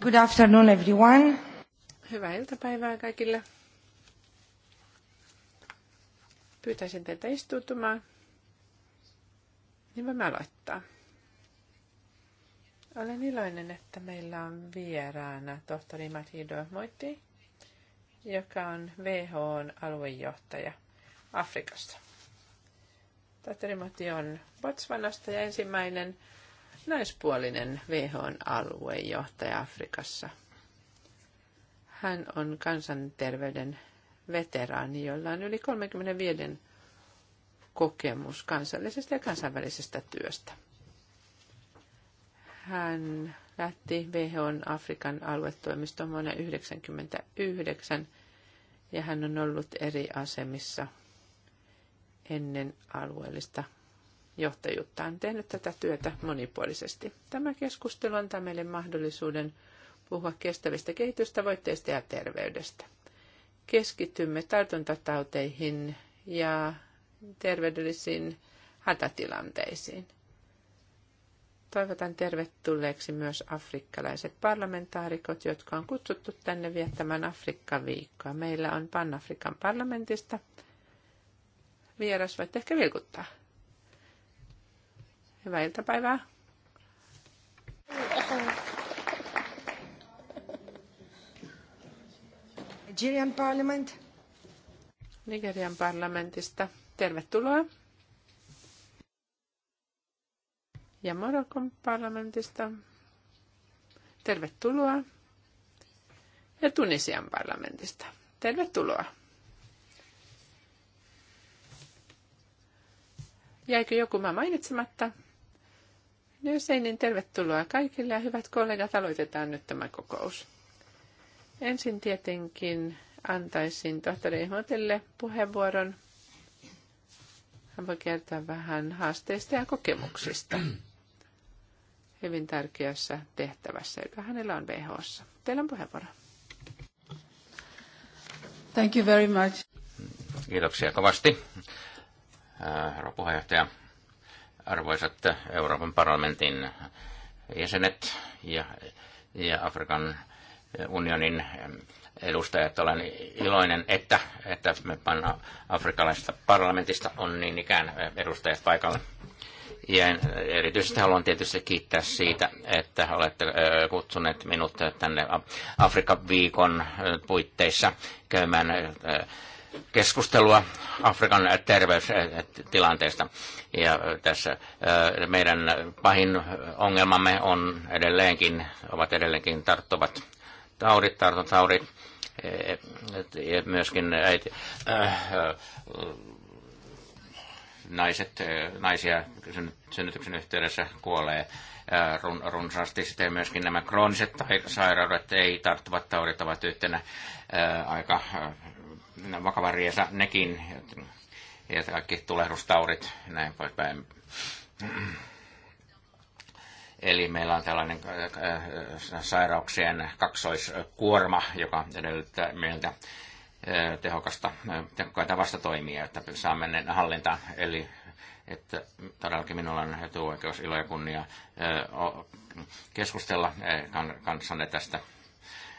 Good afternoon everyone. Hyvää iltapäivää kaikille. Pyytäisin teitä istuutumaan. Niin voimme aloittaa. Olen iloinen, että meillä on vieraana tohtori Matido Moitti, joka on WHOn aluejohtaja Afrikasta. Tohtori Matti on Botswanasta ja ensimmäinen naispuolinen WHOn aluejohtaja Afrikassa. Hän on kansanterveyden veteraani, jolla on yli 35 kokemus kansallisesta ja kansainvälisestä työstä. Hän lähti WHOn Afrikan aluetoimistoon vuonna 1999 ja hän on ollut eri asemissa ennen alueellista johtajuutta on tehnyt tätä työtä monipuolisesti. Tämä keskustelu antaa meille mahdollisuuden puhua kestävistä kehitystavoitteista ja terveydestä. Keskitymme tartuntatauteihin ja terveydellisiin hätätilanteisiin. Toivotan tervetulleeksi myös afrikkalaiset parlamentaarikot, jotka on kutsuttu tänne viettämään Afrikka-viikkoa. Meillä on Pan-Afrikan parlamentista vieras, voitte ehkä vilkuttaa. Hyvää iltapäivää. Nigerian Parliament. Nigerian parlamentista. Tervetuloa. Ja Marokon parlamentista. Tervetuloa. Ja Tunisian parlamentista. Tervetuloa. Jäikö joku mä mainitsematta? Jos ei, niin, tervetuloa kaikille ja hyvät kollegat, aloitetaan nyt tämä kokous. Ensin tietenkin antaisin tohtori Hotelle puheenvuoron. Hän voi kertoa vähän haasteista ja kokemuksista hyvin tärkeässä tehtävässä, joka hänellä on WHOssa. Teillä on puheenvuoro. Thank you very much. Kiitoksia kovasti, herra puheenjohtaja, arvoisat Euroopan parlamentin jäsenet ja, ja Afrikan unionin edustajat, olen iloinen, että, että me panna afrikkalaisesta parlamentista on niin ikään edustajat paikalla. Ja erityisesti haluan tietysti kiittää siitä, että olette kutsuneet minut tänne Afrikan viikon puitteissa käymään keskustelua Afrikan terveystilanteesta. Ja tässä meidän pahin ongelmamme on edelleenkin, ovat edelleenkin tarttuvat taudit, tartuntataudit, e, myöskin äiti, äh, naiset, e, naisia synnytyksen yhteydessä kuolee e, run, runsaasti. Sitten myöskin nämä krooniset sairaudet, ei tarttuvat taudit ovat yhtenä aika vakava riesa nekin, ja kaikki tulehdustaudit, näin poispäin. Eli meillä on tällainen äh, äh, sairauksien kaksoiskuorma, joka edellyttää meiltä äh, tehokasta, tehokkaita vastatoimia, että saamme ne hallintaan. Eli että todellakin minulla on etuoikeus, ilo ja kunnia keskustella kanssanne tästä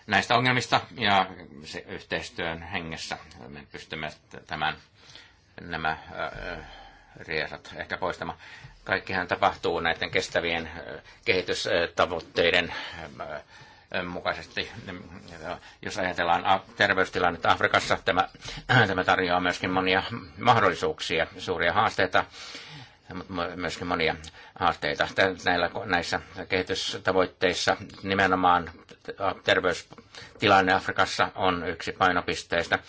näistä ongelmista ja se yhteistyön hengessä me pystymme tämän, nämä riesat ehkä poistamaan. Kaikkihan tapahtuu näiden kestävien kehitystavoitteiden mukaisesti. Jos ajatellaan terveystilannetta Afrikassa, tämä, tämä tarjoaa myöskin monia mahdollisuuksia, suuria haasteita, mutta myöskin monia haasteita. Näillä, näissä kehitystavoitteissa nimenomaan Ah, terveystilanne Afrikassa on yksi painopisteistä.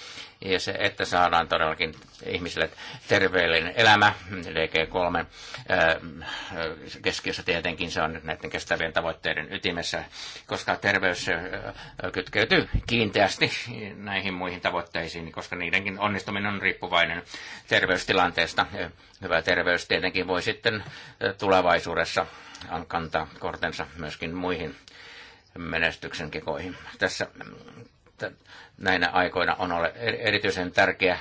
Ja se, että saadaan todellakin ihmisille terveellinen elämä, DG3 äh, keskiössä tietenkin se on nyt näiden kestävien tavoitteiden ytimessä, koska terveys äh, kytkeytyy kiinteästi näihin muihin tavoitteisiin, koska niidenkin onnistuminen on riippuvainen terveystilanteesta. Hyvä terveys tietenkin voi sitten äh, tulevaisuudessa kantaa kortensa myöskin muihin menestyksen kekoihin. Tässä näinä aikoina on ole erityisen tärkeää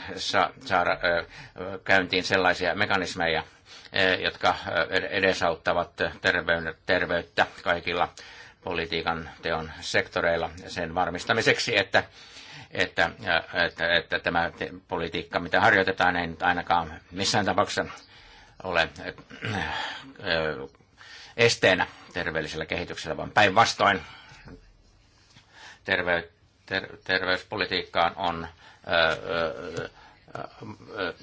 saada käyntiin sellaisia mekanismeja, jotka edesauttavat terveyttä kaikilla politiikan teon sektoreilla sen varmistamiseksi, että, että, että, että tämä politiikka, mitä harjoitetaan, ei nyt ainakaan missään tapauksessa ole esteenä terveellisellä kehityksellä, vaan päinvastoin terve, ter, terveyspolitiikkaan on ö, ö,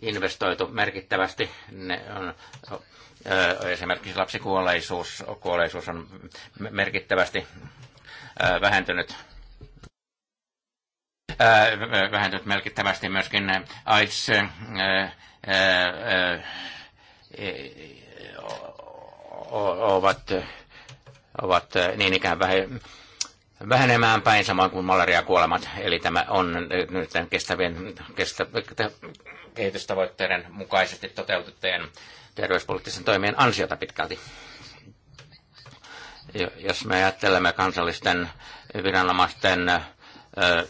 investoitu merkittävästi. Ne on, ö, esimerkiksi lapsikuolleisuus kuolleisuus on merkittävästi ö, vähentynyt vähentynyt merkittävästi myöskin AIDS ovat ovat eh, niin ikään vähenemään päin, samoin kuin malariakuolemat. Eli tämä on nyt tämän kestävien kestä, kehitystavoitteiden mukaisesti toteutettujen terveyspoliittisen toimien ansiota pitkälti. Jos me ajattelemme kansallisten viranomaisten eh, eh,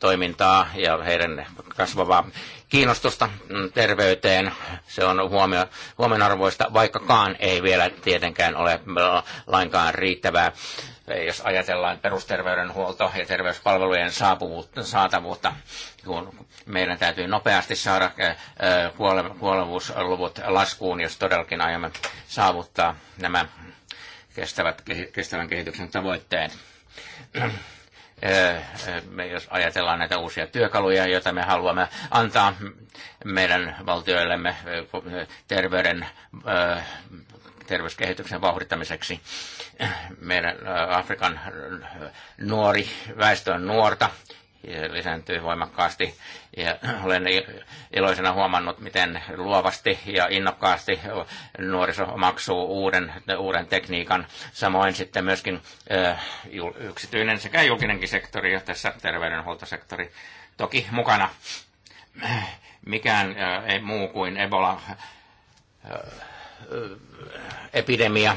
toimintaa ja heidän kasvavaa kiinnostusta mm, terveyteen. Se on huomio, huomionarvoista, vaikkakaan ei vielä tietenkään ole lainkaan riittävää jos ajatellaan perusterveydenhuolto- ja terveyspalvelujen saatavuutta, kun meidän täytyy nopeasti saada kuolevuusluvut laskuun, jos todellakin aiomme saavuttaa nämä kestävät, kestävän kehityksen tavoitteet. Me jos ajatellaan näitä uusia työkaluja, joita me haluamme antaa meidän valtioillemme terveyden, terveyskehityksen vauhdittamiseksi. Meidän Afrikan nuori, väestö on nuorta, lisääntyy voimakkaasti. Ja olen iloisena huomannut, miten luovasti ja innokkaasti nuoriso maksuu uuden, uuden tekniikan. Samoin sitten myöskin äh, yksityinen sekä julkinenkin sektori ja tässä terveydenhuoltosektori toki mukana. Mikään äh, ei muu kuin Ebola äh, epidemia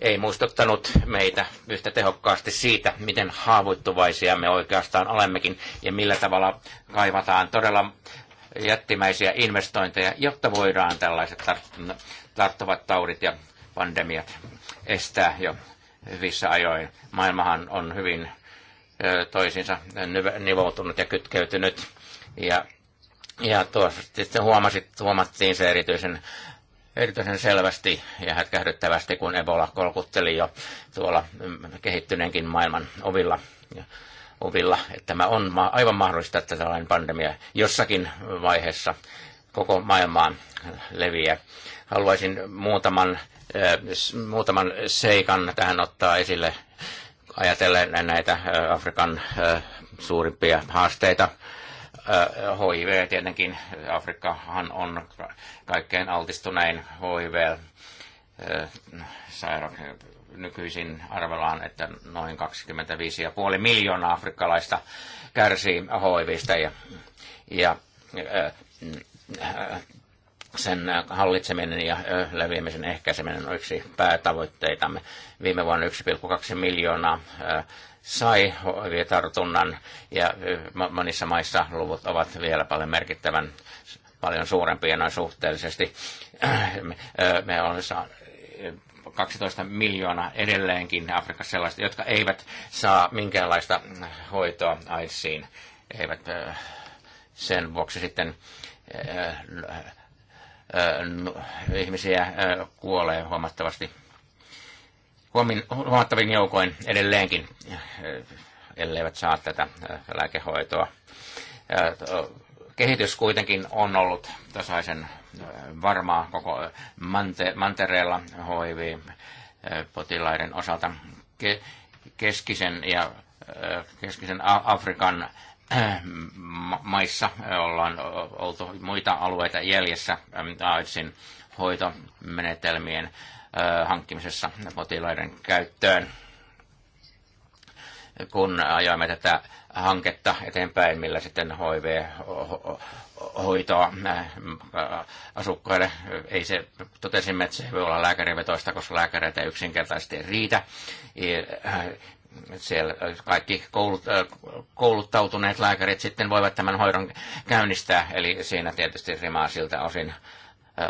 ei muistuttanut meitä yhtä tehokkaasti siitä, miten haavoittuvaisia me oikeastaan olemmekin ja millä tavalla kaivataan todella jättimäisiä investointeja, jotta voidaan tällaiset tarttuvat taudit ja pandemiat estää jo hyvissä ajoin. Maailmahan on hyvin toisiinsa nivoutunut ja kytkeytynyt. Ja, ja tuossa sitten huomasit, huomattiin se erityisen erityisen selvästi ja hätkähdyttävästi, kun Ebola kolkutteli jo tuolla kehittyneenkin maailman ovilla. ovilla. Että tämä on aivan mahdollista, että tällainen pandemia jossakin vaiheessa koko maailmaan leviää. Haluaisin muutaman, äh, muutaman seikan tähän ottaa esille ajatellen näitä äh, Afrikan äh, suurimpia haasteita HIV äh, tietenkin, Afrikkahan on kaikkein altistunein HIV äh, sairaus. Nykyisin arvellaan, että noin 25,5 miljoonaa afrikkalaista kärsii HIVistä ja, ja äh, sen äh, hallitseminen ja äh, leviämisen ehkäiseminen on yksi päätavoitteitamme. Viime vuonna 1,2 miljoonaa äh, sai tartunnan ja monissa maissa luvut ovat vielä paljon merkittävän paljon suurempia noin suhteellisesti. Me olemme 12 miljoonaa edelleenkin Afrikassa sellaista, jotka eivät saa minkäänlaista hoitoa aisiin, Eivät sen vuoksi sitten ihmisiä kuolee huomattavasti huomattavin joukoin edelleenkin, elleivät saa tätä lääkehoitoa. Kehitys kuitenkin on ollut tasaisen varmaa koko mante, mantereella HIV-potilaiden osalta. keskisen ja keskisen Afrikan Äh, maissa äh, ollaan oltu muita alueita jäljessä AIDSin hoitomenetelmien hankkimisessa potilaiden käyttöön. Kun ajoimme tätä hanketta eteenpäin, millä sitten HIV-hoitoa äh, asukkaille, ei se, totesimme, että se voi olla lääkärivetoista, koska lääkäreitä ei yksinkertaisesti riitä siellä äh, kaikki koulut, äh, kouluttautuneet lääkärit sitten voivat tämän hoidon käynnistää, eli siinä tietysti rimaa siltä osin äh,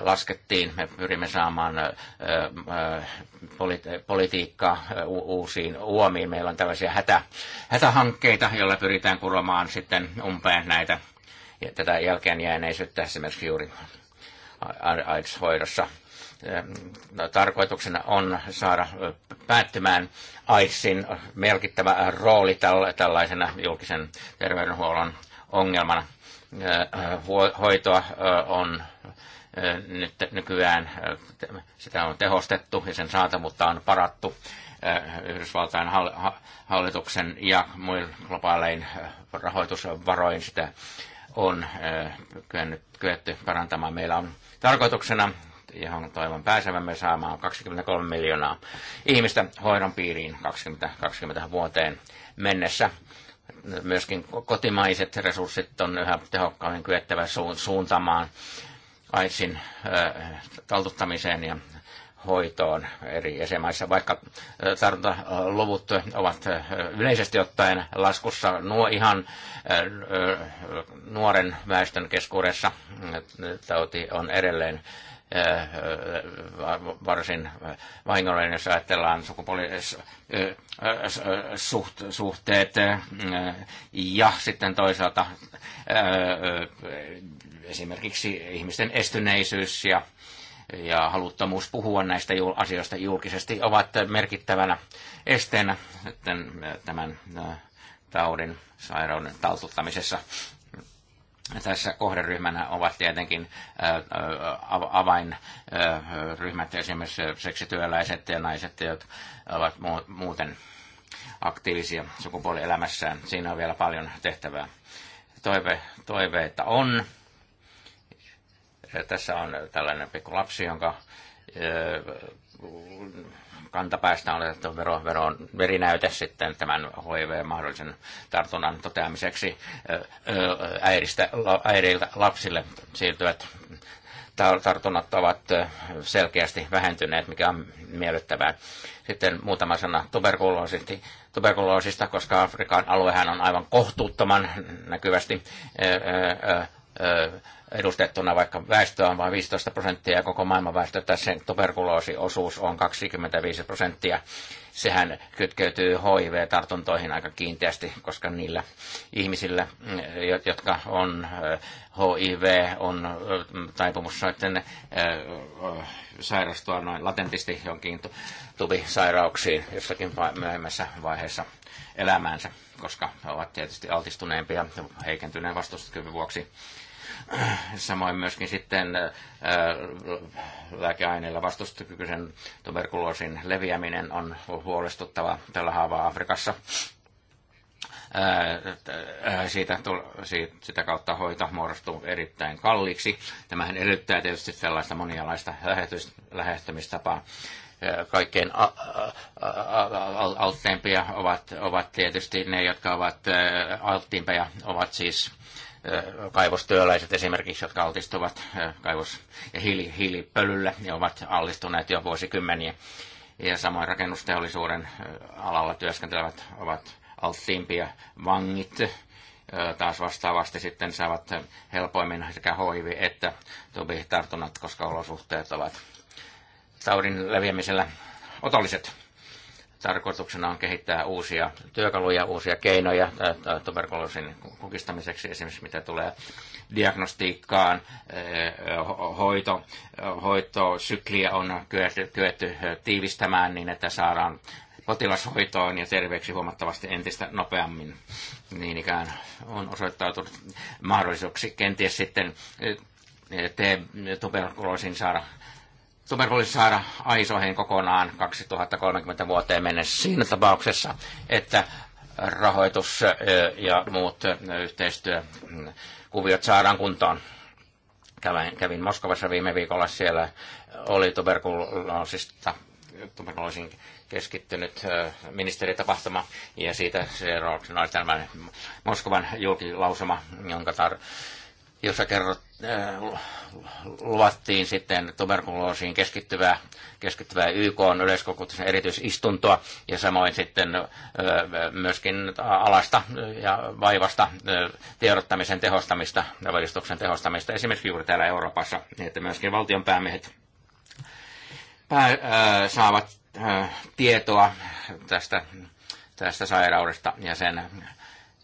laskettiin. Me pyrimme saamaan politiikkaa uusiin uomiin. Meillä on tällaisia hätä, hätähankkeita, joilla pyritään kuromaan sitten umpeen näitä tätä jälkeen jääneisyyttä esimerkiksi juuri AIDS-hoidossa. Tarkoituksena on saada päättymään Aisin merkittävä rooli tällaisena julkisen terveydenhuollon ongelmana. Hoitoa on nyt nykyään, sitä on tehostettu ja sen saatavuutta on parattu Yhdysvaltain hallituksen ja muilla globaalein rahoitusvaroin sitä on kyetty parantamaan. Meillä on tarkoituksena johon toivon pääsevämme saamaan 23 miljoonaa ihmistä hoidon piiriin 2020 vuoteen mennessä. Myöskin kotimaiset resurssit on yhä tehokkaammin kyettävä suuntaamaan AIDSin äh, taltuttamiseen ja hoitoon eri jäsenmaissa, vaikka äh, tartuntaluvut ovat äh, yleisesti ottaen laskussa nuo ihan nuoren väestön keskuudessa. Tauti on edelleen Äh, varsin vahingollinen, jos ajatellaan sukupuolisuhteet äh, äh, ja sitten toisaalta esimerkiksi ihmisten estyneisyys ja ja haluttomuus puhua näistä asioista julkisesti ovat merkittävänä esteenä tämän taudin sairauden taltuttamisessa tässä kohderyhmänä ovat tietenkin avainryhmät, esimerkiksi seksityöläiset ja naiset, jotka ovat muuten aktiivisia sukupuolielämässään. Siinä on vielä paljon tehtävää. Toive, toiveita on. Tässä on tällainen pikku lapsi, jonka kantapäästä on otettu vero, vero, verinäyte sitten tämän HIV-mahdollisen tartunnan toteamiseksi äidistä, äidiltä lapsille siirtyvät tartunnat ovat selkeästi vähentyneet, mikä on miellyttävää. Sitten muutama sana tuberkuloosista, tuberkuloosista koska Afrikan aluehan on aivan kohtuuttoman näkyvästi edustettuna, vaikka väestö on vain 15 prosenttia ja koko maailman väestö, että sen niin tuberkuloosiosuus on 25 prosenttia. Sehän kytkeytyy HIV-tartuntoihin aika kiinteästi, koska niillä ihmisillä, mm, jotka on HIV, on taipumus soitten sairastua noin latentisti jonkin tubisairauksiin jossakin myöhemmässä vaiheessa elämäänsä, koska he ovat tietysti altistuneempia heikentyneen vastustuskyvyn vuoksi Samoin myöskin sitten äh, lääkeaineilla vastustuskykyisen tuberkuloosin leviäminen on huolestuttava tällä haavaa Afrikassa. Äh, äh, siitä, siitä, sitä kautta hoito muodostuu erittäin kalliiksi. Tämähän edellyttää tietysti sellaista monialaista lähestymistapaa kaikkein alttiimpia ovat, ovat tietysti ne, jotka ovat alttiimpia, ovat siis kaivostyöläiset esimerkiksi, jotka altistuvat kaivos- ja hiili, hiilipölylle ja ovat altistuneet jo vuosikymmeniä. Ja samoin rakennusteollisuuden alalla työskentelevät ovat alttiimpia vangit, taas vastaavasti sitten saavat helpoimmin sekä HIV että tubi tartunnat, koska olosuhteet ovat taudin leviämisellä otolliset Tarkoituksena on kehittää uusia työkaluja, uusia keinoja tuberkuloosin kukistamiseksi, esimerkiksi mitä tulee diagnostiikkaan, hoito, hoitosykliä on kyetty, kyetty tiivistämään niin, että saadaan potilashoitoon ja terveeksi huomattavasti entistä nopeammin. Niin ikään on osoittautunut mahdollisuuksi kenties sitten tuberkuloosin saada Bowlissa saada aisoihin kokonaan 2030 vuoteen mennessä siinä tapauksessa, että rahoitus ja muut yhteistyökuviot saadaan kuntoon. Kävin, kävin Moskovassa viime viikolla siellä, oli tuberkuloosista, tuberkuloosin keskittynyt ministeritapahtuma ja siitä se oli tämä Moskovan julkilausuma, jonka tar- jossa kerrot, Äh, luvattiin sitten tuberkuloosiin keskittyvää, keskittyvää YK on yleiskokouksen erityisistuntoa ja samoin sitten äh, myöskin alasta ja vaivasta äh, tiedottamisen tehostamista ja valistuksen tehostamista esimerkiksi juuri täällä Euroopassa, niin että myöskin valtionpäämiehet pää, saavat tietoa tästä, tästä sairaudesta ja sen,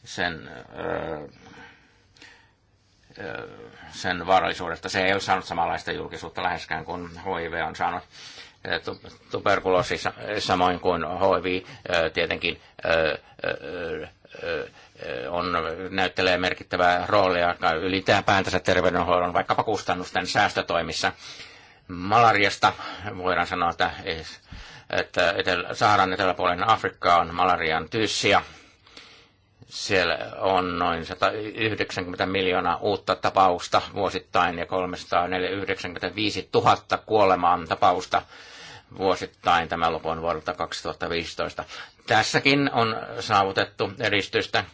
sen ää, sen vaarallisuudesta. Se ei ole saanut samanlaista julkisuutta läheskään kuin HIV on saanut tuberkuloosi samoin kuin HIV tietenkin on, näyttelee merkittävää roolia ylipäätänsä terveydenhoidon vaikkapa kustannusten säästötoimissa. Malariasta voidaan sanoa, että, että etelä, Saharan eteläpuolen Afrikka on malarian tyyssiä siellä on noin 190 miljoonaa uutta tapausta vuosittain ja 395 000 kuolemaan tapausta vuosittain tämän lopun vuodelta 2015. Tässäkin on saavutettu edistystä.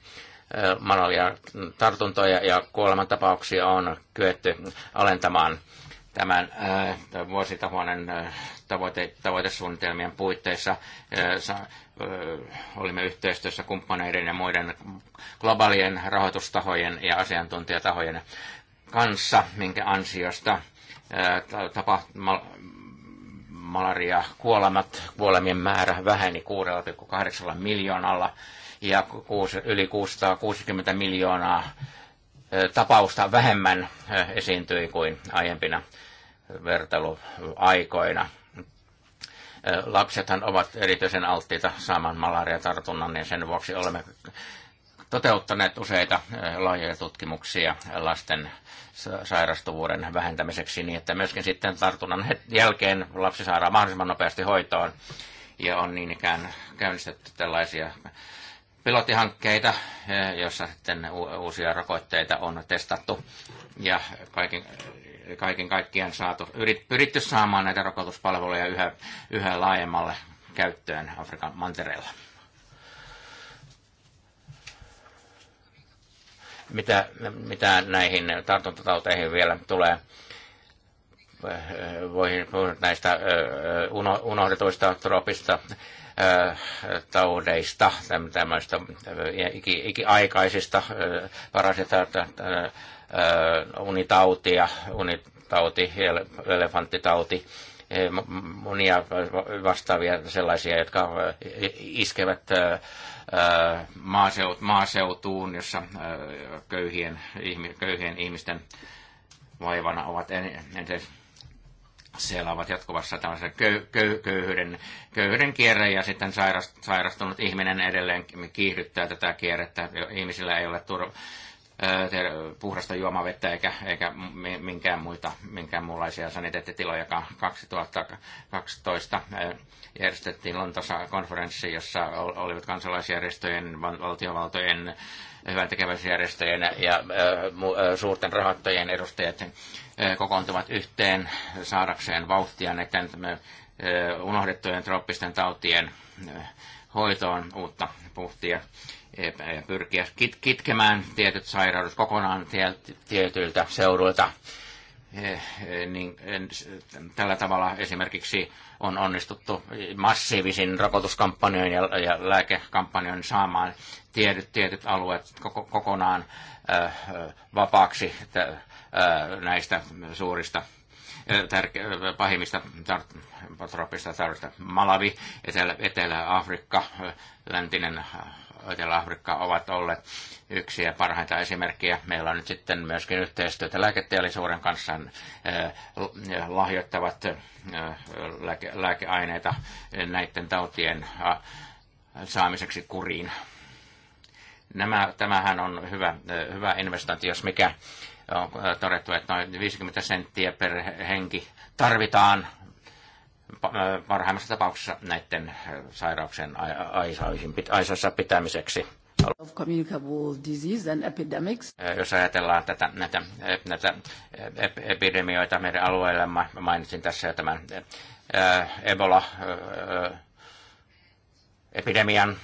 Malaria tartuntoja ja kuolemantapauksia on kyetty alentamaan tämän vuositahuoneen tavoite, tavoitesuunnitelmien puitteissa olimme yhteistyössä kumppaneiden ja muiden globaalien rahoitustahojen ja asiantuntijatahojen kanssa, minkä ansiosta tapa, malaria kuolemat, kuolemien määrä väheni 6,8 miljoonalla ja yli 660 miljoonaa tapausta vähemmän esiintyi kuin aiempina vertailuaikoina. Lapsethan ovat erityisen alttiita saamaan malariatartunnan ja niin sen vuoksi olemme toteuttaneet useita laajoja tutkimuksia lasten sairastuvuuden vähentämiseksi niin, että myöskin sitten tartunnan jälkeen lapsi saadaan mahdollisimman nopeasti hoitoon. Ja on niin ikään käynnistetty tällaisia pilottihankkeita, joissa sitten uusia rokotteita on testattu. Ja kaiken, kaiken kaikkiaan saatu, yrit, pyritty saamaan näitä rokotuspalveluja yhä, yhä laajemmalle käyttöön Afrikan mantereella. Mitä, mitä näihin tartuntatauteihin vielä tulee, Voi puhua näistä unohdetuista tropista taudeista, tämmöistä ikiaikaisista parasitaatioista, unitautia, unitauti, elefanttitauti, e, monia vastaavia sellaisia, jotka iskevät maaseutuun, jossa köyhien, köyhien ihmisten vaivana ovat ensin siellä ovat jatkuvassa tämmöisen köy, köy, köyhyyden, köyhyyden kierre ja sitten sairastunut ihminen edelleen kiihdyttää tätä kierrettä. Ihmisillä ei ole turva, puhdasta juomavettä eikä, eikä minkään, muita, minkään muunlaisia saniteettitilojakaan. 2012 järjestettiin Lontossa konferenssi, jossa olivat kansalaisjärjestöjen, valtiovaltojen, hyvän tekeväisjärjestöjen ja suurten rahoittajien edustajat kokoontuvat yhteen saadakseen vauhtia näiden unohdettujen trooppisten tautien hoitoon uutta puhtia pyrkiä kit- kitkemään tietyt sairaudet kokonaan tietyiltä seuduilta. Eh, eh, niin, tällä tavalla esimerkiksi on onnistuttu massiivisin rokotuskampanjoin ja, ja lääkekampanjoin saamaan tietyt, tietyt alueet koko, kokonaan äh, vapaaksi äh, näistä suurista tärke- pahimmista tar- tropista tarvista. Malawi, Etelä- Etelä-Afrikka, läntinen Etelä-Afrikka ovat olleet yksi ja parhaita esimerkkejä. Meillä on nyt sitten myöskin yhteistyötä lääketeollisuuden kanssa eh, lahjoittavat eh, lääke- lääkeaineita näiden tautien saamiseksi kuriin. Nämä, tämähän on hyvä, eh, hyvä investointi, jos mikä on todettu, että noin 50 senttiä per henki tarvitaan parhaimmassa äh, tapauksessa näiden äh, sairauksien aisoissa pitämiseksi. Of communicable disease and epidemics. Äh, jos ajatellaan tätä, näitä, näitä epidemioita meidän alueellamme, mainitsin tässä jo tämän Ebola-epidemian,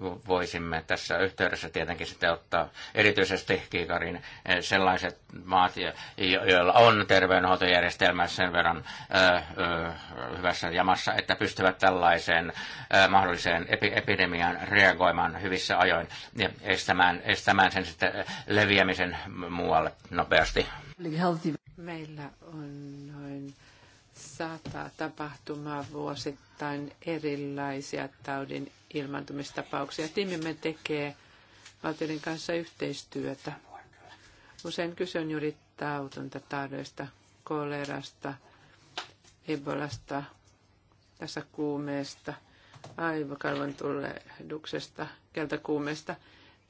voisimme tässä yhteydessä tietenkin sitten ottaa erityisesti kiikarin eh, sellaiset maat, joilla on terveydenhuoltojärjestelmä sen verran eh, eh, hyvässä jamassa, että pystyvät tällaiseen mahdolliseen epidemiaan reagoimaan hyvissä ajoin ja estämään, estämään sen sitten leviämisen muualle nopeasti. Meillä on noin saattaa tapahtumaa vuosittain erilaisia taudin ilmaantumistapauksia. Tiimimme tekee valtioiden kanssa yhteistyötä. Usein kyse on juuri tautuntataudoista, kolerasta, ebolasta, tässä kuumeesta, aivokalvon tulehduksesta, keltakuumeesta.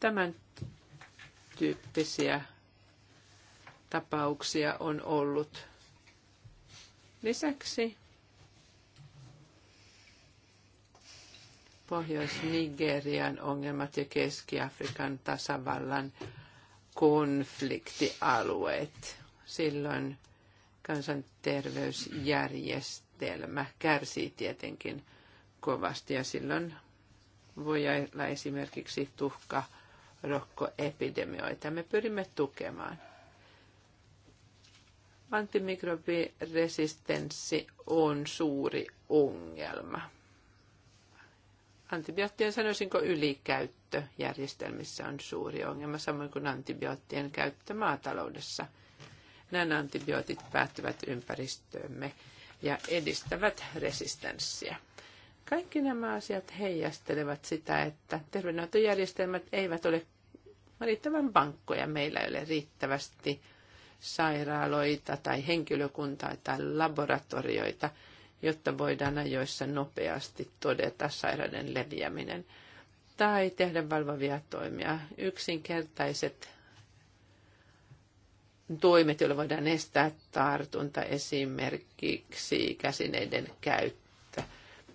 Tämän tyyppisiä tapauksia on ollut Lisäksi Pohjois-Nigerian ongelmat ja Keski-Afrikan tasavallan konfliktialueet. Silloin kansanterveysjärjestelmä kärsii tietenkin kovasti ja silloin voi olla esimerkiksi tuhka rokkoepidemioita. Me pyrimme tukemaan. Antimikrobiresistenssi on suuri ongelma. Antibioottien, sanoisinko, ylikäyttö järjestelmissä on suuri ongelma, samoin kuin antibioottien käyttö maataloudessa. Nämä antibiootit päätyvät ympäristöömme ja edistävät resistenssiä. Kaikki nämä asiat heijastelevat sitä, että terveydenhoitojärjestelmät eivät ole riittävän vankkoja. Meillä ei ole riittävästi sairaaloita tai henkilökuntaa tai laboratorioita, jotta voidaan ajoissa nopeasti todeta sairauden leviäminen tai tehdä valvovia toimia. Yksinkertaiset toimet, joilla voidaan estää tartunta, esimerkiksi käsineiden käyttö,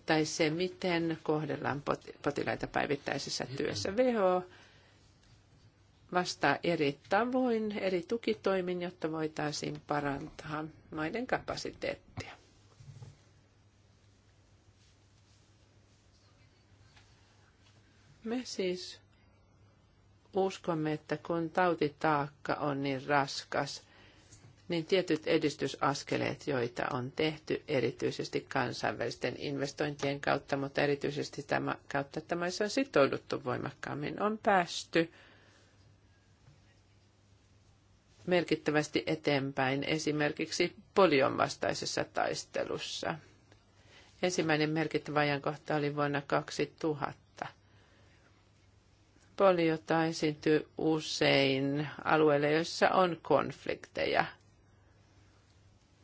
tai se, miten kohdellaan potilaita päivittäisessä työssä. WHO vastaa eri tavoin, eri tukitoimin, jotta voitaisiin parantaa maiden kapasiteettia. Me siis uskomme, että kun tautitaakka on niin raskas, niin tietyt edistysaskeleet, joita on tehty erityisesti kansainvälisten investointien kautta, mutta erityisesti tämä kautta, että on sitouduttu voimakkaammin, on päästy merkittävästi eteenpäin esimerkiksi polion vastaisessa taistelussa. Ensimmäinen merkittävä ajankohta oli vuonna 2000. Poliota esiintyy usein alueille, joissa on konflikteja.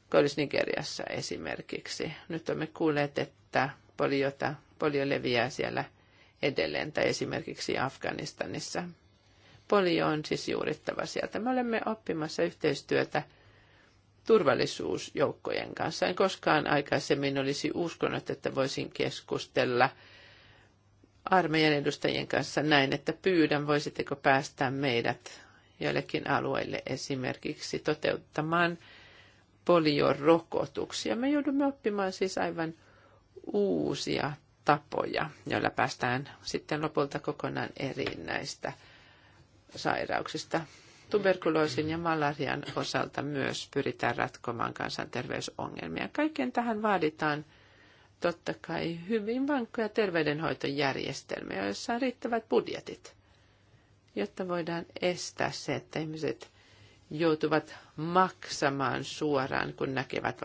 Kolis-Nigeriassa esimerkiksi. Nyt olemme kuulleet, että poliota, polio leviää siellä edelleen, tai esimerkiksi Afganistanissa. Polio on siis juurittava sieltä. Me olemme oppimassa yhteistyötä turvallisuusjoukkojen kanssa. En koskaan aikaisemmin olisi uskonut, että voisin keskustella armeijan edustajien kanssa näin, että pyydän, voisitteko päästää meidät joillekin alueille esimerkiksi toteuttamaan poliorokotuksia. Me joudumme oppimaan siis aivan uusia tapoja, joilla päästään sitten lopulta kokonaan eri näistä – sairauksista. Tuberkuloosin ja malarian osalta myös pyritään ratkomaan kansanterveysongelmia. Kaiken tähän vaaditaan totta kai hyvin vankkoja terveydenhoitojärjestelmiä, joissa on riittävät budjetit, jotta voidaan estää se, että ihmiset joutuvat maksamaan suoraan, kun näkevät,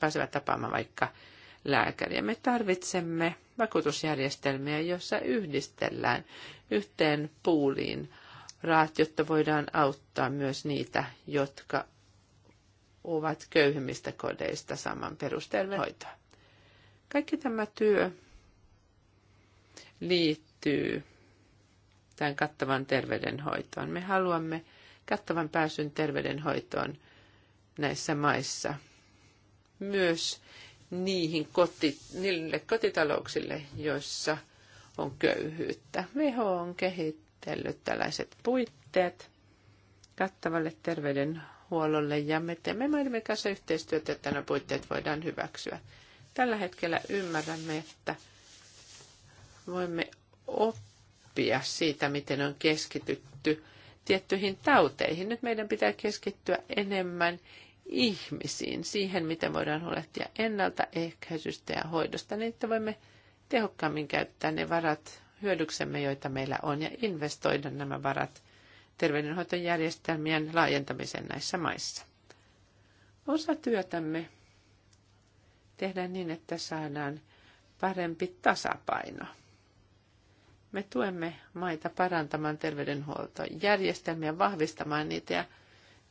pääsevät tapaamaan vaikka lääkäriä. Me tarvitsemme vakuutusjärjestelmiä, joissa yhdistellään yhteen puuliin rahat, jotta voidaan auttaa myös niitä, jotka ovat köyhimmistä kodeista saman perusterveydenhoitoa. Kaikki tämä työ liittyy tämän kattavan terveydenhoitoon. Me haluamme kattavan pääsyn terveydenhoitoon näissä maissa. Myös niihin koti, niille kotitalouksille, joissa on köyhyyttä. WHO on kehittänyt määritellyt tällaiset puitteet kattavalle terveydenhuollolle ja me teemme maidemme kanssa yhteistyötä, että nämä puitteet voidaan hyväksyä. Tällä hetkellä ymmärrämme, että voimme oppia siitä, miten on keskitytty tiettyihin tauteihin. Nyt meidän pitää keskittyä enemmän ihmisiin, siihen, miten voidaan huolehtia ennaltaehkäisystä ja hoidosta, niin että voimme tehokkaammin käyttää ne varat, hyödyksemme, joita meillä on, ja investoida nämä varat terveydenhoitojärjestelmien laajentamiseen näissä maissa. Osa työtämme tehdään niin, että saadaan parempi tasapaino. Me tuemme maita parantamaan terveydenhuoltojärjestelmiä, vahvistamaan niitä ja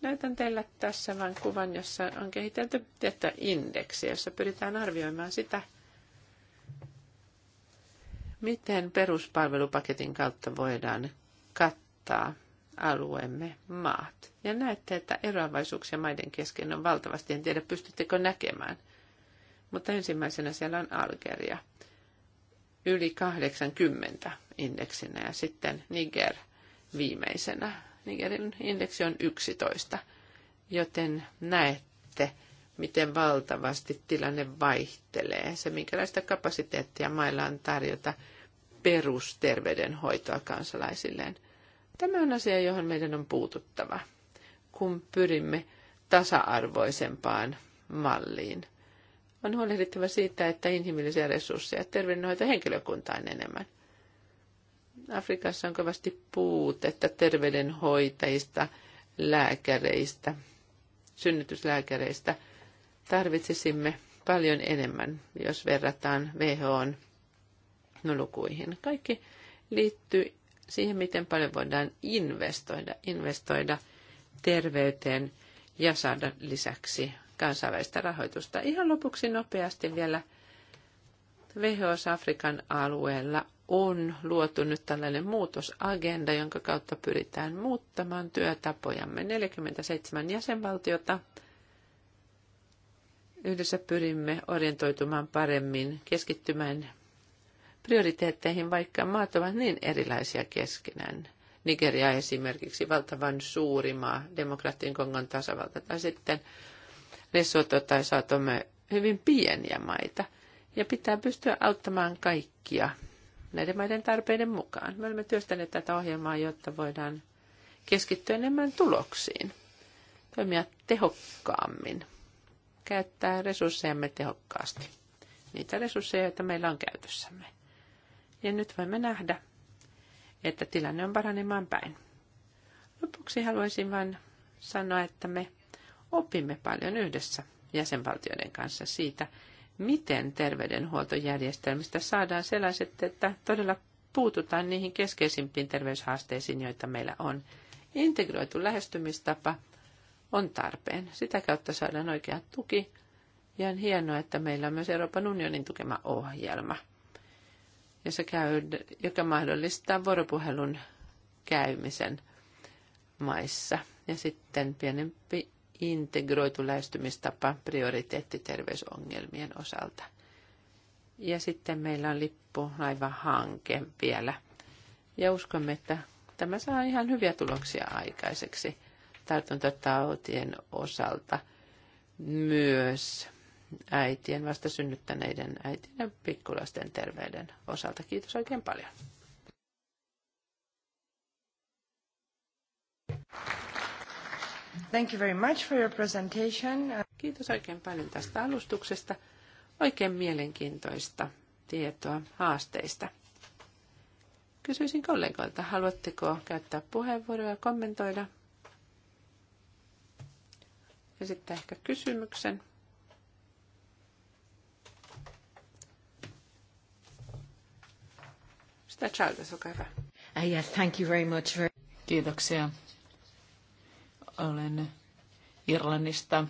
näytän teille tässä vain kuvan, jossa on kehitelty tiettyä indeksiä, jossa pyritään arvioimaan sitä, Miten peruspalvelupaketin kautta voidaan kattaa alueemme maat? Ja näette, että eroavaisuuksia maiden kesken on valtavasti. En tiedä, pystyttekö näkemään. Mutta ensimmäisenä siellä on Algeria. Yli 80 indeksinä ja sitten Niger viimeisenä. Nigerin indeksi on 11, joten näette, miten valtavasti tilanne vaihtelee. Se, minkälaista kapasiteettia mailla on tarjota perusterveydenhoitoa kansalaisilleen. Tämä on asia, johon meidän on puututtava, kun pyrimme tasa-arvoisempaan malliin. On huolehdittava siitä, että inhimillisiä resursseja terveydenhoitohenkilökuntaa on enemmän. Afrikassa on kovasti puutetta terveydenhoitajista, lääkäreistä, synnytyslääkäreistä – tarvitsisimme paljon enemmän, jos verrataan WHOn lukuihin. Kaikki liittyy siihen, miten paljon voidaan investoida, investoida terveyteen ja saada lisäksi kansainvälistä rahoitusta. Ihan lopuksi nopeasti vielä WHO Afrikan alueella on luotu nyt tällainen muutosagenda, jonka kautta pyritään muuttamaan työtapojamme. 47 jäsenvaltiota Yhdessä pyrimme orientoitumaan paremmin, keskittymään prioriteetteihin, vaikka maat ovat niin erilaisia keskenään. Nigeria esimerkiksi valtavan suuri maa, demokraattien Kongon tasavalta, tai sitten Lesotho tai Saatomme hyvin pieniä maita. Ja pitää pystyä auttamaan kaikkia näiden maiden tarpeiden mukaan. Me olemme työstäneet tätä ohjelmaa, jotta voidaan keskittyä enemmän tuloksiin, toimia tehokkaammin käyttää resurssejamme tehokkaasti. Niitä resursseja, joita meillä on käytössämme. Ja nyt voimme nähdä, että tilanne on paranemaan päin. Lopuksi haluaisin vain sanoa, että me opimme paljon yhdessä jäsenvaltioiden kanssa siitä, miten terveydenhuoltojärjestelmistä saadaan sellaiset, että todella puututaan niihin keskeisimpiin terveyshaasteisiin, joita meillä on. Integroitu lähestymistapa on tarpeen. Sitä kautta saadaan oikea tuki. Ja on hienoa, että meillä on myös Euroopan unionin tukema ohjelma, jossa käy, joka mahdollistaa vuoropuhelun käymisen maissa. Ja sitten pienempi integroitu lähestymistapa prioriteettiterveysongelmien osalta. Ja sitten meillä on lippu hanke vielä. Ja uskomme, että tämä saa ihan hyviä tuloksia aikaiseksi – tartuntatautien osalta myös äitien, vasta synnyttäneiden äitien ja pikkulasten terveyden osalta. Kiitos oikein paljon. Thank you very much for your presentation. Kiitos oikein paljon tästä alustuksesta. Oikein mielenkiintoista tietoa haasteista. Kysyisin kollegoilta, haluatteko käyttää puheenvuoroja ja kommentoida esittää ehkä kysymyksen. Sitä Charles, olkaa hyvä. Uh, yes, thank you very much. For... Kiitoksia. Olen Irlannista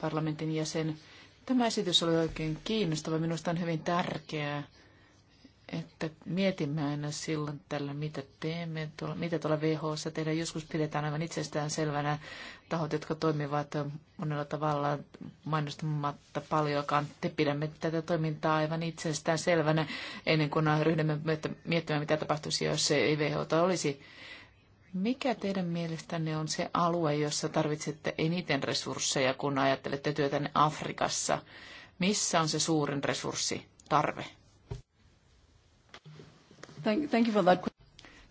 parlamentin jäsen. Tämä esitys oli oikein kiinnostava. Minusta on hyvin tärkeää että mietimme aina silloin tällä, mitä teemme, tuolla, mitä tuolla WHOssa tehdään. Joskus pidetään aivan itsestään selvänä tahot, jotka toimivat monella tavalla mainostamatta paljonkaan. Te pidämme tätä toimintaa aivan itsestään selvänä ennen kuin ryhdymme miettimään, mitä tapahtuisi, jos ei WHOta olisi. Mikä teidän mielestänne on se alue, jossa tarvitsette eniten resursseja, kun ajattelette työtänne Afrikassa? Missä on se suurin resurssi tarve? Thank, you for that.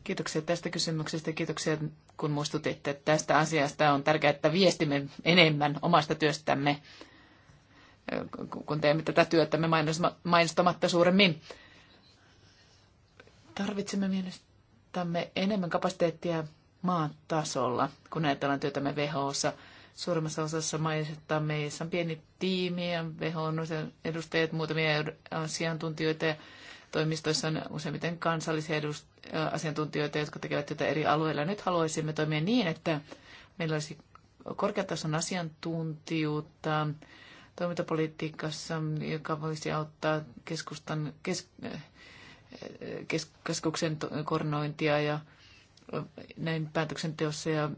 Kiitoksia tästä kysymyksestä. Kiitoksia, kun muistutitte tästä asiasta. On tärkeää, että viestimme enemmän omasta työstämme, kun teemme tätä työtämme mainostamatta suuremmin. Tarvitsemme mielestämme enemmän kapasiteettia tasolla, kun ajatellaan työtämme WHOssa. Suurimmassa osassa maista meissä on pieni tiimi ja on edustajat, muutamia asiantuntijoita ja toimistoissa on useimmiten kansallisia edust- asiantuntijoita, jotka tekevät tätä eri alueilla. Nyt haluaisimme toimia niin, että meillä olisi korkeatason asiantuntijuutta toimintapolitiikassa, joka voisi auttaa keskustan, kes, kes, keskuksen koordinointia ja näin päätöksenteossa ja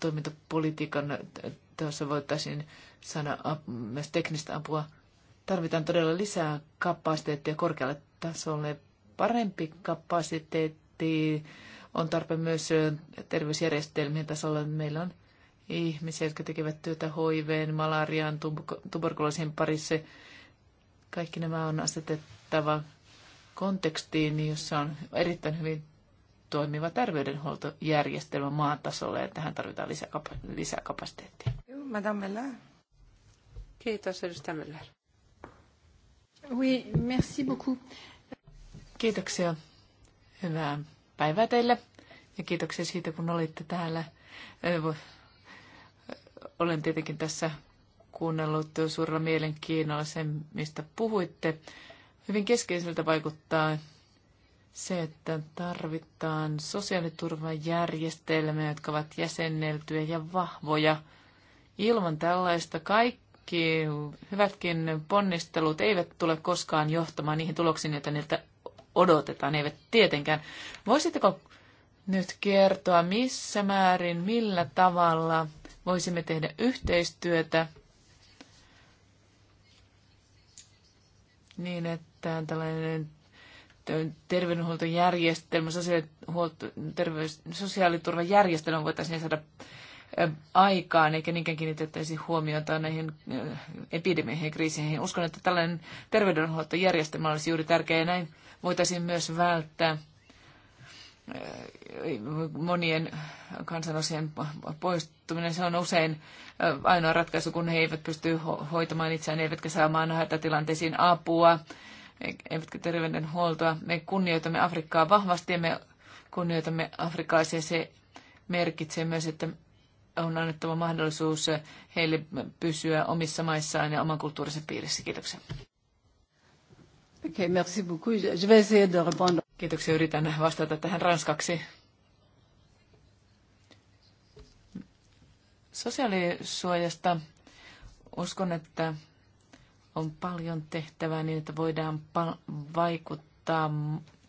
toimintapolitiikan teossa voitaisiin saada myös teknistä apua Tarvitaan todella lisää kapasiteettia korkealle tasolle. Parempi kapasiteetti on tarpeen myös terveysjärjestelmien tasolla. Meillä on ihmisiä, jotka tekevät työtä hoiveen, malariaan, tuberkuloosien parissa. Kaikki nämä on asetettava kontekstiin, jossa on erittäin hyvin toimiva terveydenhuoltojärjestelmä tasolla, ja tähän tarvitaan lisää kapasiteettia. Kiitos, edustaja Müller. Oui, merci beaucoup. Kiitoksia. Hyvää päivää teille ja kiitoksia siitä, kun olitte täällä. Olen tietenkin tässä kuunnellut suurella mielenkiinnolla sen, mistä puhuitte. Hyvin keskeiseltä vaikuttaa se, että tarvitaan sosiaaliturvajärjestelmiä, jotka ovat jäsenneltyjä ja vahvoja. Ilman tällaista kaikki kaikki hyvätkin ponnistelut eivät tule koskaan johtamaan niihin tuloksiin, joita niiltä odotetaan, eivät tietenkään. Voisitteko nyt kertoa, missä määrin, millä tavalla voisimme tehdä yhteistyötä niin, että tällainen terveydenhuoltojärjestelmä, sosiaaliturvajärjestelmä voitaisiin saada aikaan, eikä niinkään kiinnitettäisi huomiota näihin eh, epidemioihin ja kriiseihin. Uskon, että tällainen terveydenhuoltojärjestelmä olisi juuri tärkeä. Näin voitaisiin myös välttää eh, monien kansanosien poistuminen, se on usein eh, ainoa ratkaisu, kun he eivät pysty hoitamaan itseään, eivätkä saamaan hätätilanteisiin apua, e-, eivätkä terveydenhuoltoa. Me kunnioitamme Afrikkaa vahvasti ja me kunnioitamme afrikkalaisia. Se merkitsee myös, että on annettava mahdollisuus heille pysyä omissa maissaan ja oman kulttuurinsa piirissä. Kiitoksia. Okay, merci beaucoup. Je vais essayer de répondre. Kiitoksia. Yritän vastata tähän ranskaksi. Sosiaalisuojasta uskon, että on paljon tehtävää niin, että voidaan vaikuttaa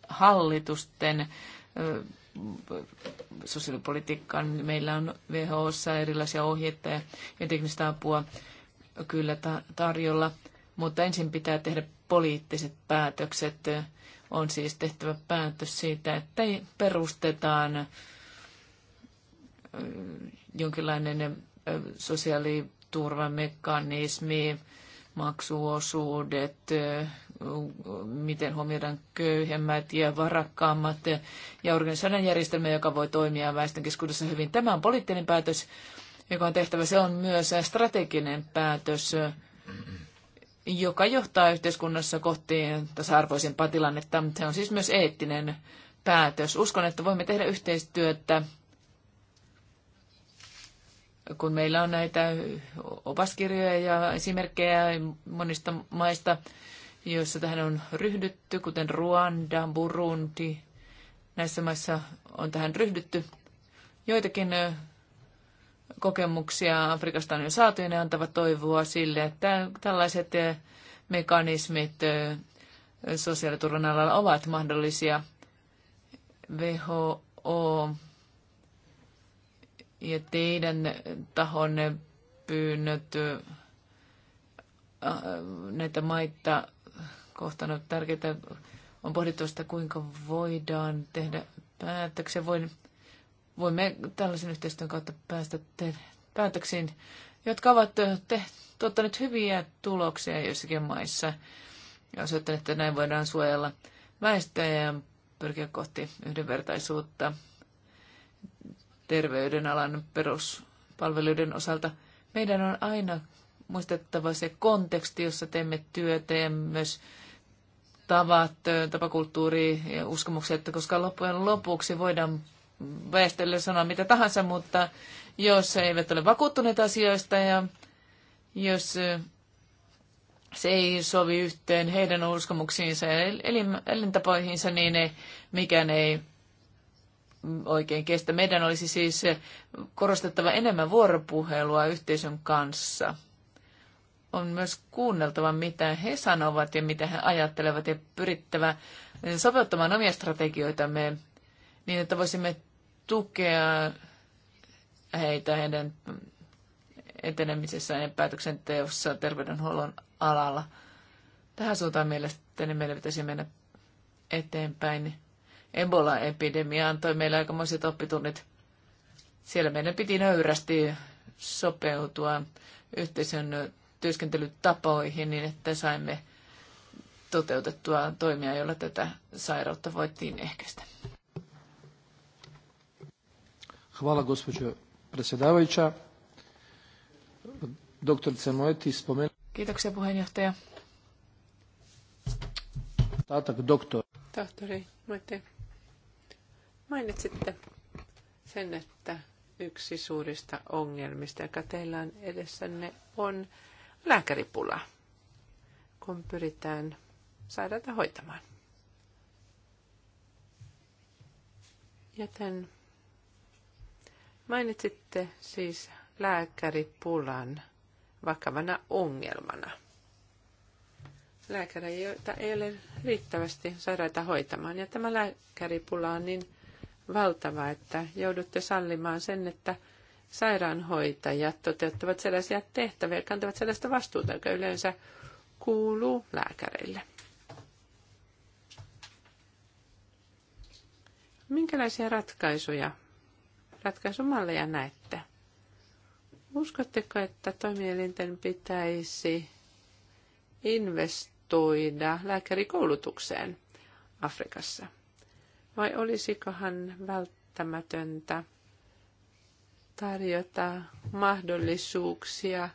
hallitusten sosiaalipolitiikkaan. Meillä on WHOssa erilaisia ohjeita ja teknistä apua kyllä tarjolla, mutta ensin pitää tehdä poliittiset päätökset. On siis tehtävä päätös siitä, että perustetaan jonkinlainen sosiaaliturvamekanismi, maksuosuudet, miten huomioidaan köyhemmät ja varakkaammat ja organisaation järjestelmä, joka voi toimia väestön keskuudessa hyvin. Tämä on poliittinen päätös, joka on tehtävä. Se on myös strateginen päätös, joka johtaa yhteiskunnassa kohti tasa-arvoisempaa tilannetta. Se on siis myös eettinen päätös. Uskon, että voimme tehdä yhteistyötä kun meillä on näitä opaskirjoja ja esimerkkejä monista maista, joissa tähän on ryhdytty, kuten Ruanda, Burundi. Näissä maissa on tähän ryhdytty. Joitakin kokemuksia Afrikasta on jo saatu ja ne antavat toivoa sille, että tällaiset mekanismit sosiaaliturvan alalla ovat mahdollisia. WHO ja teidän tahonne pyynnöt näitä maita on tärkeää on pohdittu sitä, kuinka voidaan tehdä päätöksiä. Voin, voimme tällaisen yhteistyön kautta päästä te- päätöksiin, jotka ovat te- tuottaneet hyviä tuloksia joissakin maissa ja osoittaneet, että näin voidaan suojella väestöä ja pyrkiä kohti yhdenvertaisuutta terveydenalan peruspalveluiden osalta. Meidän on aina muistettava se konteksti, jossa teemme työtä ja myös tavat, tapakulttuuri ja uskomukset, koska loppujen lopuksi voidaan väestölle sanoa mitä tahansa, mutta jos he eivät ole vakuuttuneita asioista ja jos se ei sovi yhteen heidän uskomuksiinsa ja elintapoihinsa, niin ei, mikään ei oikein kestä. Meidän olisi siis korostettava enemmän vuoropuhelua yhteisön kanssa on myös kuunneltava, mitä he sanovat ja mitä he ajattelevat ja pyrittävä sopeuttamaan omia strategioitamme niin, että voisimme tukea heitä heidän etenemisessään ja päätöksenteossa terveydenhuollon alalla. Tähän suuntaan mielestäni meidän pitäisi mennä eteenpäin. Ebola-epidemia antoi meille aikamoiset oppitunnit. Siellä meidän piti nöyrästi sopeutua yhteisön työskentelytapoihin niin, että saimme toteutettua toimia, joilla tätä sairautta voittiin ehkäistä. Hvala gospođo predsjedavajuća. Doktorice Moeti spomenuli... Kiitoksia puheenjohtaja. Tatak doktor. Tohtori Moeti, mainitsitte sen, että yksi suurista ongelmista, joka teillä on edessänne, on lääkäripula, kun pyritään sairaita hoitamaan. Joten mainitsitte siis lääkäripulan vakavana ongelmana. Lääkäreitä ei ole riittävästi sairaita hoitamaan, ja tämä lääkäripula on niin valtava, että joudutte sallimaan sen, että sairaanhoitajat toteuttavat sellaisia tehtäviä ja kantavat sellaista vastuuta, joka yleensä kuuluu lääkäreille. Minkälaisia ratkaisuja, ratkaisumalleja näette? Uskotteko, että toimielinten pitäisi investoida lääkärikoulutukseen Afrikassa? Vai olisikohan välttämätöntä tarjota mahdollisuuksia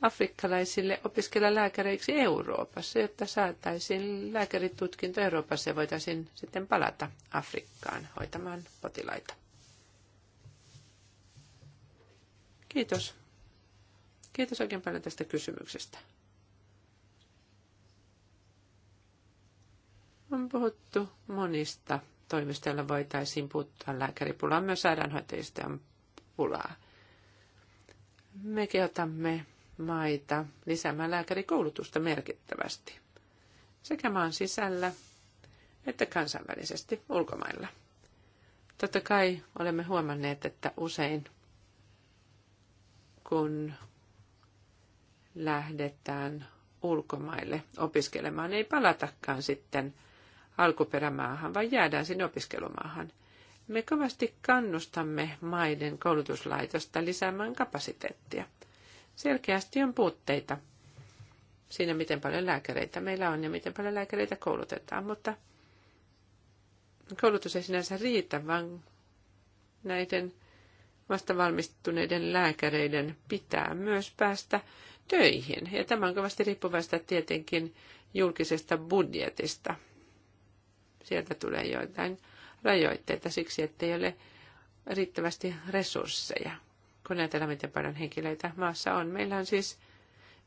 afrikkalaisille opiskella lääkäreiksi Euroopassa, jotta saataisiin lääkäritutkinto Euroopassa ja voitaisiin sitten palata Afrikkaan hoitamaan potilaita. Kiitos. Kiitos oikein paljon tästä kysymyksestä. On puhuttu monista toimista, joilla voitaisiin puuttua lääkäripulaan. Myös sairaanhoitajista on pulaa. Me kehotamme maita lisäämään lääkärikoulutusta merkittävästi sekä maan sisällä että kansainvälisesti ulkomailla. Totta kai olemme huomanneet, että usein kun lähdetään ulkomaille opiskelemaan, ei palatakaan sitten alkuperämaahan, vaan jäädään sinne opiskelumaahan. Me kovasti kannustamme maiden koulutuslaitosta lisäämään kapasiteettia. Selkeästi on puutteita siinä, miten paljon lääkäreitä meillä on ja miten paljon lääkäreitä koulutetaan, mutta koulutus ei sinänsä riitä, vaan näiden vastavalmistuneiden lääkäreiden pitää myös päästä töihin. Ja tämä on kovasti riippuvaista tietenkin julkisesta budjetista. Sieltä tulee joitain rajoitteita siksi, ettei ole riittävästi resursseja, kun ajatellaan, miten paljon henkilöitä maassa on. Meillä on siis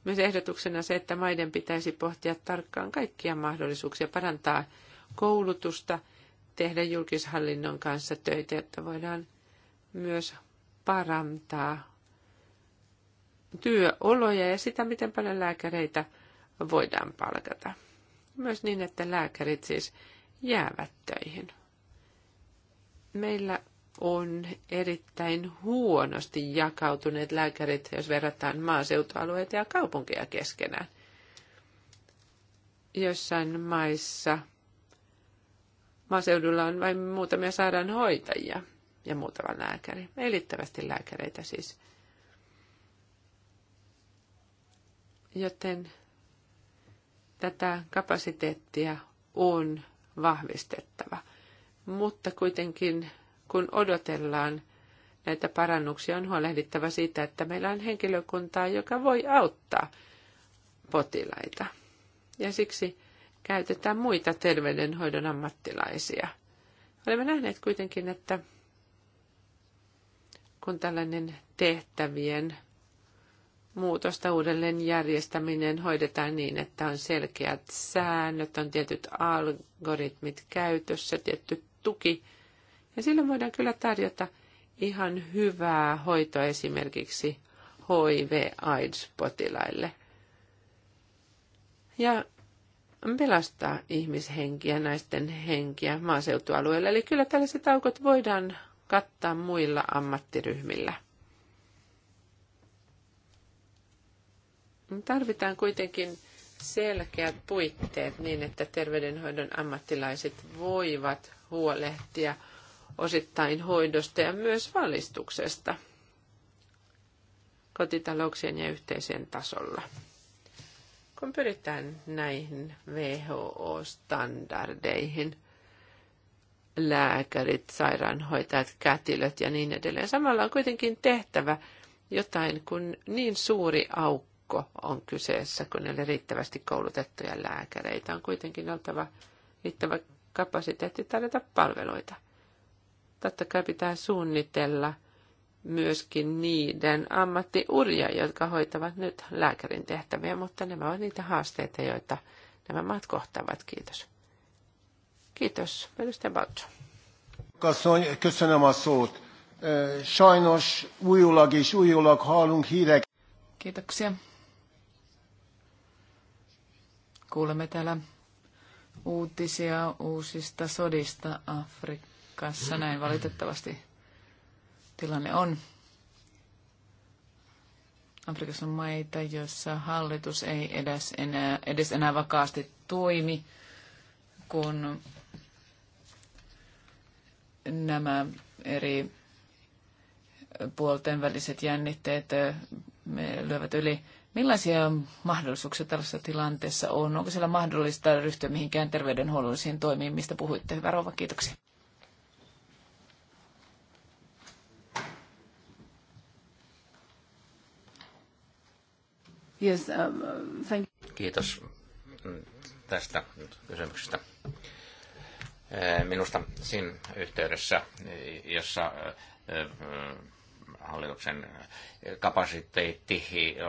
myös ehdotuksena se, että maiden pitäisi pohtia tarkkaan kaikkia mahdollisuuksia parantaa koulutusta, tehdä julkishallinnon kanssa töitä, jotta voidaan myös parantaa työoloja ja sitä, miten paljon lääkäreitä voidaan palkata. Myös niin, että lääkärit siis jäävät töihin. Meillä on erittäin huonosti jakautuneet lääkärit, jos verrataan maaseutualueita ja kaupunkeja keskenään. Jossain maissa maaseudulla on vain muutamia sairaanhoitajia ja muutama lääkäri. Ei lääkäreitä siis. Joten tätä kapasiteettia on vahvistettava – mutta kuitenkin kun odotellaan näitä parannuksia, on huolehdittava siitä, että meillä on henkilökuntaa, joka voi auttaa potilaita. Ja siksi käytetään muita terveydenhoidon ammattilaisia. Olemme nähneet kuitenkin, että kun tällainen tehtävien muutosta uudelleen järjestäminen hoidetaan niin, että on selkeät säännöt, on tietyt algoritmit käytössä, tietty tuki. Ja silloin voidaan kyllä tarjota ihan hyvää hoitoa esimerkiksi HIV-AIDS-potilaille. Ja pelastaa ihmishenkiä, naisten henkiä maaseutualueella. Eli kyllä tällaiset aukot voidaan kattaa muilla ammattiryhmillä. Tarvitaan kuitenkin selkeät puitteet niin, että terveydenhoidon ammattilaiset voivat huolehtia osittain hoidosta ja myös valistuksesta kotitalouksien ja yhteisön tasolla. Kun pyritään näihin WHO-standardeihin, lääkärit, sairaanhoitajat, kätilöt ja niin edelleen. Samalla on kuitenkin tehtävä jotain, kun niin suuri aukko on kyseessä, kun ei ole riittävästi koulutettuja lääkäreitä. On kuitenkin oltava riittävä kapasiteetti tarjota palveluita. Totta kai pitää suunnitella myöskin niiden ammattiuria, jotka hoitavat nyt lääkärin tehtäviä, mutta nämä ovat niitä haasteita, joita nämä maat kohtaavat. Kiitos. Kiitos, edustaja Balcho. köszönöm a szót. Sajnos újulag és újulag hallunk hírek. Kiitoksia. Kuulemme täällä uutisia uusista sodista Afrikassa. Näin valitettavasti tilanne on. Afrikassa on maita, joissa hallitus ei edes enää, edes enää vakaasti toimi, kun nämä eri puolten väliset jännitteet lyövät yli Millaisia mahdollisuuksia tällaisessa tilanteessa on? Onko siellä mahdollista ryhtyä mihinkään terveydenhuollollisiin toimiin, mistä puhuitte? Hyvä rouva, kiitoksia. Yes, um, uh, thank you. Kiitos tästä kysymyksestä. Eh, minusta siinä yhteydessä, jossa eh, hallituksen eh, kapasiteetti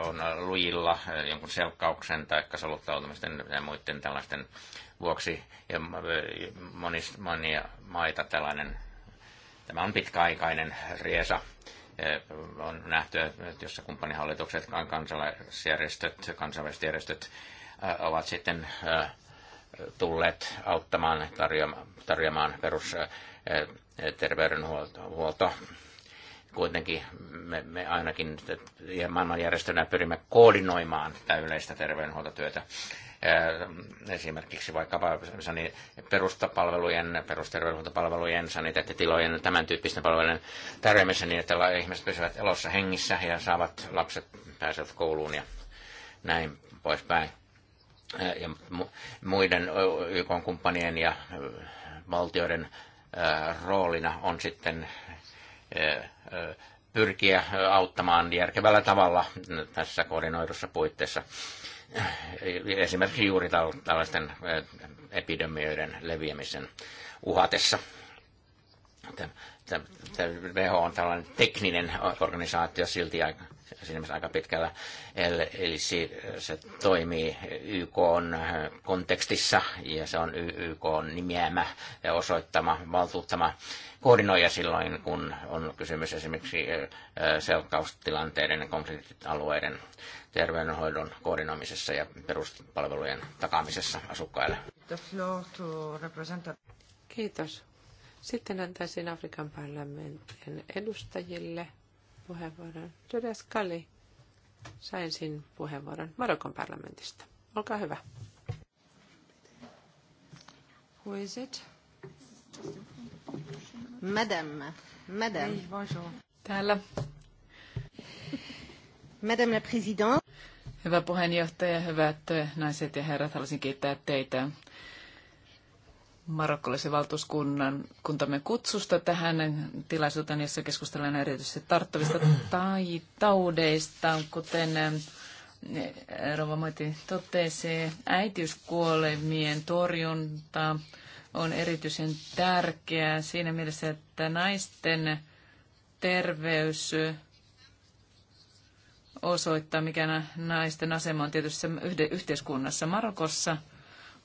on lujilla eh, jonkun selkkauksen tai soluttautumisten ja muiden tällaisten vuoksi. Ja eh, monista, monia maita tällainen, tämä on pitkäaikainen riesa. On nähty, että jossa kumppanihallitukset, kansalaisjärjestöt, kansainväliset järjestöt ovat sitten tulleet auttamaan, tarjoamaan, tarjoamaan perusterveydenhuolto kuitenkin me, me ainakin maailmanjärjestönä pyrimme koordinoimaan tätä yleistä terveydenhuoltotyötä. Esimerkiksi vaikkapa perustapalvelujen, perusterveydenhuoltopalvelujen, saniteettitilojen, tämän tyyppisten palvelujen tarjoamisessa niin, että ihmiset pysyvät elossa hengissä ja saavat lapset pääsevät kouluun ja näin poispäin. Ja muiden YK-kumppanien ja valtioiden roolina on sitten pyrkiä auttamaan järkevällä tavalla tässä koordinoidussa puitteissa esimerkiksi juuri tällaisten epidemioiden leviämisen uhatessa. WHO on tällainen tekninen organisaatio silti aika, siinä aika pitkällä, eli se toimii YK on kontekstissa ja se on YK on nimeämä ja osoittama, valtuuttama koordinoija silloin, kun on kysymys esimerkiksi selkkaustilanteiden, konfliktialueiden terveydenhoidon koordinoimisessa ja peruspalvelujen takaamisessa asukkaille. Kiitos. Sitten antaisin Afrikan parlamentin edustajille puheenvuoron. Todes Kali, sain sin puheenvuoron Marokon parlamentista. Olkaa hyvä. Who is it? Madame, madame. Ei, bonjour. Täällä. Madame la présidente. Hyvä puheenjohtaja, hyvät naiset ja herrat, haluaisin kiittää teitä marokkolaisen valtuuskunnan kuntamme kutsusta tähän tilaisuuteen, jossa keskustellaan erityisesti tarttuvista tai taudeista, kuten Rova Moiti totesi, äitiyskuolemien torjunta, on erityisen tärkeää siinä mielessä, että naisten terveys osoittaa, mikä naisten asema on tietysti yhteiskunnassa. Marokossa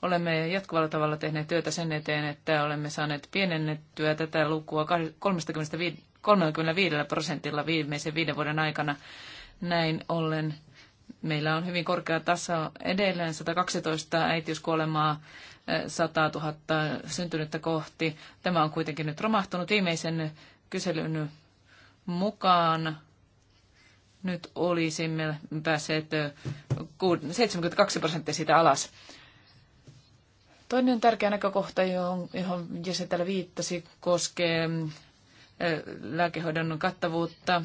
olemme jatkuvalla tavalla tehneet työtä sen eteen, että olemme saaneet pienennettyä tätä lukua 35, 35 prosentilla viimeisen viiden vuoden aikana. Näin ollen Meillä on hyvin korkea taso edelleen, 112 äitiyskuolemaa 100 000 syntynyttä kohti. Tämä on kuitenkin nyt romahtunut viimeisen kyselyn mukaan. Nyt olisimme päässeet 72 prosenttia siitä alas. Toinen tärkeä näkökohta, johon, johon Jesse täällä viittasi, koskee lääkehoidon kattavuutta.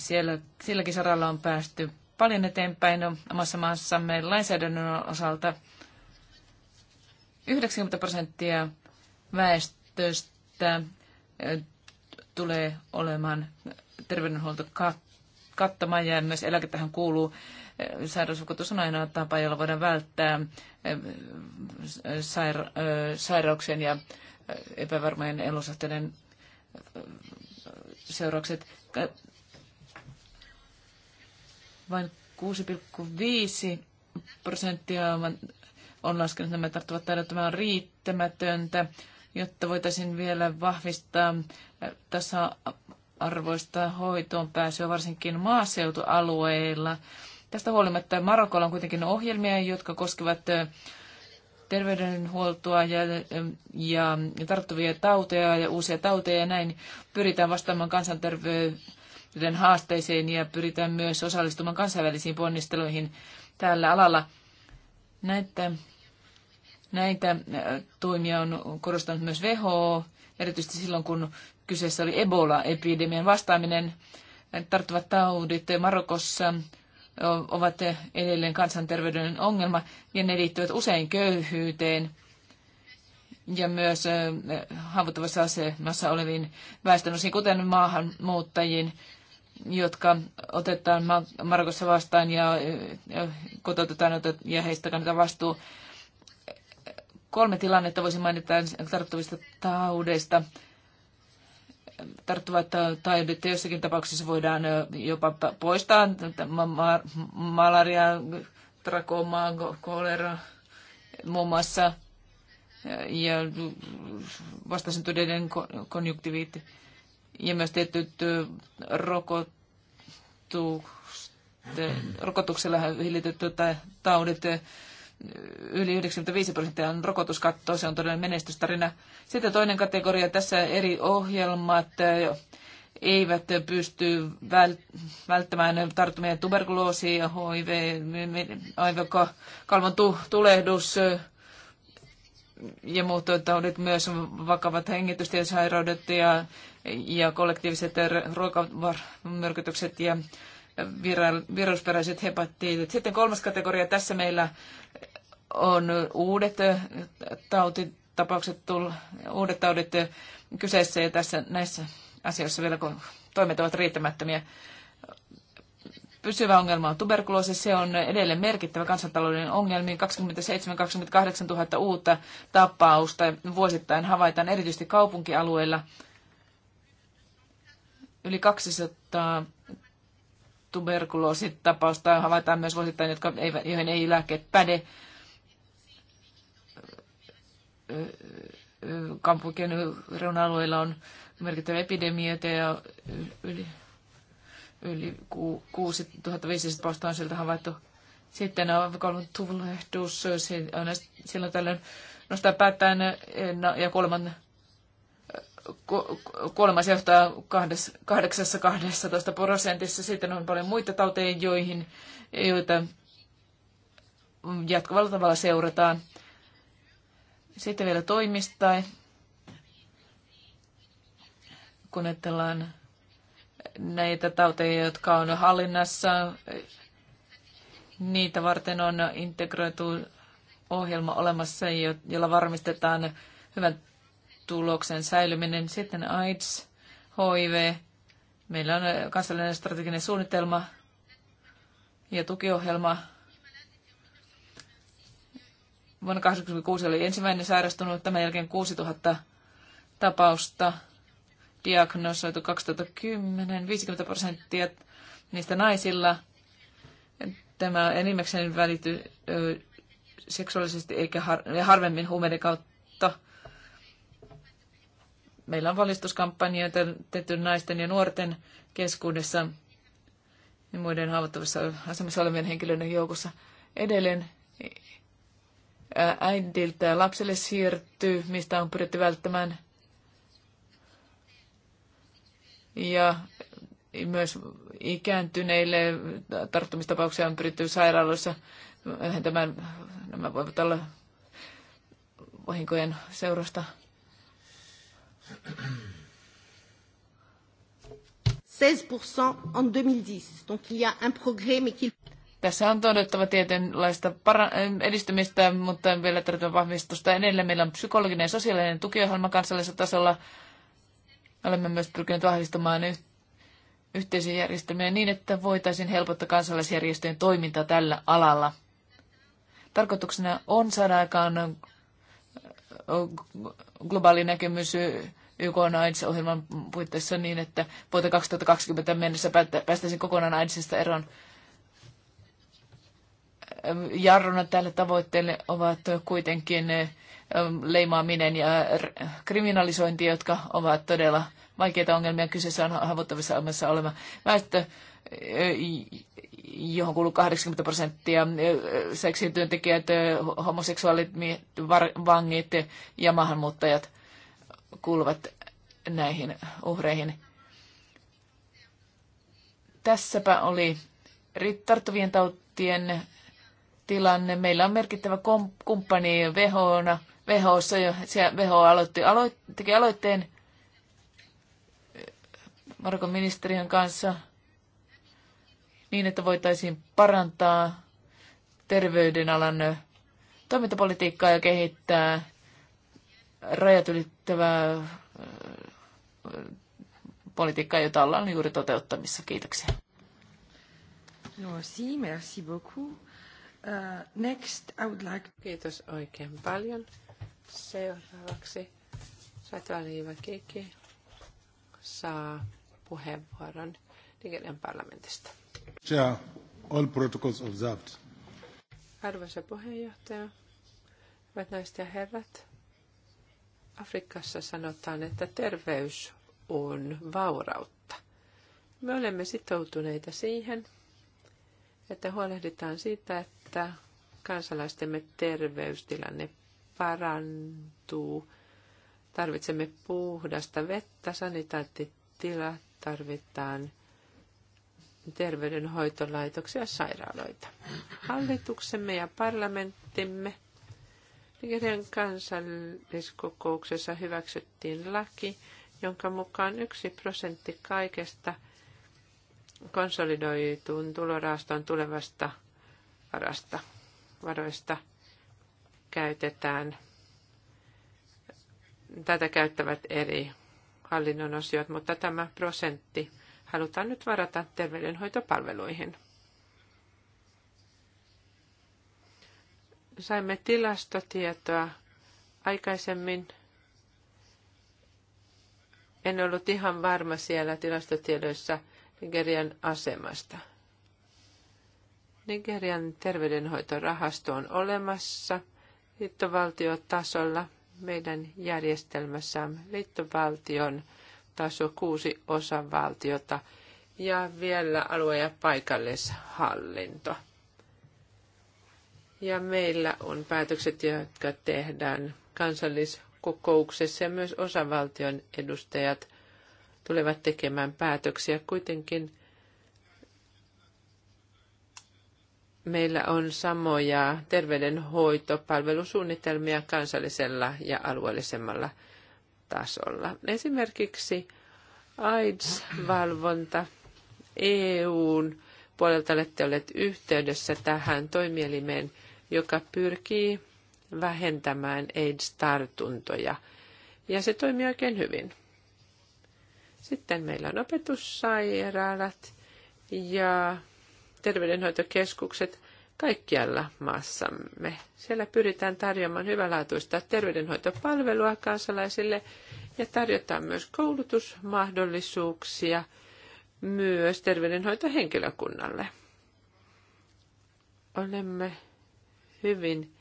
Siellä, silläkin saralla on päästy paljon eteenpäin omassa maassamme lainsäädännön osalta. 90 prosenttia väestöstä tulee olemaan terveydenhuolto kattamaan ja myös eläke tähän kuuluu. Sairausvakuutus on ainoa tapa, jolla voidaan välttää sairauksien ja epävarmojen elosahteiden seuraukset vain 6,5 prosenttia on laskenut nämä tarttuvat taidot. Tämä on riittämätöntä, jotta voitaisiin vielä vahvistaa äh, tasa-arvoista hoitoon pääsyä, varsinkin maaseutualueilla. Tästä huolimatta Marokolla on kuitenkin ohjelmia, jotka koskevat äh, terveydenhuoltoa ja, äh, ja tarttuvia tauteja ja uusia tauteja ja näin pyritään vastaamaan kansanterveyteen haasteisiin ja pyritään myös osallistumaan kansainvälisiin ponnisteluihin tällä alalla. Näitä, näitä äh, toimia on korostanut myös WHO, erityisesti silloin kun kyseessä oli Ebola-epidemian vastaaminen. Tarttuvat taudit Marokossa ovat edelleen kansanterveyden ongelma ja ne liittyvät usein köyhyyteen ja myös haavoittuvassa asemassa oleviin väestönosiin, kuten maahanmuuttajiin jotka otetaan Markossa vastaan ja kotoutetaan ja heistä kannetaan vastuu. Kolme tilannetta voisi mainita tarttuvista taudeista. Tarttuvat taudit jossakin tapauksessa voidaan jopa poistaa. Malaria, trakomaa, kolera muun muassa ja vastasyntyneiden konjunktiviitti ja myös tietyt rokotuksella tai taudit. Yli 95 prosenttia on rokotuskatto, se on todellinen menestystarina. Sitten toinen kategoria, tässä eri ohjelmat eivät pysty välttämään tarttumia tuberkuloosia, HIV, aivokalvon tulehdus, ja muut taudit myös vakavat hengitysten sairaudet ja, ja kollektiiviset ruokamyrkytykset ja virusperäiset hepatiitit. Sitten kolmas kategoria, tässä meillä on uudet tautitapaukset, uudet taudit kyseessä ja tässä näissä asioissa vielä kun toimet ovat riittämättömiä. Pysyvä ongelma on tuberkuloosi. Se on edelleen merkittävä kansantalouden ongelmiin. 27-28 000 uutta tapausta vuosittain havaitaan erityisesti kaupunkialueilla. Yli 200 tuberkuloositapausta havaitaan myös vuosittain, jotka eivät, joihin ei lääkkeet päde. Kaupunkien reuna-alueilla on merkittäviä epidemioita ja yli yli 6500 posta on siltä havaittu. Sitten on ollut tulehdus, silloin tällöin nostaa päätään no, ja kolman kolmas johtaa 8-12 prosentissa. Sitten on paljon muita tauteja, joihin, joita jatkuvalla tavalla seurataan. Sitten vielä toimista. Kun ajatellaan näitä tauteja, jotka on hallinnassa. Niitä varten on integroitu ohjelma olemassa, jolla varmistetaan hyvän tuloksen säilyminen. Sitten AIDS, HIV. Meillä on kansallinen strateginen suunnitelma ja tukiohjelma. Vuonna 1986 oli ensimmäinen sairastunut, tämän jälkeen 6000 tapausta diagnosoitu 2010, 50 prosenttia niistä naisilla. Tämä enimmäkseen välity seksuaalisesti eikä har- harvemmin huumeiden kautta. Meillä on valistuskampanjoita tehty naisten ja nuorten keskuudessa ja muiden haavoittuvassa asemassa olevien henkilöiden joukossa. Edelleen äidiltä ja lapselle siirtyy, mistä on pyritty välttämään – ja myös ikääntyneille tarttumistapauksia on pyritty sairaaloissa vähentämään. Nämä voivat olla vahinkojen seurasta. en Tässä on todettava tietynlaista para- edistymistä, mutta vielä tarvitaan vahvistusta. Edelleen meillä on psykologinen ja sosiaalinen tukiohjelma kansallisella tasolla Olemme myös pyrkineet vahvistamaan yhteisiä järjestelmiä niin, että voitaisiin helpottaa kansalaisjärjestöjen toimintaa tällä alalla. Tarkoituksena on saada aikaan globaali näkemys YK on AIDS-ohjelman puitteissa niin, että vuoteen 2020 mennessä päästäisiin kokonaan AIDSista eroon. Jarruna tälle tavoitteelle ovat kuitenkin Ähm, leimaaminen ja kriminalisointi, jotka ovat todella vaikeita ongelmia. Kyseessä on haavoittavissa omassa oleva väestö, äh, johon kuuluu 80 prosenttia äh, seksityöntekijät, äh, homoseksuaalit, vangit ja maahanmuuttajat kuuluvat näihin uhreihin. Tässäpä oli tarttuvien tautien tilanne. Meillä on merkittävä kumppani WHO. WHOssa jo, WHO aloitti, aloitti, teki aloitteen Marokon ministeriön kanssa niin, että voitaisiin parantaa terveydenalan toimintapolitiikkaa ja kehittää rajat ylittävää politiikkaa, jota ollaan juuri toteuttamissa. Kiitoksia. Merci, merci beaucoup. Uh, next, I would like... Kiitos oikein paljon. Seuraavaksi Svetlana Kiki saa puheenvuoron Nigerian parlamentista. Chair, all protocols observed. Arvoisa puheenjohtaja, hyvät naiset ja herrat, Afrikassa sanotaan, että terveys on vaurautta. Me olemme sitoutuneita siihen, että huolehditaan siitä, että kansalaistemme terveystilanne parantuu. Tarvitsemme puhdasta vettä, sanitaattitila, tarvitaan terveydenhoitolaitoksia ja sairaaloita. Hallituksemme ja parlamenttimme Nigerian kansalliskokouksessa hyväksyttiin laki, jonka mukaan yksi prosentti kaikesta konsolidoituun tuloraaston tulevasta varasta, varoista – käytetään, tätä käyttävät eri hallinnon osiot, mutta tämä prosentti halutaan nyt varata terveydenhoitopalveluihin. Saimme tilastotietoa aikaisemmin. En ollut ihan varma siellä tilastotiedoissa Nigerian asemasta. Nigerian terveydenhoitorahasto on olemassa – liittovaltiotasolla meidän järjestelmässämme liittovaltion taso kuusi osavaltiota ja vielä alue- ja paikallishallinto. Ja meillä on päätökset, jotka tehdään kansalliskokouksessa ja myös osavaltion edustajat tulevat tekemään päätöksiä. Kuitenkin meillä on samoja terveydenhoitopalvelusuunnitelmia kansallisella ja alueellisemmalla tasolla. Esimerkiksi AIDS-valvonta EUn puolelta olette olleet yhteydessä tähän toimielimeen, joka pyrkii vähentämään AIDS-tartuntoja. Ja se toimii oikein hyvin. Sitten meillä on opetussairaalat ja terveydenhoitokeskukset kaikkialla maassamme. Siellä pyritään tarjoamaan hyvälaatuista terveydenhoitopalvelua kansalaisille ja tarjotaan myös koulutusmahdollisuuksia myös terveydenhoitohenkilökunnalle. Olemme hyvin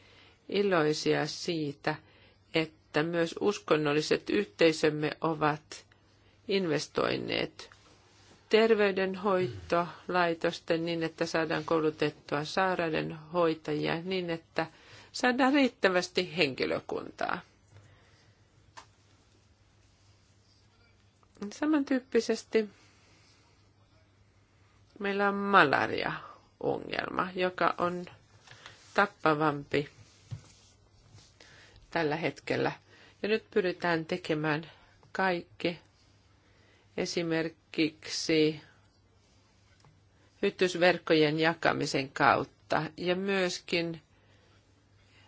iloisia siitä, että myös uskonnolliset yhteisömme ovat investoineet terveydenhoitolaitosten niin, että saadaan koulutettua sairaudenhoitajia niin, että saadaan riittävästi henkilökuntaa. Samantyyppisesti meillä on malaria-ongelma, joka on tappavampi tällä hetkellä. Ja nyt pyritään tekemään kaikki esimerkiksi hyttysverkkojen jakamisen kautta ja myöskin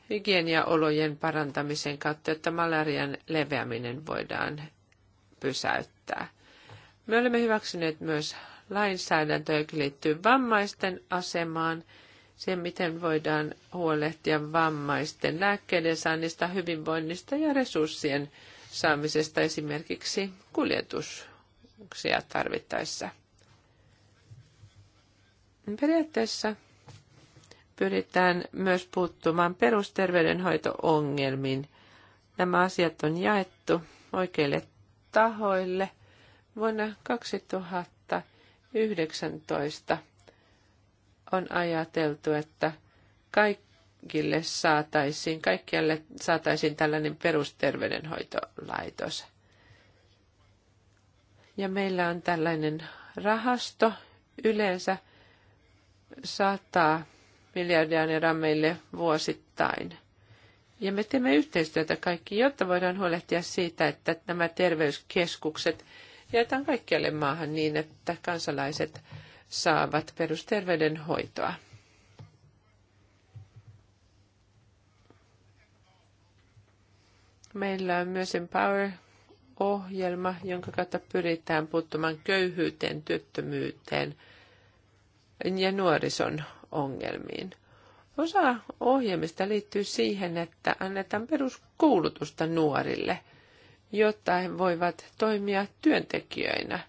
hygieniaolojen parantamisen kautta, että malarian leveäminen voidaan pysäyttää. Me olemme hyväksyneet myös lainsäädäntöä, joka liittyy vammaisten asemaan, se miten voidaan huolehtia vammaisten lääkkeiden saannista, hyvinvoinnista ja resurssien saamisesta esimerkiksi kuljetus tarkistuksia tarvittaessa. Periaatteessa pyritään myös puuttumaan perusterveydenhoito-ongelmiin. Nämä asiat on jaettu oikeille tahoille vuonna 2019 on ajateltu, että kaikille saataisiin, kaikkialle saataisiin tällainen perusterveydenhoitolaitos. Ja meillä on tällainen rahasto yleensä 100 miljardia euroa meille vuosittain. Ja me teemme yhteistyötä kaikki, jotta voidaan huolehtia siitä, että nämä terveyskeskukset jaetaan kaikkialle maahan niin, että kansalaiset saavat perusterveydenhoitoa. Meillä on myös Empower ohjelma, jonka kautta pyritään puuttumaan köyhyyteen, työttömyyteen ja nuorison ongelmiin. Osa ohjelmista liittyy siihen, että annetaan peruskoulutusta nuorille, jotta he voivat toimia työntekijöinä,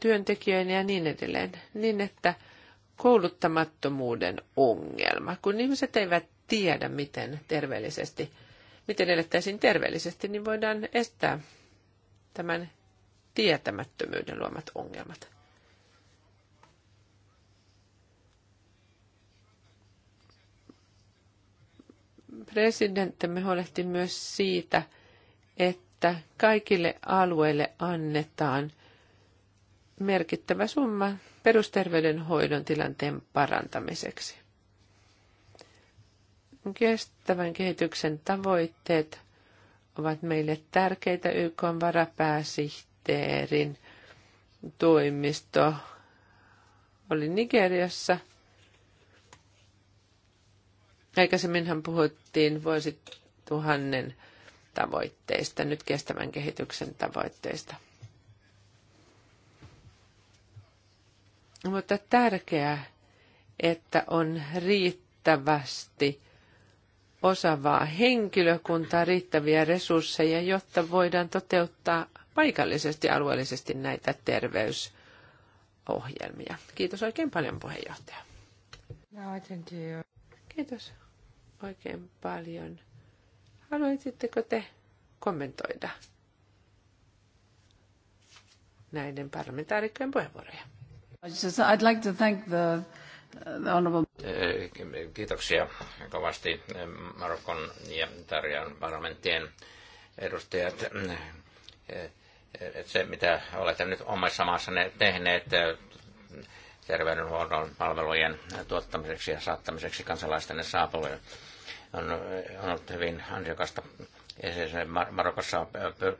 työntekijöinä ja niin edelleen, niin että kouluttamattomuuden ongelma, kun ihmiset eivät tiedä, miten terveellisesti miten elettäisiin terveellisesti, niin voidaan estää tämän tietämättömyyden luomat ongelmat. Presidenttimme huolehti myös siitä, että kaikille alueille annetaan merkittävä summa perusterveydenhoidon tilanteen parantamiseksi. Kestävän kehityksen tavoitteet ovat meille tärkeitä YK varapääsihteerin toimisto oli Nigeriassa. Aikaisemminhan puhuttiin vuosituhannen tavoitteista, nyt kestävän kehityksen tavoitteista. Mutta tärkeää, että on riittävästi osaavaa henkilökuntaa, riittäviä resursseja, jotta voidaan toteuttaa paikallisesti ja alueellisesti näitä terveysohjelmia. Kiitos oikein paljon puheenjohtaja. No, Kiitos oikein paljon. Haluaisitteko te kommentoida näiden parlamentaarikkojen puheenvuoroja? I'd like to thank the, the honorable... Kiitoksia kovasti Marokon ja Tarjan parlamenttien edustajat. Se, mitä olette nyt omassa maassanne tehneet terveydenhuollon palvelujen tuottamiseksi ja saattamiseksi kansalaistenne saapuville, on, ollut hyvin ansiokasta Marokossa on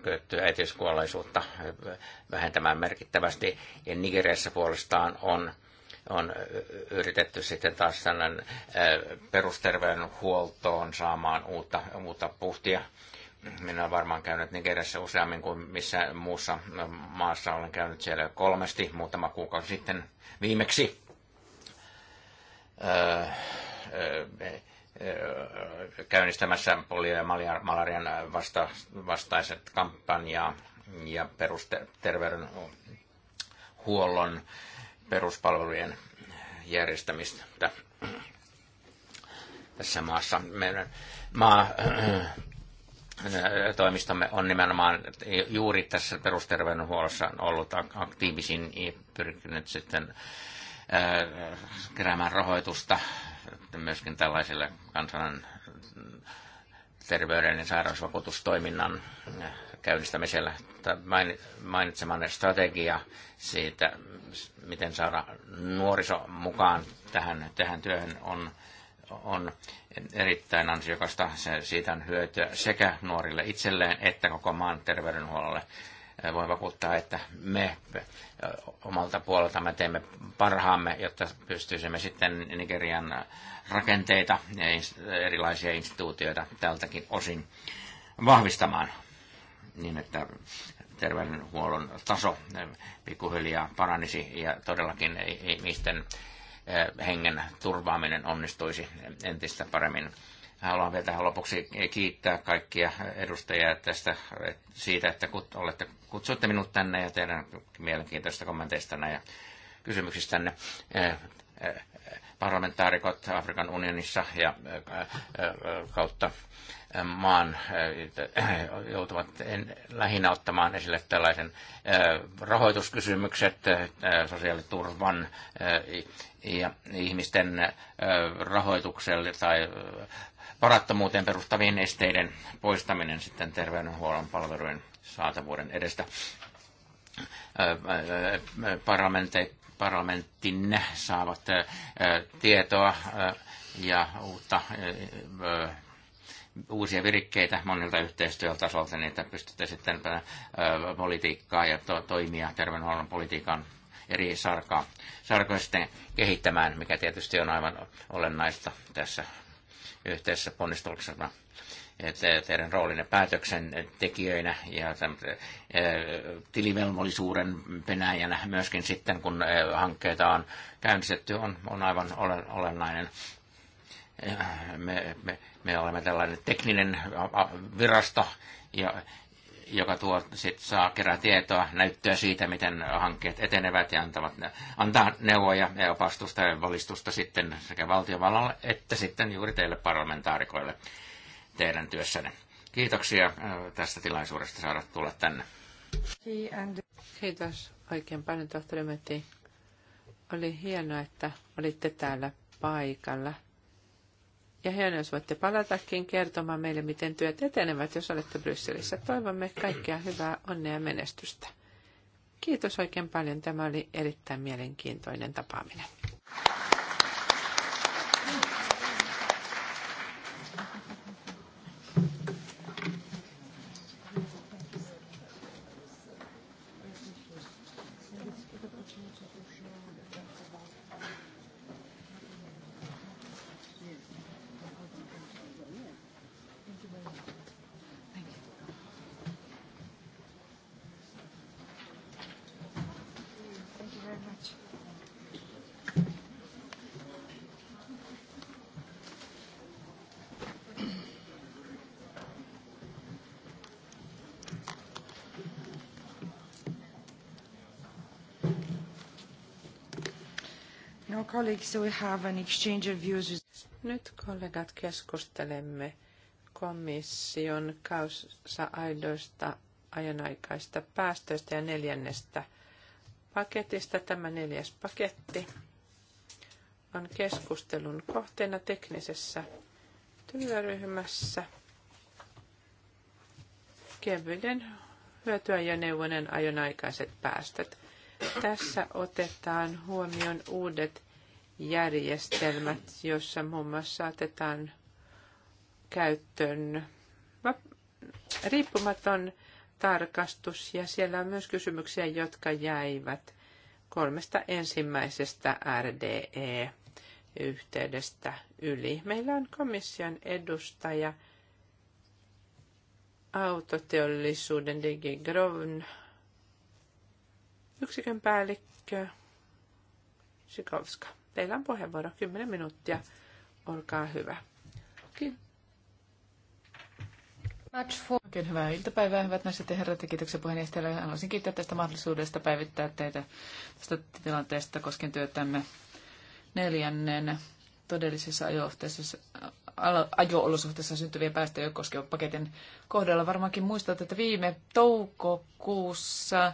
pyrkitty äitiyskuolleisuutta vähentämään merkittävästi, ja Nigeriassa puolestaan on on yritetty sitten taas tällainen perusterveydenhuoltoon saamaan uutta, uutta puhtia. Minä olen varmaan käynyt Nigerissä niin useammin kuin missä muussa maassa. Olen käynyt siellä kolmesti muutama kuukausi sitten viimeksi. Öö, öö, käynnistämässä polio- ja malarian vasta, vastaiset kampanjaa ja perusterveydenhuollon peruspalvelujen järjestämistä tässä maassa. Meidän maa, toimistamme on nimenomaan juuri tässä perusterveydenhuollossa ollut aktiivisin ja pyrkinyt sitten keräämään rahoitusta myöskin tällaiselle kansan terveyden ja sairausvakuutustoiminnan käynnistämisellä mainitsemanne strategia siitä, miten saada nuoriso mukaan tähän, tähän työhön on, on erittäin ansiokasta. Se, siitä on hyötyä sekä nuorille itselleen että koko maan terveydenhuollolle. Voin vakuuttaa, että me omalta puoleltamme teemme parhaamme, jotta pystyisimme sitten Nigerian rakenteita ja erilaisia instituutioita tältäkin osin vahvistamaan niin, että terveydenhuollon taso eh, pikkuhiljaa paranisi ja todellakin ihmisten eh, hengen turvaaminen onnistuisi entistä paremmin. Haluan vielä tähän lopuksi kiittää kaikkia edustajia tästä, siitä, että kut, olette, kutsuitte minut tänne ja teidän mielenkiintoista kommenteista ja kysymyksistänne. Eh, parlamentaarikot Afrikan unionissa ja äh, äh, kautta äh, maan joutuvat lähinnä ottamaan esille tällaisen rahoituskysymykset, sosiaaliturvan ja ihmisten rahoitukselle tai parattomuuteen perustavien esteiden poistaminen sitten terveydenhuollon palvelujen saatavuuden edestä parlamentit parlamenttinne saavat tietoa ja uutta uusia virikkeitä monilta yhteistyötasolta, niin että pystytte sitten politiikkaa ja to, toimia terveydenhuollon politiikan eri sarkaa, sarkoja sitten kehittämään, mikä tietysti on aivan olennaista tässä yhteisessä ponnistuksessa teidän roolinne päätöksentekijöinä ja tilivelvollisuuden penäjänä myöskin sitten, kun hankkeita on käynnistetty, on, on aivan olennainen. Me, me, me olemme tällainen tekninen virasto, ja, joka tuo, sit saa kerää tietoa, näyttöä siitä, miten hankkeet etenevät ja antavat, antaa neuvoja ja opastusta ja valistusta sitten sekä valtiovallalle että sitten juuri teille parlamentaarikoille teidän työssänne. Kiitoksia äh, tästä tilaisuudesta saada tulla tänne. Kiitos oikein paljon, tohtori Metti. Oli hienoa, että olitte täällä paikalla. Ja hienoa, jos voitte palatakin kertomaan meille, miten työt etenevät, jos olette Brysselissä. Toivomme kaikkea hyvää onnea ja menestystä. Kiitos oikein paljon. Tämä oli erittäin mielenkiintoinen tapaaminen. colleagues, we have an exchange of views. Nyt kollegat keskustelemme komission kaussa aidoista ajanaikaista päästöistä ja neljännestä paketista. Tämä neljäs paketti on keskustelun kohteena teknisessä työryhmässä. Kevyiden neuvonen ajonaikaiset päästöt. Tässä otetaan huomioon uudet järjestelmät, joissa muun muassa saatetaan käyttöön riippumaton tarkastus ja siellä on myös kysymyksiä, jotka jäivät kolmesta ensimmäisestä RDE-yhteydestä yli. Meillä on komission edustaja autoteollisuuden Digigrovn yksikön päällikkö Sikovska. Teillä on puheenvuoro, 10 minuuttia. Olkaa hyvä. Oikein hyvää iltapäivää, hyvät naiset ja herrat, ja kiitoksia puheenjohtajalle. Haluaisin kiittää tästä mahdollisuudesta päivittää teitä tästä tilanteesta koskien työtämme neljännen todellisessa ajo-olosuhteessa syntyviä päästöjä koskevan paketin kohdalla. Varmaankin muistatte, että viime toukokuussa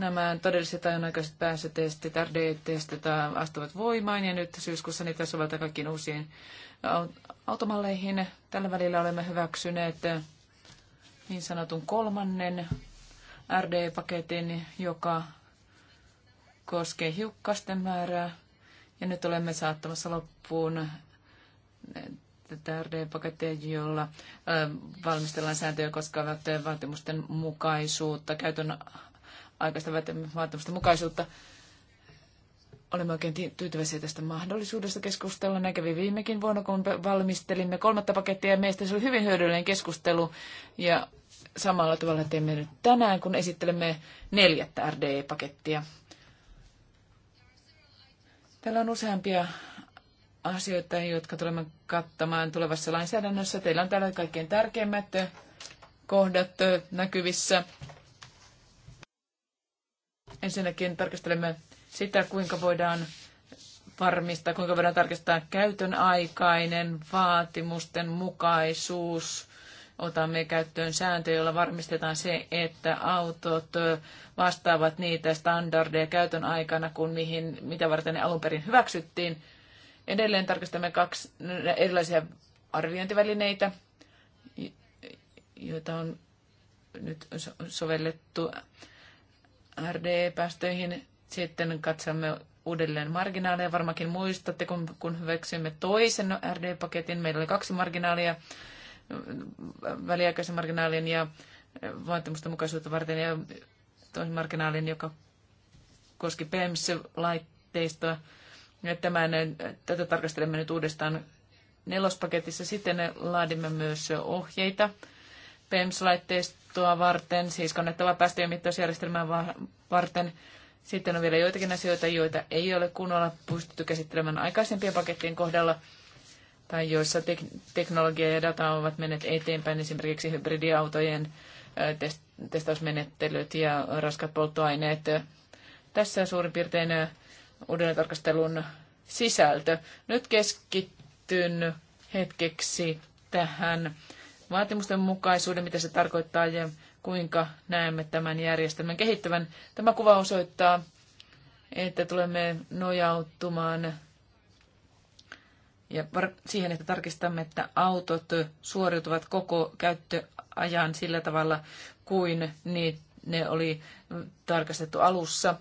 nämä todelliset ajonaikaiset pääsytestit, RD-testit astuvat voimaan ja nyt syyskuussa niitä soveltaa kaikkiin uusiin automalleihin. Tällä välillä olemme hyväksyneet niin sanotun kolmannen RD-paketin, joka koskee hiukkasten määrää. Ja nyt olemme saattamassa loppuun tätä RD-pakettia, jolla valmistellaan sääntöjä koskevat vaatimusten mukaisuutta, käytön aikaista vaatimusta mukaisuutta. Olemme oikein tyytyväisiä tästä mahdollisuudesta keskustella. Näin viimekin vuonna, kun valmistelimme kolmatta pakettia. Meistä se oli hyvin hyödyllinen keskustelu. Ja samalla tavalla teemme nyt tänään, kun esittelemme neljättä RDE-pakettia. Täällä on useampia asioita, jotka tulemme kattamaan tulevassa lainsäädännössä. Teillä on täällä kaikkein tärkeimmät kohdat näkyvissä. Ensinnäkin tarkastelemme sitä, kuinka voidaan varmistaa, kuinka voidaan tarkistaa käytön aikainen vaatimusten mukaisuus. Otamme käyttöön sääntöjä, joilla varmistetaan se, että autot vastaavat niitä standardeja käytön aikana, kuin mihin, mitä varten ne alun perin hyväksyttiin. Edelleen tarkistamme kaksi erilaisia arviointivälineitä, joita on nyt sovellettu RD-päästöihin. Sitten katsomme uudelleen marginaaleja. varmakin muistatte, kun, kun hyväksymme toisen RD-paketin. Meillä oli kaksi marginaalia, väliaikaisen marginaalin ja vaatimusten mukaisuutta varten ja toisen marginaalin, joka koski PEMS-laitteistoa. tämän, tätä tarkastelemme nyt uudestaan nelospaketissa. Sitten laadimme myös ohjeita PEMS-laitteista koneistoa varten, siis kannettava päästöjen mittausjärjestelmää varten. Sitten on vielä joitakin asioita, joita ei ole kunnolla pystytty käsittelemään aikaisempien pakettien kohdalla tai joissa tek- teknologia ja data ovat menneet eteenpäin, esimerkiksi hybridiautojen test- testausmenettelyt ja raskat polttoaineet. Tässä suurin piirtein uuden tarkastelun sisältö. Nyt keskittyn hetkeksi tähän vaatimusten mukaisuuden, mitä se tarkoittaa ja kuinka näemme tämän järjestelmän kehittävän. Tämä kuva osoittaa, että tulemme nojautumaan ja siihen, että tarkistamme, että autot suoriutuvat koko käyttöajan sillä tavalla kuin ne oli tarkastettu alussa.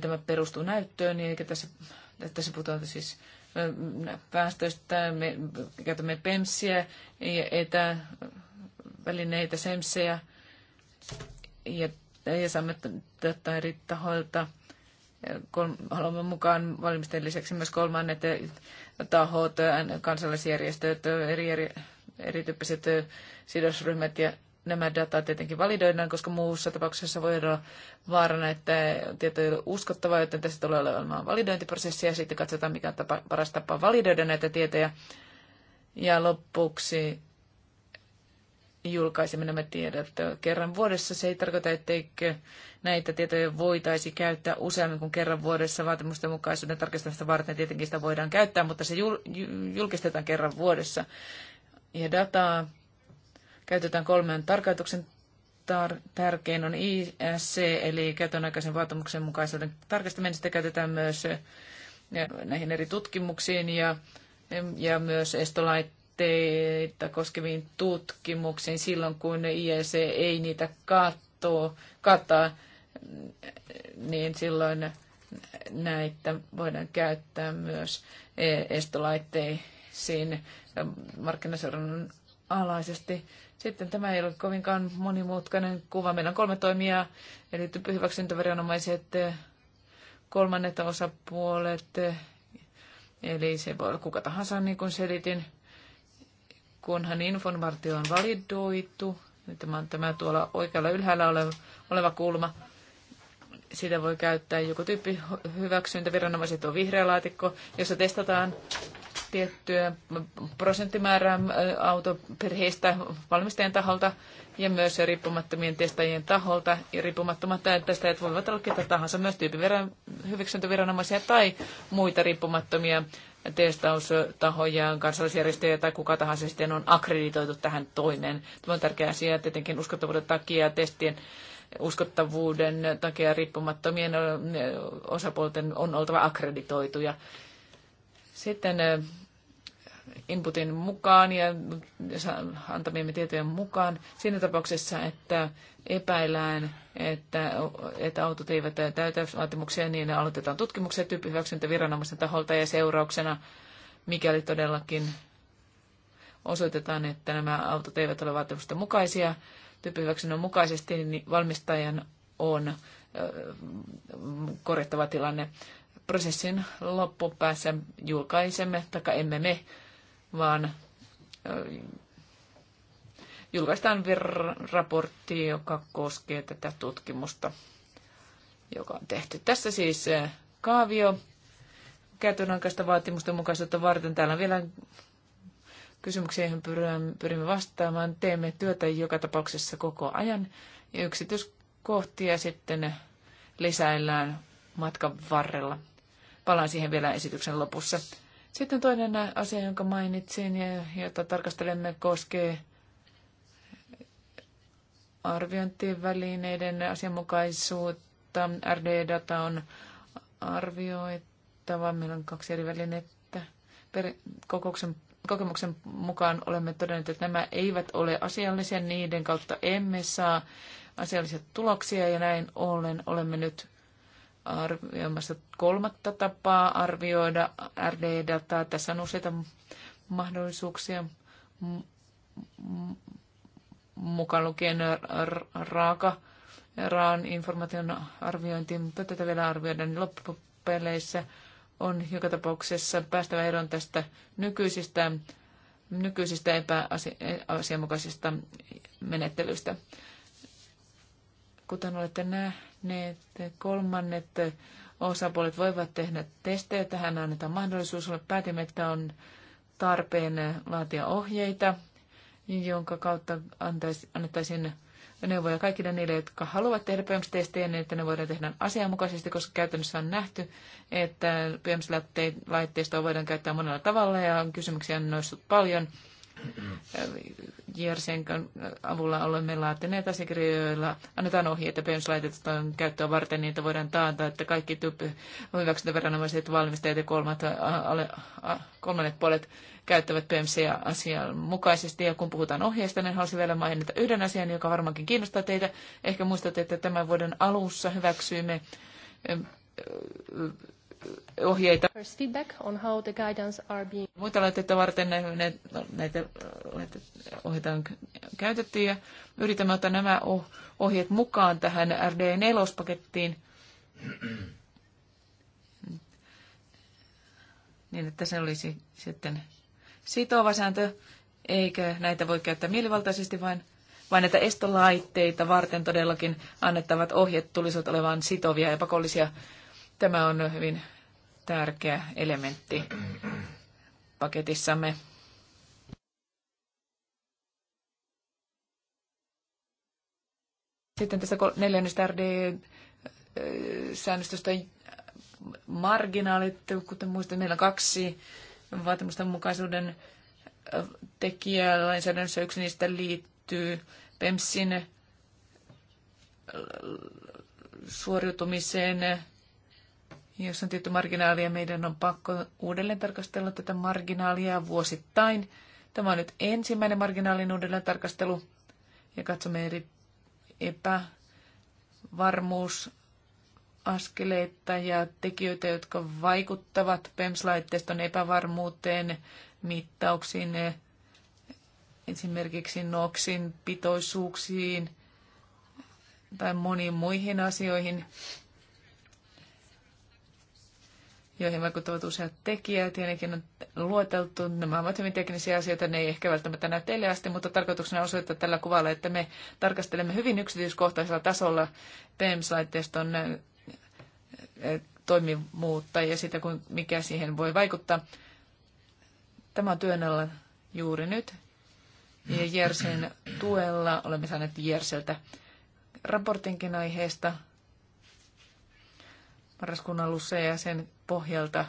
Tämä perustuu näyttöön, niin eikä tässä, tässä puhutaan siis päästöistä. Me käytämme PEMSiä, etävälineitä, SEMSejä ja, ja saamme tätä eri tahoilta. Haluamme mukaan valmisteen lisäksi myös kolmannet tahot, kansalaisjärjestöt, eri, eri, erityyppiset sidosryhmät ja nämä data tietenkin validoidaan, koska muussa tapauksessa voi olla vaarana, että tieto ei ole uskottavaa, joten tässä tulee olemaan validointiprosessi ja sitten katsotaan, mikä on tapa, paras tapa validoida näitä tietoja. Ja lopuksi julkaisemme nämä tiedot kerran vuodessa. Se ei tarkoita, etteikö näitä tietoja voitaisi käyttää useammin kuin kerran vuodessa vaatimusten mukaisuuden tarkistamista varten. Tietenkin sitä voidaan käyttää, mutta se jul- julkistetaan kerran vuodessa. Ja dataa käytetään kolmen tarkoituksen tar- tärkein on ISC, eli aikaisen vaatimuksen mukaisuuden tarkistaminen. Sitä käytetään myös eh, näihin eri tutkimuksiin ja, ja myös estolaitteita koskeviin tutkimuksiin silloin, kun IEC ei niitä kattoo, kattaa, niin silloin näitä voidaan käyttää myös eh, estolaitteisiin markkinaseurannan alaisesti. Sitten tämä ei ole kovinkaan monimutkainen kuva. Meillä on kolme toimijaa, eli hyväksyntäviranomaiset, eh, kolmannet osapuolet, eh, eli se voi olla kuka tahansa, niin kuin selitin, kunhan informaatio on validoitu. Niin tämä on tämä tuolla oikealla ylhäällä oleva, oleva kulma. Sitä voi käyttää joku tyyppi hyväksyntäviranomaiset on vihreä laatikko, jossa testataan tiettyä prosenttimäärää autoperheistä valmistajan taholta ja myös riippumattomien testaajien taholta. Ja riippumattomat testaajat voivat olla ketä tahansa, myös tyyppiverran hyväksyntäviranomaisia tai muita riippumattomia testaustahoja, kansallisjärjestöjä tai kuka tahansa sitten on akkreditoitu tähän toimeen. Tämä on tärkeä asia tietenkin uskottavuuden takia testien uskottavuuden takia riippumattomien osapuolten on oltava akkreditoituja. Sitten inputin mukaan ja antamiemme tietojen mukaan siinä tapauksessa, että epäillään, että, että autot eivät täytä vaatimuksia, niin aloitetaan tutkimuksia tyyppihyväksyntä viranomaisen taholta ja seurauksena, mikäli todellakin osoitetaan, että nämä autot eivät ole vaatimusten mukaisia, tyyppihyväksynnän mukaisesti, niin valmistajan on korjattava tilanne prosessin loppupäässä julkaisemme, tai emme me, vaan julkaistaan raportti, joka koskee tätä tutkimusta, joka on tehty. Tässä siis kaavio käytönankaista vaatimusten mukaisuutta varten. Täällä on vielä kysymyksiä, joihin pyrimme vastaamaan. Teemme työtä joka tapauksessa koko ajan ja yksityiskohtia sitten lisäillään matkan varrella. Palaan siihen vielä esityksen lopussa. Sitten toinen asia, jonka mainitsin ja jota tarkastelemme, koskee arviointivälineiden asianmukaisuutta. RD-data on arvioittava. Meillä on kaksi eri välinettä. Per, kokouksen, kokemuksen mukaan olemme todenneet, että nämä eivät ole asiallisia. Niiden kautta emme saa asiallisia tuloksia ja näin ollen olemme nyt arvioimassa kolmatta tapaa arvioida RD-dataa. Tässä on useita mahdollisuuksia mukaan lukien raaka raan informaation arviointi, mutta tätä vielä arvioidaan, niin loppupeleissä on joka tapauksessa päästävä eroon tästä nykyisistä, nykyisistä epäasianmukaisista menettelyistä. Kuten olette nähneet, kolmannet osapuolet voivat tehdä testejä. Tähän annetaan mahdollisuus. Päätimme, että on tarpeen laatia ohjeita, jonka kautta annettaisiin neuvoja kaikille niille, jotka haluavat tehdä PEMS-testejä, niin että ne voidaan tehdä asianmukaisesti, koska käytännössä on nähty, että PEMS-laitteistoa voidaan käyttää monella tavalla ja kysymyksiä on noussut paljon Jersenkan avulla olemme laatineet Annetaan ohje, että ohjeita on käyttöä varten, niin että voidaan taata, että kaikki tyyppi hyväksyntäviranomaiset, valmistajat ja kolmat, a, kolmannet puolet käyttävät PMCä asianmukaisesti. Ja kun puhutaan ohjeista, niin haluaisin vielä mainita yhden asian, joka varmaankin kiinnostaa teitä. Ehkä muistatte, että tämän vuoden alussa hyväksyimme ohjeita. Muita laitteita varten näitä, näitä ohjeita on käytetty ja yritämme ottaa nämä oh-, ohjeet mukaan tähän RD4-pakettiin niin, että se olisi sitten sitova sääntö, eikä näitä voi käyttää mielivaltaisesti, vaan, vaan että estolaitteita varten todellakin annettavat ohjeet tulisivat olevan sitovia ja pakollisia Tämä on hyvin tärkeä elementti paketissamme. Sitten tästä neljännestä RD-säännöstöstä marginaalit, kuten muistan, meillä on kaksi vaatimusten mukaisuuden tekijää lainsäädännössä. Yksi niistä liittyy PEMSin suoriutumiseen jos on tietty marginaalia, meidän on pakko uudelleen tarkastella tätä marginaalia vuosittain. Tämä on nyt ensimmäinen marginaalin uudelleen tarkastelu ja katsomme eri epävarmuusaskeleita ja tekijöitä, jotka vaikuttavat PEMS-laitteiston epävarmuuteen, mittauksiin, esimerkiksi NOXin pitoisuuksiin tai moniin muihin asioihin joihin vaikuttavat useat tekijät, ja nekin on luoteltu. Nämä ovat hyvin teknisiä asioita, ne ei ehkä välttämättä näy teille asti, mutta tarkoituksena osoittaa tällä kuvalla, että me tarkastelemme hyvin yksityiskohtaisella tasolla pems laitteiston eh, eh, toimivuutta ja sitä, mikä siihen voi vaikuttaa. Tämä on työn alla juuri nyt. Ja Jersen tuella olemme saaneet Jerseltä raportinkin aiheesta marraskuun alussa ja sen pohjalta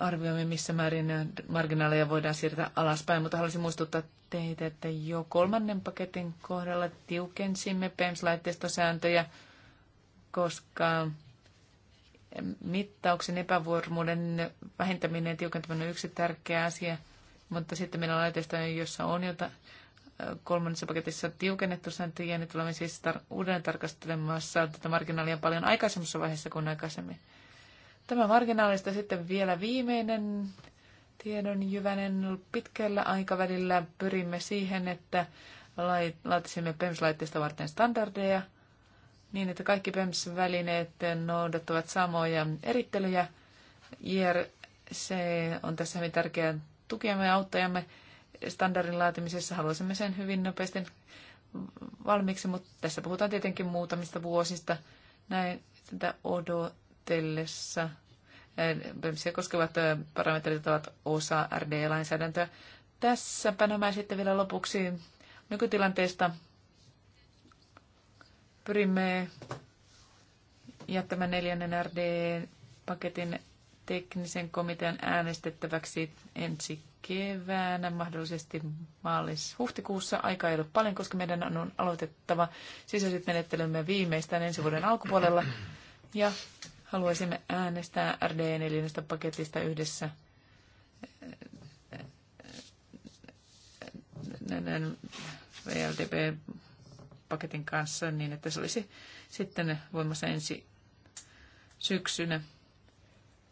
arvioimme, missä määrin marginaaleja voidaan siirtää alaspäin, mutta haluaisin muistuttaa teitä, että jo kolmannen paketin kohdalla tiukensimme PEMS-laitteistosääntöjä, koska mittauksen epävuormuuden vähentäminen ja tiukentaminen on yksi tärkeä asia, mutta sitten meillä on laitteistoja, joissa on jotain kolmannessa paketissa tiukennettu sääntöjä, niin tulemme siis tar- uudelleen tarkastelemassa tätä marginaalia paljon aikaisemmassa vaiheessa kuin aikaisemmin. Tämä marginaalista sitten vielä viimeinen tiedonjyvänen pitkällä aikavälillä pyrimme siihen, että laatisimme PEMS-laitteista varten standardeja niin, että kaikki PEMS-välineet noudattavat samoja erittelyjä. IRC on tässä hyvin tärkeä Tukemme, ja auttajamme standardin laatimisessa. Haluaisimme sen hyvin nopeasti valmiiksi, mutta tässä puhutaan tietenkin muutamista vuosista. Näin tätä odotellessa. Se koskevat parametrit ovat osa RD-lainsäädäntöä. Tässäpä nämä sitten vielä lopuksi nykytilanteesta. Pyrimme jättämään neljännen RD-paketin teknisen komitean äänestettäväksi ensi keväänä, mahdollisesti maalis-huhtikuussa. Aika ei ole paljon, koska meidän on aloitettava sisäiset menettelymme viimeistään ensi vuoden alkupuolella. Ja haluaisimme äänestää RD4 paketista yhdessä vldb paketin kanssa niin, että se olisi sitten voimassa ensi syksynä.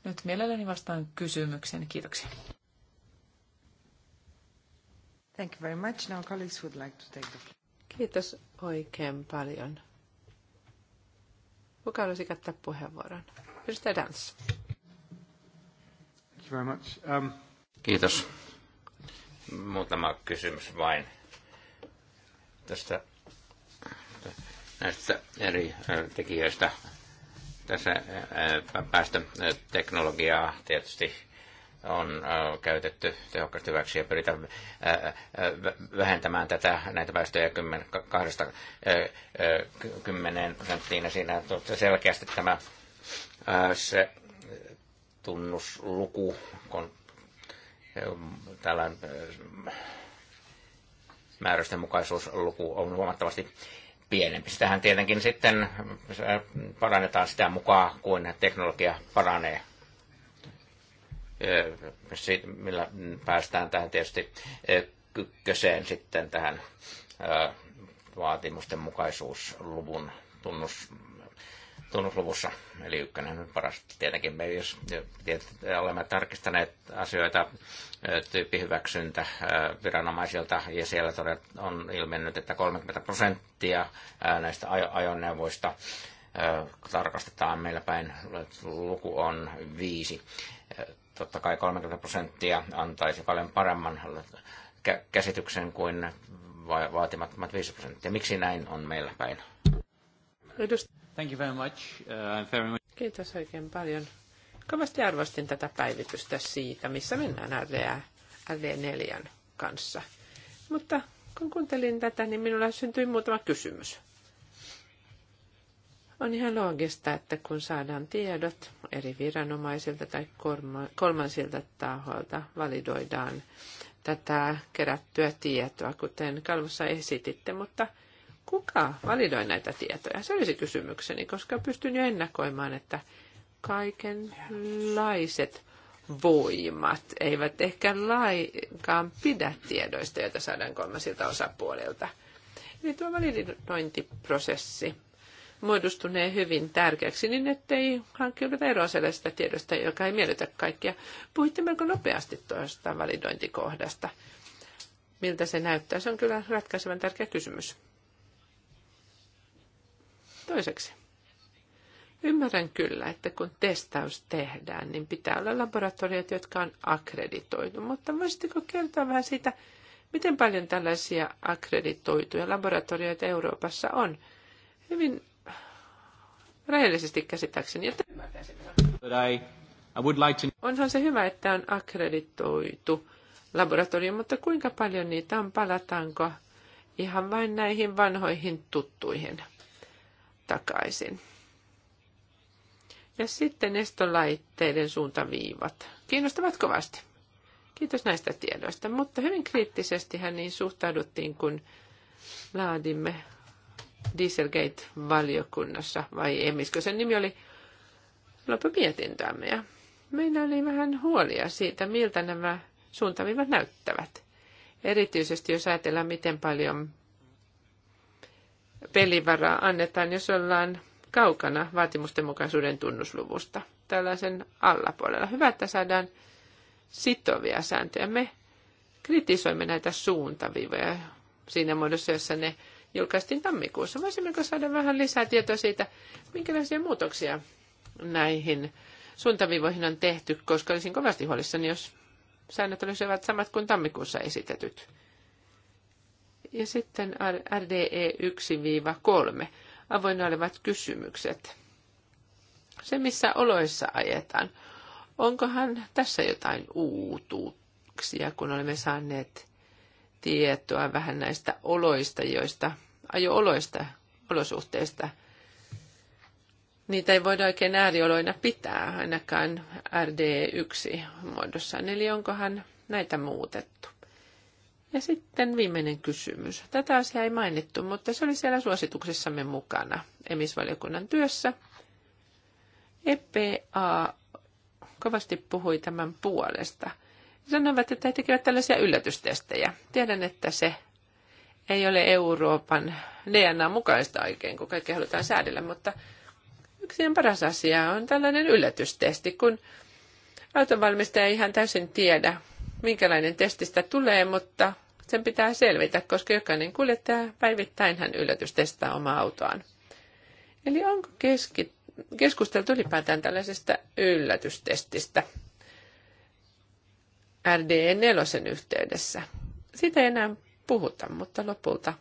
Nyt mielelläni vastaan kysymykseen. Kiitoksia. Thank you very much. Now colleagues would like to take the floor. Kiitos oikein paljon. Kuka haluaisi käyttää puheenvuoron? Edustaja Dans. Thank you very much. Um... Kiitos. Muutama kysymys vain tästä näistä eri tekijöistä tässä päästöteknologiaa tietysti on käytetty tehokkaasti hyväksi ja pyritään vähentämään tätä, näitä päästöjä 10, prosenttiin. Siinä selkeästi tämä se tunnusluku, kun tällainen määräysten mukaisuusluku on huomattavasti pienempi. Sitähän tietenkin sitten äh, parannetaan sitä mukaan, kuin teknologia paranee. Äh, millä päästään tähän tietysti äh, kyköseen sitten tähän vaatimusten mukaisuusluvun tunnus tunnusluvussa, eli ykkönen on paras tietenkin. Me jos olemme tarkistaneet asioita tyyppihyväksyntä viranomaisilta, ja siellä on ilmennyt, että 30 prosenttia näistä ajoneuvoista tarkastetaan meillä päin, luku on viisi. Totta kai 30 prosenttia antaisi paljon paremman käsityksen kuin vaatimattomat 5 prosenttia. Miksi näin on meillä päin? Edustaja. Thank you very much. Uh, very much. Kiitos oikein paljon. Kovasti arvostin tätä päivitystä siitä, missä mennään RDA, RD4 kanssa. Mutta kun kuuntelin tätä, niin minulla syntyi muutama kysymys. On ihan loogista, että kun saadaan tiedot eri viranomaisilta tai kolmansilta tahoilta, validoidaan tätä kerättyä tietoa, kuten Kalvossa esititte, mutta – kuka validoi näitä tietoja? Se olisi kysymykseni, koska pystyn jo ennakoimaan, että kaikenlaiset voimat eivät ehkä lainkaan pidä tiedoista, joita saadaan kolmasilta osapuolilta. Eli tuo validointiprosessi muodostunee hyvin tärkeäksi niin, ettei hankkiuduta eroa sellaisesta tiedosta, joka ei miellytä kaikkia. Puhuitte melko nopeasti tuosta validointikohdasta. Miltä se näyttää? Se on kyllä ratkaisevan tärkeä kysymys. Toiseksi, ymmärrän kyllä, että kun testaus tehdään, niin pitää olla laboratoriot, jotka on akkreditoitu, mutta voisitteko kertoa vähän siitä, miten paljon tällaisia akkreditoituja laboratorioita Euroopassa on? Hyvin rehellisesti käsittääkseni, ymmärtäisin. Onhan se hyvä, että on akkreditoitu laboratorio, mutta kuinka paljon niitä on? Palataanko ihan vain näihin vanhoihin tuttuihin? takaisin. Ja sitten estolaitteiden suuntaviivat. Kiinnostavat kovasti. Kiitos näistä tiedoista, mutta hyvin kriittisesti hän niin suhtauduttiin, kun laadimme Dieselgate-valiokunnassa, vai emiskö sen nimi oli, loppumietintöämme. Ja meillä oli vähän huolia siitä, miltä nämä suuntaviivat näyttävät. Erityisesti jos ajatellaan, miten paljon pelivaraa annetaan, jos ollaan kaukana vaatimusten tunnusluvusta tällaisen allapuolella. Hyvä, että saadaan sitovia sääntöjä. Me kritisoimme näitä suuntaviivoja siinä muodossa, jossa ne julkaistiin tammikuussa. Voisimmeko saada vähän lisää tietoa siitä, minkälaisia muutoksia näihin suuntaviivoihin on tehty, koska olisin kovasti huolissani, jos säännöt olisivat samat kuin tammikuussa esitetyt. Ja sitten RDE 1-3, avoinna olevat kysymykset. Se, missä oloissa ajetaan. Onkohan tässä jotain uutuuksia, kun olemme saaneet tietoa vähän näistä oloista, joista, ajo-oloista, olosuhteista. Niitä ei voida oikein äärioloina pitää, ainakaan RDE 1 muodossa. Eli onkohan näitä muutettu? Ja sitten viimeinen kysymys. Tätä asiaa ei mainittu, mutta se oli siellä suosituksissamme mukana emisvaliokunnan työssä. EPA kovasti puhui tämän puolesta. Sanoivat, että he tekevät tällaisia yllätystestejä. Tiedän, että se ei ole Euroopan DNA mukaista oikein, kun kaikki halutaan säädellä, mutta yksi paras asia on tällainen yllätystesti, kun autonvalmistaja ei ihan täysin tiedä, minkälainen testistä tulee, mutta sen pitää selvitä, koska jokainen kuljettaja päivittäin hän testaa omaa autoaan. Eli onko keski, keskusteltu ylipäätään tällaisesta yllätystestistä RDE4 yhteydessä? Sitä ei enää puhuta, mutta lopulta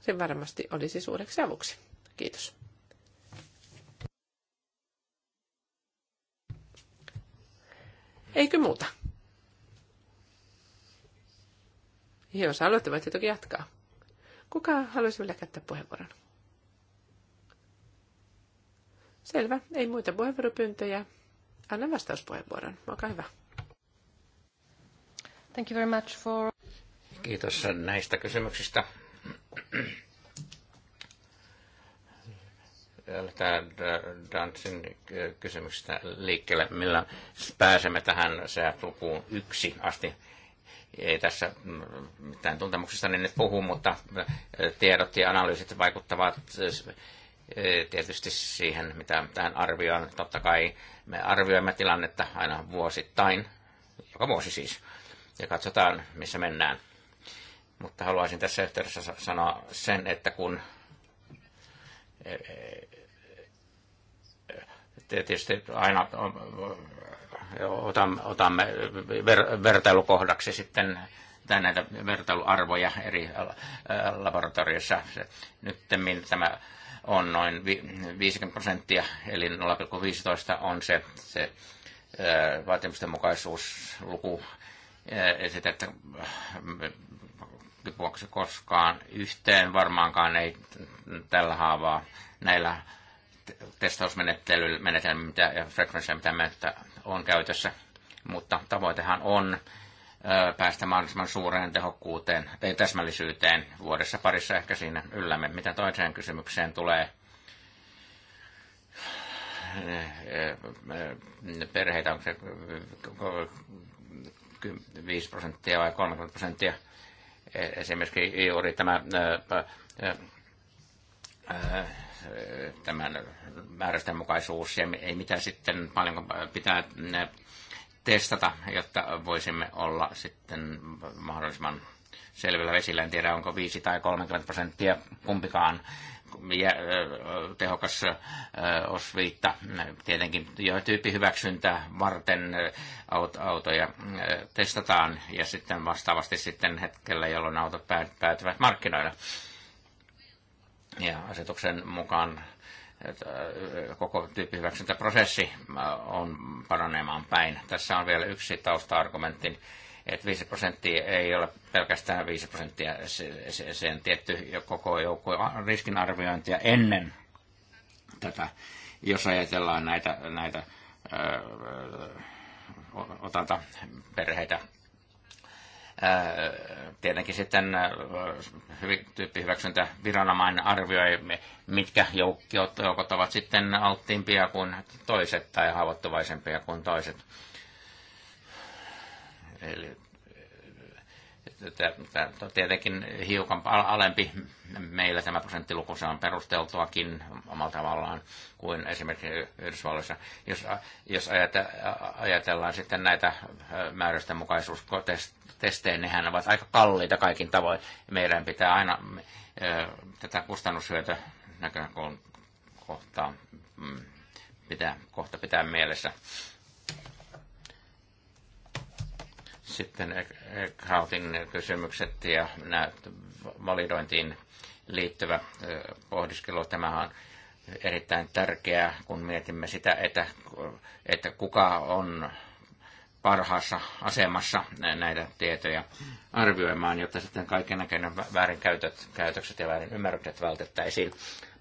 se varmasti olisi suureksi avuksi. Kiitos. Eikö muuta? Jos haluatte, voitte toki jatkaa. Kuka haluaisi vielä käyttää puheenvuoron? Selvä, ei muita puheenvuoropyyntöjä. Anna vastauspuheenvuoron. Olkaa hyvä. Thank you very much for... Kiitos näistä kysymyksistä. Tämä Dansin kysymyksestä liikkeelle, millä pääsemme tähän se lukuun yksi asti ei tässä mm, mitään tuntemuksestani niin nyt puhu, mutta äh, tiedot ja analyysit vaikuttavat äh, tietysti siihen, mitä tähän arvioon. Totta kai me arvioimme tilannetta aina vuosittain, joka vuosi siis, ja katsotaan, missä mennään. Mutta haluaisin tässä yhteydessä sanoa sen, että kun e, e, e, tietysti aina otamme ver, vertailukohdaksi sitten tai näitä vertailuarvoja eri laboratorioissa. Nyt tämä on noin 50 prosenttia, eli 0,15 on se, se vaatimusten mukaisuusluku. Sitä, että vuoksi koskaan yhteen varmaankaan ei tällä haavaa näillä testausmenetelmillä mitä, ja frekvensseillä, mitä me on käytössä, mutta tavoitehan on päästä mahdollisimman suureen tehokkuuteen tai täsmällisyyteen vuodessa parissa ehkä siinä yllämme. Mitä toiseen kysymykseen tulee, perheitä, onko se 5 prosenttia vai 30 prosenttia. E, esimerkiksi juuri tämä tämän määräisten mukaisuus ja ei mitä sitten paljon pitää testata, jotta voisimme olla sitten mahdollisimman selvillä vesillä. En tiedä, onko 5 tai 30 prosenttia kumpikaan tehokas osviitta. Tietenkin jo tyyppihyväksyntä varten autoja testataan ja sitten vastaavasti sitten hetkellä, jolloin autot päätyvät markkinoille ja asetuksen mukaan koko tyyppihyväksyntäprosessi on paranemaan päin. Tässä on vielä yksi tausta-argumentti, että 5 prosenttia ei ole pelkästään 5 prosenttia, sen tietty koko joukko riskinarviointia ennen tätä, jos ajatellaan näitä, näitä öö, otanta perheitä tietenkin sitten tyyppihyväksyntä viranomainen arvioi, mitkä joukot ovat sitten alttiimpia kuin toiset tai haavoittuvaisempia kuin toiset. Eli tietenkin hiukan alempi meillä tämä prosenttiluku, se on perusteltuakin omalla tavallaan kuin esimerkiksi Yhdysvalloissa. Jos, jos ajatellaan sitten näitä määräysten mukaisuustestejä, nehän ovat aika kalliita kaikin tavoin. Meidän pitää aina tätä kustannushyötyä näkökohtaa mm, pitää, kohta pitää mielessä. Sitten Krautin kysymykset ja validointiin liittyvä pohdiskelu. Tämä on erittäin tärkeää, kun mietimme sitä, että, että kuka on parhaassa asemassa näitä tietoja arvioimaan, jotta sitten kaikenlainen väärinkäytökset ja väärin ymmärrykset vältettäisiin.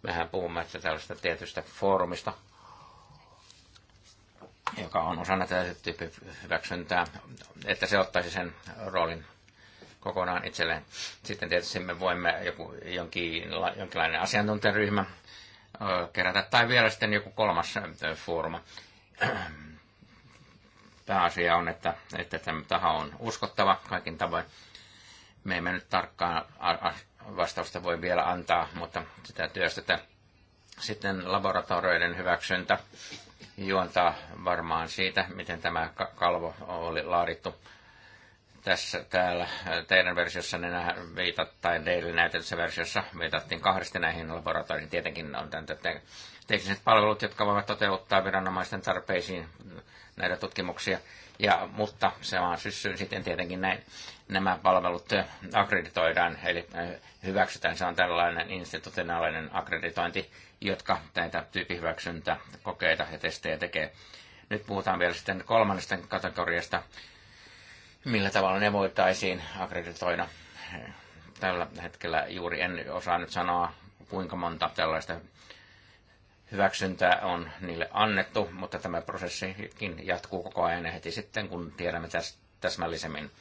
Mehän puhumme tällaista tietystä foorumista, joka on osana tätä hyväksyntää, että se ottaisi sen roolin kokonaan itselleen. Sitten tietysti me voimme joku, jonkin, jonkinlainen asiantuntijaryhmä kerätä tai vielä sitten joku kolmas Tämä Pääasia on, että, että tämä taho on uskottava kaikin tavoin. Me emme nyt tarkkaan vastausta voi vielä antaa, mutta sitä työstetään. Sitten laboratorioiden hyväksyntä juontaa varmaan siitä, miten tämä kalvo oli laadittu tässä täällä teidän ne viitat, tai teille näytetyssä versiossa viitattiin kahdesti näihin laboratorioihin. Tietenkin on tämän te- tekniset palvelut, jotka voivat toteuttaa viranomaisten tarpeisiin näitä tutkimuksia. Ja, mutta se vaan syssyy sitten tietenkin näin, nämä palvelut eh, akkreditoidaan, eli eh, hyväksytään, se on tällainen institutionaalinen akkreditointi jotka näitä tyyppihyväksyntä kokeita ja testejä tekee. Nyt puhutaan vielä sitten kolmannesta kategoriasta, millä tavalla ne voitaisiin akkreditoida. Tällä hetkellä juuri en osaa nyt sanoa, kuinka monta tällaista hyväksyntää on niille annettu, mutta tämä prosessikin jatkuu koko ajan ja heti sitten, kun tiedämme täs, täsmällisemmin,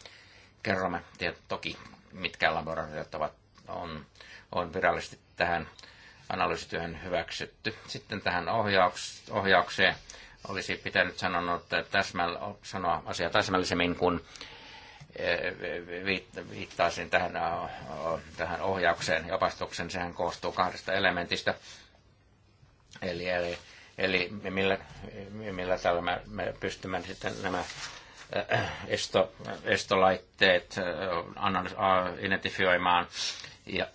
kerromme toki, mitkä laboratoriot ovat, on, on virallisesti tähän analyysityöhön hyväksytty. Sitten tähän ohjaukseen olisi pitänyt sanoa, että täsmäl- sanoa asia täsmällisemmin, kun eh, viittaisin tähän, tähän ohjaukseen ja opastukseen. Sehän koostuu kahdesta elementistä. Eli, eli, eli millä, millä tällä me, me pystymme sitten nämä eh, esto, estolaitteet eh, identifioimaan ja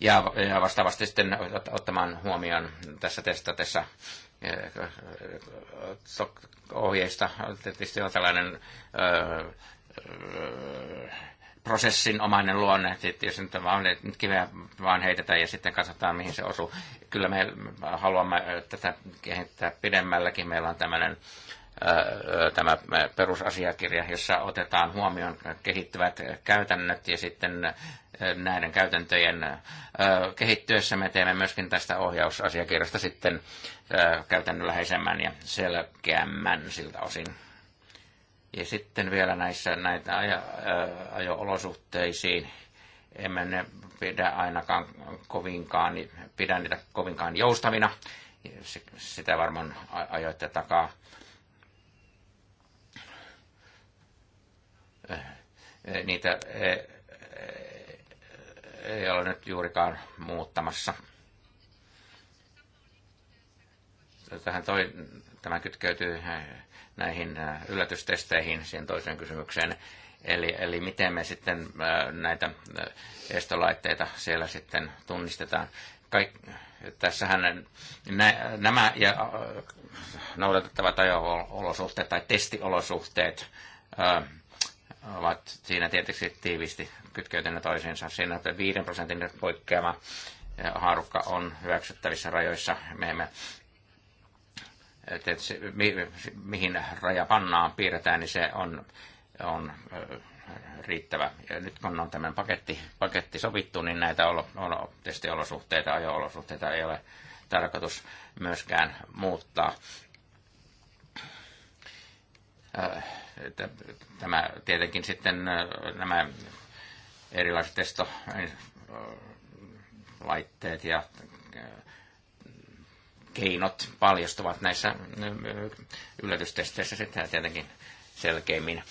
ja, ja vastaavasti sitten ottamaan huomioon tässä testatessa eh, ohjeista tietysti on tällainen ö, eh, prosessin omainen luonne, että jos nyt, vaan, nyt kiveä vaan heitetään ja sitten katsotaan, mihin se osuu. Kyllä me haluamme eh, tätä kehittää pidemmälläkin. Meillä on tämmöinen tämä perusasiakirja, jossa otetaan huomioon kehittyvät käytännöt ja sitten näiden käytäntöjen kehittyessä me teemme myöskin tästä ohjausasiakirjasta sitten käytännönläheisemmän ja selkeämmän siltä osin. Ja sitten vielä näissä näitä ajo-olosuhteisiin emme ne pidä ainakaan kovinkaan, pidä niitä kovinkaan joustavina. Sitä varmaan ajoitte takaa. Niitä e, ei ole nyt juurikaan muuttamassa. Tähän toi, tämä kytkeytyy näihin äh, yllätystesteihin, siihen toiseen kysymykseen. Eli, eli miten me sitten äh, näitä äh, estolaitteita siellä sitten tunnistetaan. Kaik, tässähän nä, nämä ja noudatettavat ajo-olosuhteet tai testiolosuhteet ovat siinä tietysti tiivisti kytkeytyneet toisiinsa. Siinä että 5 prosentin poikkeama haarukka on hyväksyttävissä rajoissa. Me emme se, mi, mihin raja pannaan, piirretään, niin se on, on riittävä. Ja nyt kun on tämän paketti, paketti sovittu, niin näitä olo, olo, testiolosuhteita, ajo-olosuhteita ei ole tarkoitus myöskään muuttaa Äh, tämä tietenkin sitten äh, nämä erilaiset testolaitteet äh, ja keinot paljastuvat näissä yllätystesteissä sitten tietenkin selkeimmin.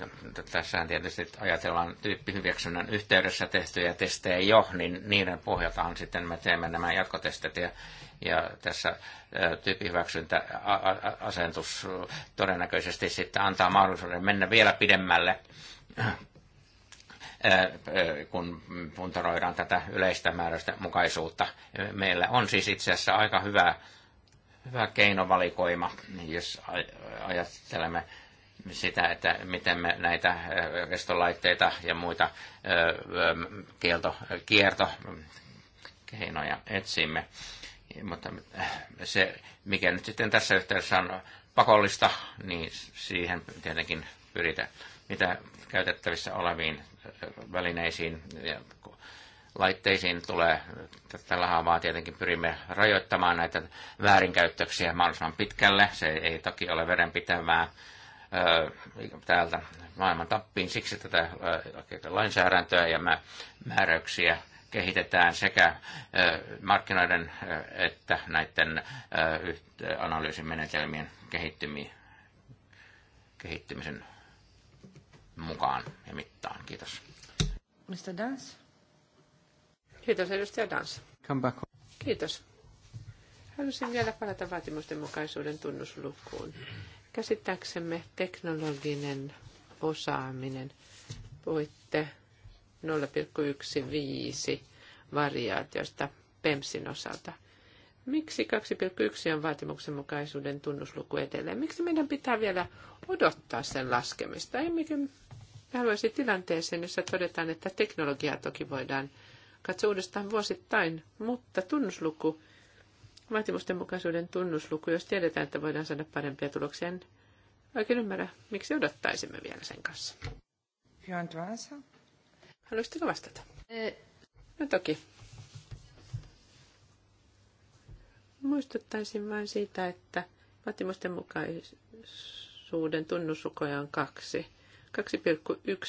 No, tässähän tietysti ajatellaan tyyppihyväksynnän yhteydessä tehtyjä testejä jo, niin niiden pohjaltahan sitten me teemme nämä jatkotestit ja, ja tässä tyyppihyväksyntäasentus todennäköisesti sitten antaa mahdollisuuden mennä vielä pidemmälle kun puntaroidaan tätä yleistä määräistä mukaisuutta. Meillä on siis itse asiassa aika hyvä, hyvä keinovalikoima, jos ajattelemme sitä, että miten me näitä estolaitteita ja muita kielto, kiertokeinoja etsimme. Mutta se, mikä nyt sitten tässä yhteydessä on pakollista, niin siihen tietenkin pyritään. Mitä käytettävissä oleviin välineisiin ja laitteisiin tulee. Tällä haavaa tietenkin pyrimme rajoittamaan näitä väärinkäyttöksiä mahdollisimman pitkälle. Se ei toki ole verenpitävää täältä maailman tappiin. Siksi tätä lainsäädäntöä ja määräyksiä kehitetään sekä markkinoiden että näiden analyysimenetelmien kehittymisen mukaan ja mittaan. Kiitos. Mr. Dans? Kiitos edustaja Dans. Come back. Kiitos. Halusin vielä palata vaatimusten mukaisuuden tunnuslukuun. Käsittääksemme teknologinen osaaminen. Puhuitte 0,15 variaatiosta PEMSin osalta. Miksi 2,1 on vaatimuksen mukaisuuden tunnusluku edelleen? Miksi meidän pitää vielä odottaa sen laskemista? Emmekö haluaisi tilanteeseen, jossa todetaan, että teknologiaa toki voidaan katsoa uudestaan vuosittain, mutta tunnusluku vaatimustenmukaisuuden mukaisuuden tunnusluku, jos tiedetään, että voidaan saada parempia tuloksia, En oikein ymmärrä, miksi odottaisimme vielä sen kanssa. Haluaisitko vastata? No toki. Muistuttaisin vain siitä, että vaatimusten mukaisuuden tunnuslukuja on kaksi.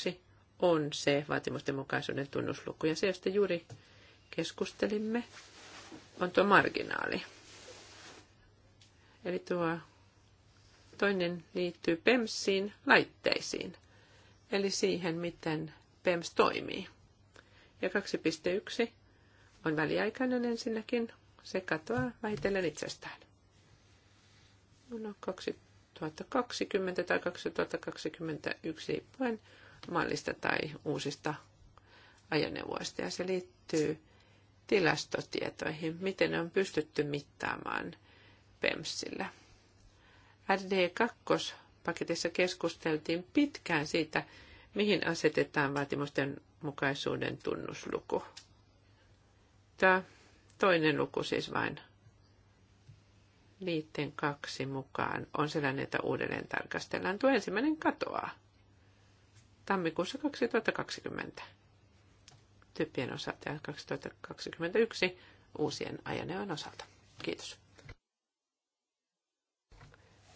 2,1 on se vaatimusten mukaisuuden tunnusluku. Ja se, josta juuri keskustelimme, on tuo marginaali. Eli tuo toinen liittyy PEMSiin laitteisiin, eli siihen, miten PEMS toimii. Ja 2.1 on väliaikainen ensinnäkin, se katoaa vähitellen itsestään. No 2020 tai 2021 riippuen mallista tai uusista ajoneuvoista. Ja se liittyy tilastotietoihin, miten ne on pystytty mittaamaan PEMSillä. RD2-paketissa keskusteltiin pitkään siitä, mihin asetetaan vaatimusten mukaisuuden tunnusluku. Tämä toinen luku siis vain liitteen kaksi mukaan on sellainen, että uudelleen tarkastellaan. Tuo ensimmäinen katoaa tammikuussa 2020 typpien osalta ja 2021 uusien ajoneuvojen osalta. Kiitos.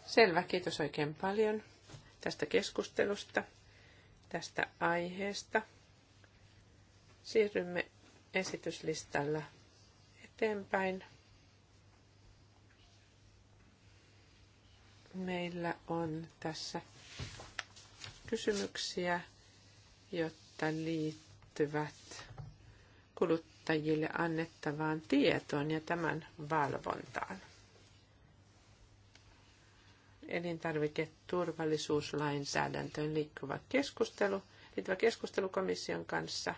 Selvä, kiitos oikein paljon tästä keskustelusta, tästä aiheesta. Siirrymme esityslistalla eteenpäin. Meillä on tässä kysymyksiä, jotta liittyy liittyvät kuluttajille annettavaan tietoon ja tämän valvontaan. Elintarviketurvallisuuslainsäädäntöön liikkuva keskustelu, liittyvä keskustelukomission komission kanssa.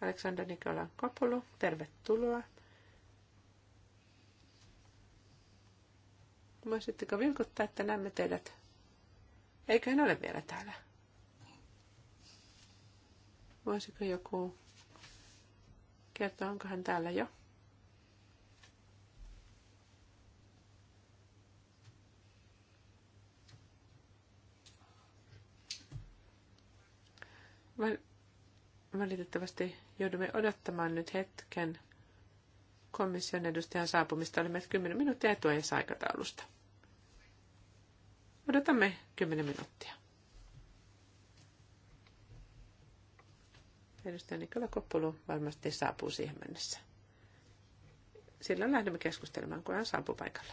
Aleksander Nikola Kopulu, tervetuloa. Voisitteko vilkuttaa, että näemme teidät? Eikö hän ole vielä täällä? Voisiko joku kertoa, onko hän täällä jo? Valitettavasti joudumme odottamaan nyt hetken komission edustajan saapumista. Olemme 10 minuuttia etuajassa aikataulusta. Odotamme 10 minuuttia. Edustaja Nikola Koppulu varmasti saapuu siihen mennessä. Silloin lähdemme keskustelemaan, kun hän saapuu paikalle.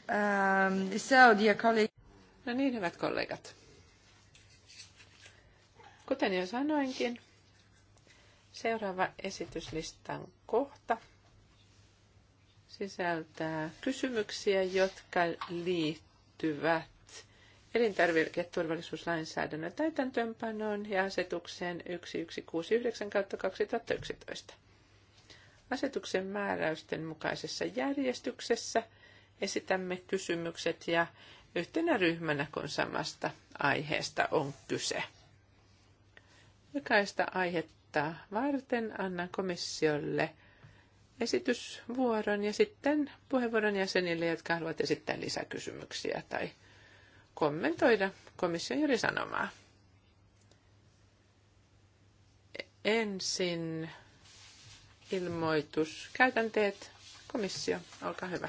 Um, no niin, hyvät kollegat. Kuten jo sanoinkin, seuraava esityslistan kohta sisältää kysymyksiä, jotka liittyvät elintarviketurvallisuuslainsäädännön täytäntöönpanoon ja asetukseen 1169 2011. Asetuksen määräysten mukaisessa järjestyksessä esitämme kysymykset ja yhtenä ryhmänä, kun samasta aiheesta on kyse. Jokaista aihetta varten annan komissiolle esitysvuoron ja sitten puheenvuoron jäsenille, jotka haluavat esittää lisäkysymyksiä tai kommentoida komission juuri sanomaa. Ensin ilmoitus. Käytänteet, komissio, olkaa hyvä.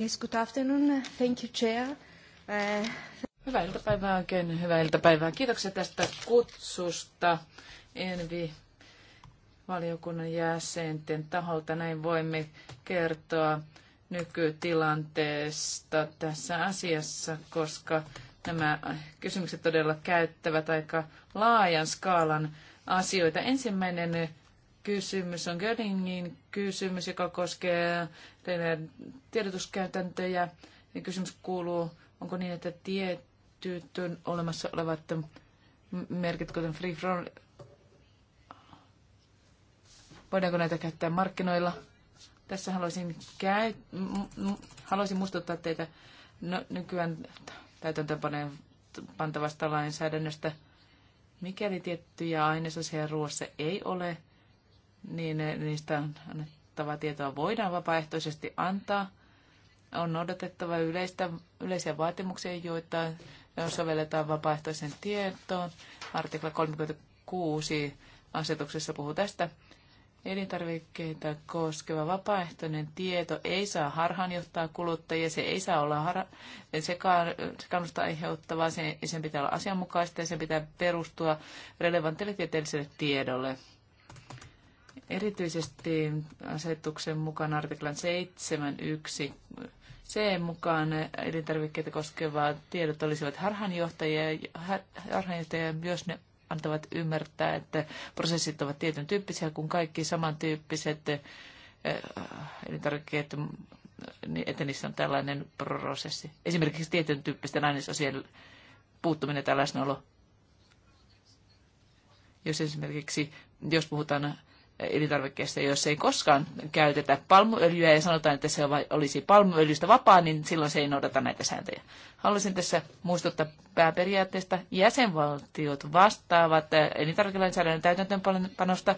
Yes, good afternoon. Thank you, Chair. Uh... Hyvää iltapäivää oikein, hyvää iltapäivää. Kiitoksia tästä kutsusta Envi valiokunnan jäsenten taholta. Näin voimme kertoa nykytilanteesta tässä asiassa, koska nämä kysymykset todella käyttävät aika laajan skaalan asioita. Ensimmäinen kysymys on Göringin kysymys, joka koskee teidän tiedotuskäytäntöjä. Ja kysymys kuuluu, onko niin, että tietyt on olemassa olevat merkit, kuten Free From, voidaanko näitä käyttää markkinoilla? Tässä haluaisin, käy, haluaisin muistuttaa teitä no, nykyään täytäntöönpaneen pantavasta lainsäädännöstä – Mikäli tiettyjä ainesosia ruoassa ei ole, niin niistä annettavaa tietoa voidaan vapaaehtoisesti antaa. On noudatettava yleistä, yleisiä vaatimuksia, joita sovelletaan vapaaehtoisen tietoon. Artikla 36 asetuksessa puhuu tästä. Elintarvikkeita koskeva vapaaehtoinen tieto ei saa harhaanjohtaa kuluttajia, se ei saa olla har- sekaannusta aiheuttavaa, sen, sen pitää olla asianmukaista ja sen pitää perustua relevantille tieteelliselle tiedolle. Erityisesti asetuksen mukaan artiklan 7.1 Se mukaan elintarvikkeita koskevat tiedot olisivat harhaanjohtajia, harhaanjohtajia, jos ne antavat ymmärtää, että prosessit ovat tietyn tyyppisiä, kun kaikki samantyyppiset eh, elintarvikkeet, niin että niissä on tällainen prosessi. Esimerkiksi tietyn tyyppisten ainesosien puuttuminen tai läsnäolo. Jos esimerkiksi, jos puhutaan elintarvikkeissa, jos ei koskaan käytetä palmuöljyä ja sanotaan, että se olisi palmuöljystä vapaa, niin silloin se ei noudata näitä sääntöjä. Haluaisin tässä muistuttaa pääperiaatteesta. Jäsenvaltiot vastaavat eh, elintarvikelainsäädännön täytäntöönpanosta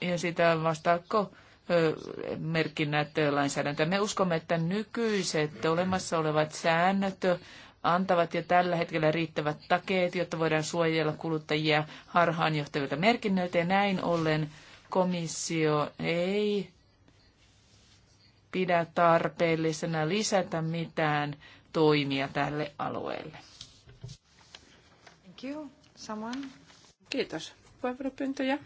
ja sitä vastaako eh, merkinnät eh, lainsäädäntöä. Me uskomme, että nykyiset olemassa olevat säännöt antavat jo tällä hetkellä riittävät takeet, jotta voidaan suojella kuluttajia harhaanjohtavilta merkinnöiltä. Ja näin ollen komissio ei pidä tarpeellisena lisätä mitään toimia tälle alueelle. Thank you. Someone? Kiitos. Puheenvuoropyyntöjä.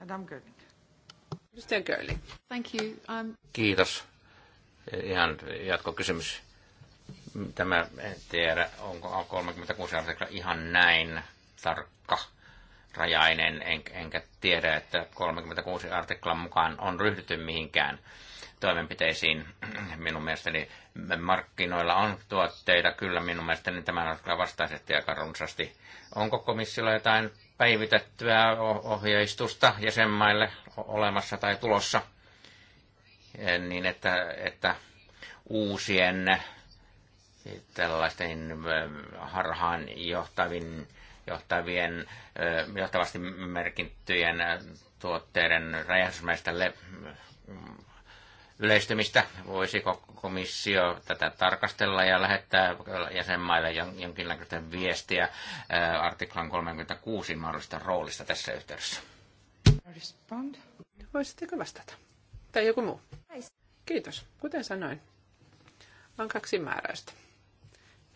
Madame Görling. Mr. Görling. Thank you. Um... Kiitos. Ihan jatkokysymys Tämä en tiedä, onko A36 artikla ihan näin tarkka rajainen, en, enkä tiedä, että 36 artiklan mukaan on ryhdytty mihinkään toimenpiteisiin. Minun mielestäni markkinoilla on tuotteita kyllä minun mielestäni tämän artiklan vastaisesti aika runsaasti. Onko komissiolla jotain päivitettyä ohjeistusta jäsenmaille olemassa tai tulossa, niin että, että uusien tällaisten äh, harhaan johtavin, johtavien, äh, johtavasti merkittyjen äh, tuotteiden räjähdysmäistä mm, yleistymistä. Voisiko komissio tätä tarkastella ja lähettää jäsenmaille jonkinlaista viestiä artiklan 36 mahdollista roolista tässä yhteydessä? Respond. Voisitteko vastata? Tai joku muu? Kiitos. Kuten sanoin, on kaksi määräystä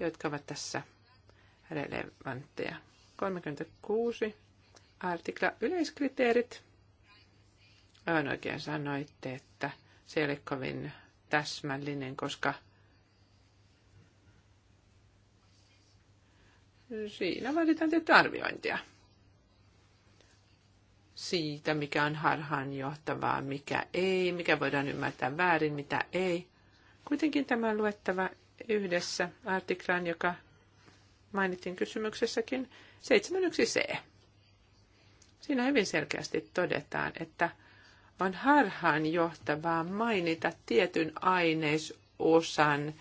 jotka ovat tässä relevantteja. 36. Artikla yleiskriteerit. Aivan oikein sanoitte, että se ei ole kovin täsmällinen, koska siinä vaaditaan tietty arviointia siitä, mikä on harhaanjohtavaa, mikä ei, mikä voidaan ymmärtää väärin, mitä ei. Kuitenkin tämä luettava yhdessä artiklan, joka mainittiin kysymyksessäkin, 71c. Siinä hyvin selkeästi todetaan, että on johtavaa mainita tietyn aineisosan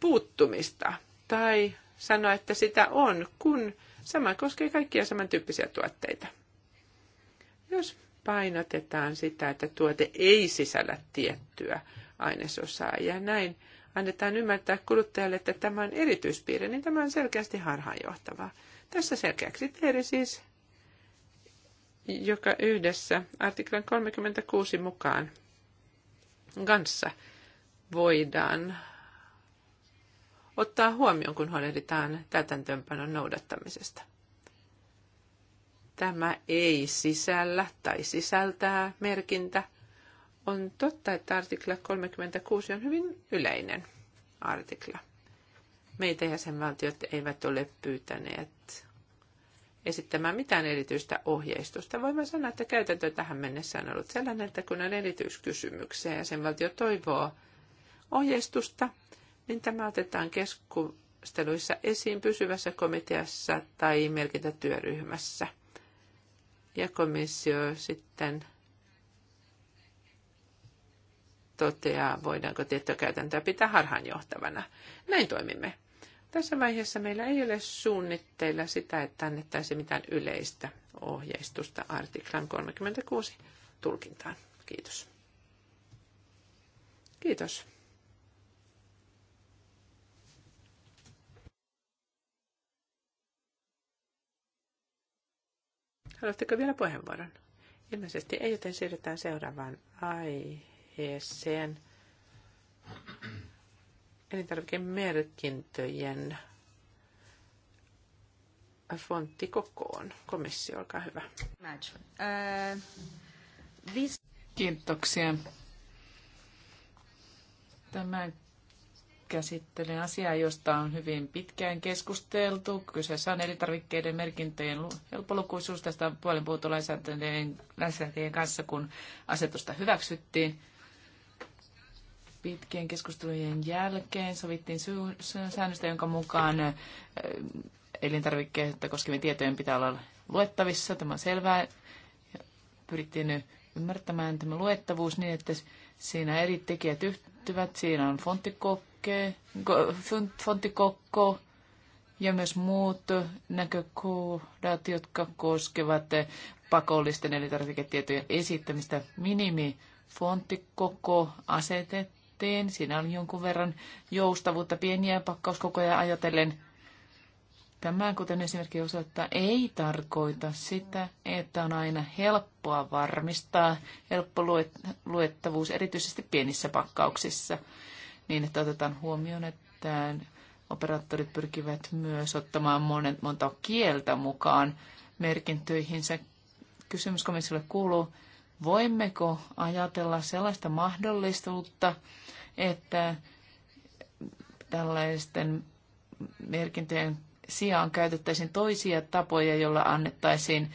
puuttumista tai sanoa, että sitä on, kun sama koskee kaikkia samantyyppisiä tuotteita. Jos painotetaan sitä, että tuote ei sisällä tiettyä ainesosaa ja näin annetaan ymmärtää kuluttajalle, että tämä on erityispiirre, niin tämä on selkeästi harhaanjohtavaa. Tässä selkeä kriteeri siis, joka yhdessä artiklan 36 mukaan kanssa voidaan ottaa huomioon, kun huolehditaan täytäntöönpanon noudattamisesta. Tämä ei sisällä tai sisältää merkintä – on totta, että artikla 36 on hyvin yleinen artikla. Meitä jäsenvaltiot eivät ole pyytäneet esittämään mitään erityistä ohjeistusta. Voimme sanoa, että käytäntö tähän mennessä on ollut sellainen, että kun on erityiskysymyksiä ja sen valtio toivoo ohjeistusta, niin tämä otetaan keskusteluissa esiin pysyvässä komiteassa tai merkintätyöryhmässä. Ja komissio sitten toteaa, voidaanko tiettyä käytäntöä pitää harhaanjohtavana. Näin toimimme. Tässä vaiheessa meillä ei ole suunnitteilla sitä, että annettaisiin mitään yleistä ohjeistusta artiklan 36 tulkintaan. Kiitos. Kiitos. Haluatteko vielä puheenvuoron? Ilmeisesti ei, joten siirrytään seuraavaan aiheeseen aiheeseen elintarvikemerkintöjen fonttikokoon. Komissio, olkaa hyvä. Kiitoksia. Tämä käsittelen asiaa, josta on hyvin pitkään keskusteltu. Kyseessä on elintarvikkeiden merkintöjen helpolukuisuus. Tästä on puolen puhuttu lainsäätäjien kanssa, kun asetusta hyväksyttiin pitkien keskustelujen jälkeen sovittiin säännöstä, jonka mukaan elintarvikkeita koskevien tietojen pitää olla luettavissa. Tämä on selvää. Pyrittiin ymmärtämään tämä luettavuus niin, että siinä eri tekijät yhtyvät. Siinä on fonttikokke, fonttikokko ja myös muut näkökohdat, jotka koskevat pakollisten elintarviketietojen esittämistä minimi fonttikoko asetet, suhteen. Siinä on jonkun verran joustavuutta pieniä pakkauskokoja ajatellen. Tämä, kuten esimerkki osoittaa, ei tarkoita sitä, että on aina helppoa varmistaa helppo luettavuus, erityisesti pienissä pakkauksissa, niin että otetaan huomioon, että operaattorit pyrkivät myös ottamaan monen monta kieltä mukaan merkintöihinsä. Kysymys komissiolle kuuluu, Voimmeko ajatella sellaista mahdollisuutta, että tällaisten merkintöjen sijaan käytettäisiin toisia tapoja, joilla annettaisiin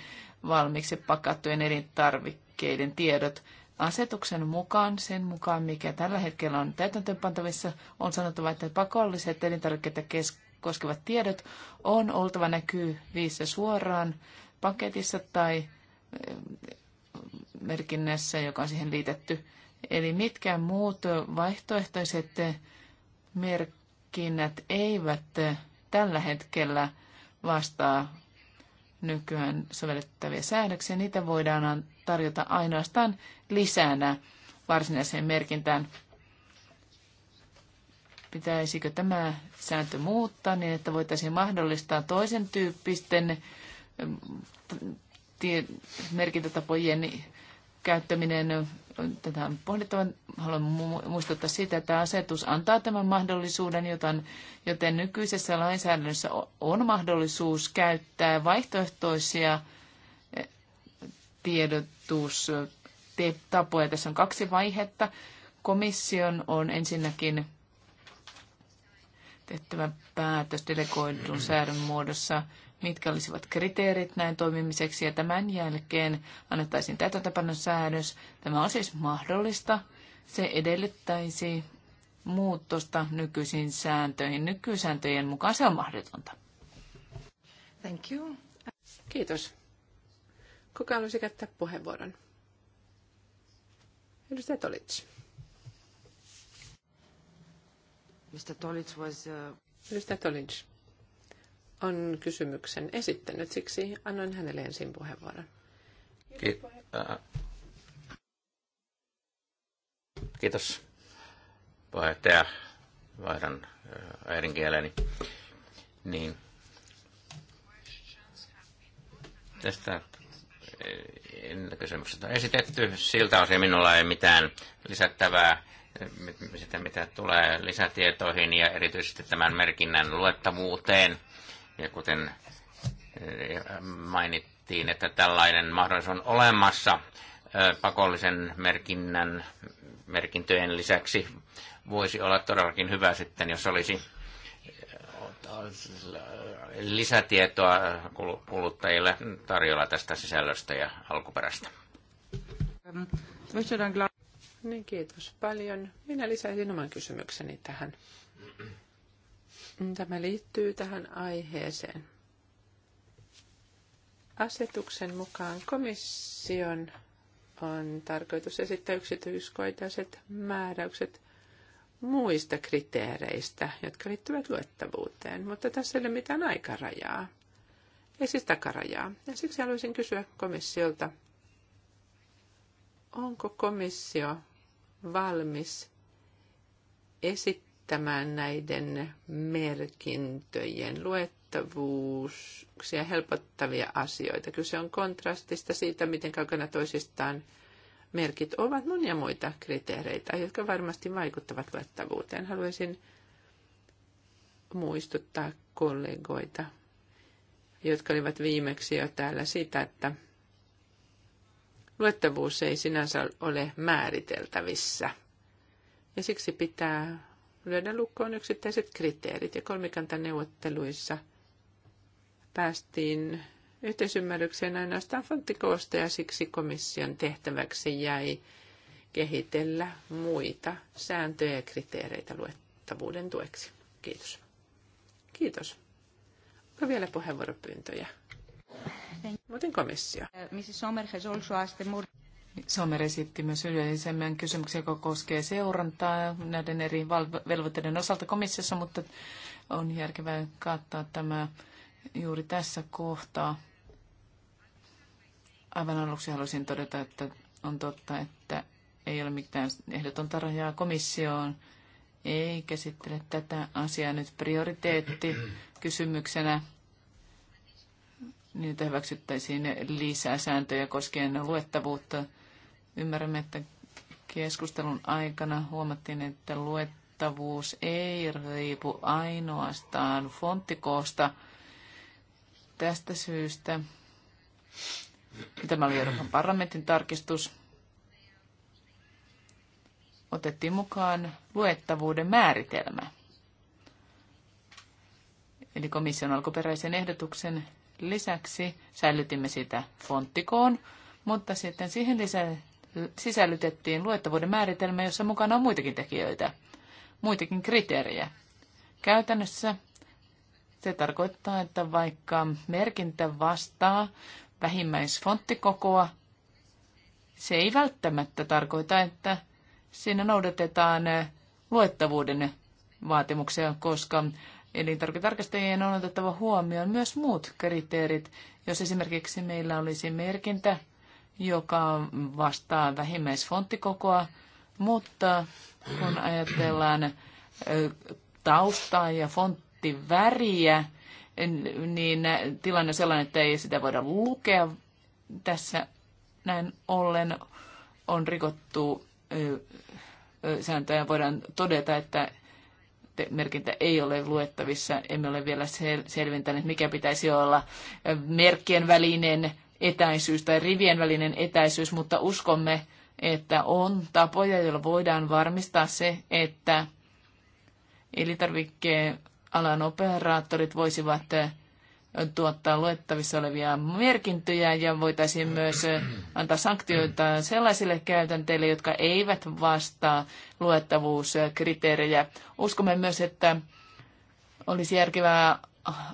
valmiiksi pakattujen eri tarvikkeiden tiedot. Asetuksen mukaan, sen mukaan mikä tällä hetkellä on täytäntöönpantavissa, on sanottava, että pakolliset elintarvikkeita koskevat tiedot on oltava näkyvissä suoraan paketissa tai merkinnässä, joka on siihen liitetty. Eli mitkä muut vaihtoehtoiset merkinnät eivät tällä hetkellä vastaa nykyään sovellettavia säädöksiä. Niitä voidaan tarjota ainoastaan lisänä varsinaiseen merkintään. Pitäisikö tämä sääntö muuttaa niin, että voitaisiin mahdollistaa toisen tyyppisten mm, merkintätapojen käyttäminen, tätä on pohdittava. Haluan muistuttaa siitä, että asetus antaa tämän mahdollisuuden, joten, joten nykyisessä lainsäädännössä on mahdollisuus käyttää vaihtoehtoisia e, tiedotustapoja. Tässä on kaksi vaihetta. Komission on ensinnäkin tehtävä päätös delegoidun säädön muodossa mitkä olisivat kriteerit näin toimimiseksi ja tämän jälkeen annettaisiin täytäntöpannon säädös. Tämä on siis mahdollista. Se edellyttäisi muutosta nykyisiin sääntöihin. Nykyisääntöjen mukaan se on mahdotonta. Thank you. Kiitos. Kuka haluaisi käyttää puheenvuoron? Edustaja Tolic. Mr. Tolic was... Uh... Mr. Tolic on kysymyksen esittänyt, siksi annan hänelle ensin puheenvuoron. Kiitos. Äh. Kiitos. Puheenjohtaja, vaihdan äh, äidinkieleni. Niin. Tästä äh, kysymykset on esitetty. Siltä osin minulla ei mitään lisättävää sitä, mitä tulee lisätietoihin ja erityisesti tämän merkinnän luettavuuteen ja kuten eh, mainittiin, että tällainen mahdollisuus on olemassa eh, pakollisen merkinnän, merkintöjen lisäksi voisi olla todellakin hyvä sitten, jos olisi eh, lisätietoa kuluttajille tarjolla tästä sisällöstä ja alkuperästä. Niin, kiitos paljon. Minä lisäisin oman kysymykseni tähän. Tämä liittyy tähän aiheeseen. Asetuksen mukaan komission on tarkoitus esittää yksityiskohtaiset määräykset muista kriteereistä, jotka liittyvät luettavuuteen, mutta tässä ei ole mitään aikarajaa, ei siis takarajaa. Ja siksi haluaisin kysyä komissiolta, onko komissio valmis esittämään tämän näiden merkintöjen luettavuuksia helpottavia asioita. Kyse on kontrastista siitä, miten kaukana toisistaan merkit ovat monia muita kriteereitä, jotka varmasti vaikuttavat luettavuuteen. Haluaisin muistuttaa kollegoita, jotka olivat viimeksi jo täällä sitä, että luettavuus ei sinänsä ole määriteltävissä. Ja siksi pitää lukko on yksittäiset kriteerit ja kolmikantaneuvotteluissa päästiin yhteisymmärrykseen ainoastaan fonttikoosta ja siksi komission tehtäväksi jäi kehitellä muita sääntöjä ja kriteereitä luettavuuden tueksi. Kiitos. Kiitos. Onko vielä puheenvuoropyyntöjä? Muuten komissio. Mrs. Sommer has also asked more... Suomen esitti myös yleisemmän kysymyksen, joka koskee seurantaa näiden eri velvoitteiden osalta komissiossa, mutta on järkevää kattaa tämä juuri tässä kohtaa. Aivan aluksi haluaisin todeta, että on totta, että ei ole mitään ehdotonta rajaa komissioon. Ei käsittele tätä asiaa nyt prioriteetti kysymyksenä. Niitä hyväksyttäisiin lisää sääntöjä koskien luettavuutta Ymmärrämme, että keskustelun aikana huomattiin, että luettavuus ei riipu ainoastaan fonttikoosta. Tästä syystä tämä oli Euroopan parlamentin tarkistus. Otettiin mukaan luettavuuden määritelmä. Eli komission alkuperäisen ehdotuksen lisäksi säilytimme sitä fonttikoon, mutta sitten siihen lisä, sisällytettiin luettavuuden määritelmä, jossa mukana on muitakin tekijöitä, muitakin kriteerejä. Käytännössä se tarkoittaa, että vaikka merkintä vastaa vähimmäisfonttikokoa, se ei välttämättä tarkoita, että siinä noudatetaan luettavuuden vaatimuksia, koska elintarviketarkastajien on otettava huomioon myös muut kriteerit. Jos esimerkiksi meillä olisi merkintä, joka vastaa vähimmäisfonttikokoa, mutta kun ajatellaan taustaa ja fonttiväriä, niin tilanne on sellainen, että ei sitä voida lukea. Tässä näin ollen on rikottu sääntöjä. Voidaan todeta, että merkintä ei ole luettavissa. Emme ole vielä selventäneet, mikä pitäisi olla merkkien välinen etäisyys tai rivien välinen etäisyys, mutta uskomme, että on tapoja, joilla voidaan varmistaa se, että elintarvikkeen alan operaattorit voisivat eh, tuottaa luettavissa olevia merkintöjä ja voitaisiin myös eh, antaa sanktioita sellaisille käytänteille, jotka eivät vastaa luettavuuskriteerejä. Uskomme myös, että olisi järkevää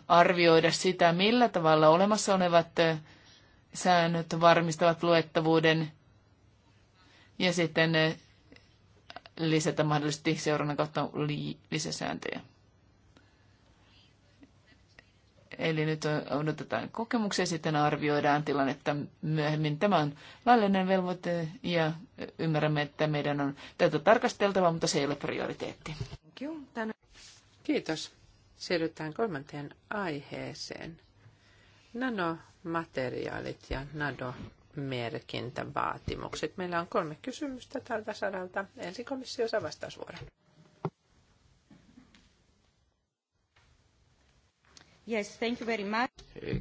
arvioida sitä, millä tavalla olemassa olevat eh, säännöt varmistavat luettavuuden ja sitten lisätä mahdollisesti seurannan kautta lisäsääntöjä. Eli nyt odotetaan kokemuksia, sitten arvioidaan tilannetta myöhemmin. Tämä on laillinen velvoite ja ymmärrämme, että meidän on tätä tarkasteltava, mutta se ei ole prioriteetti. Kiitos. Siirrytään kolmanteen aiheeseen nanomateriaalit ja nanomerkintävaatimukset. Meillä on kolme kysymystä tältä saralta. Ensin komissio saa vastausvuoron. Yes, thank you very much.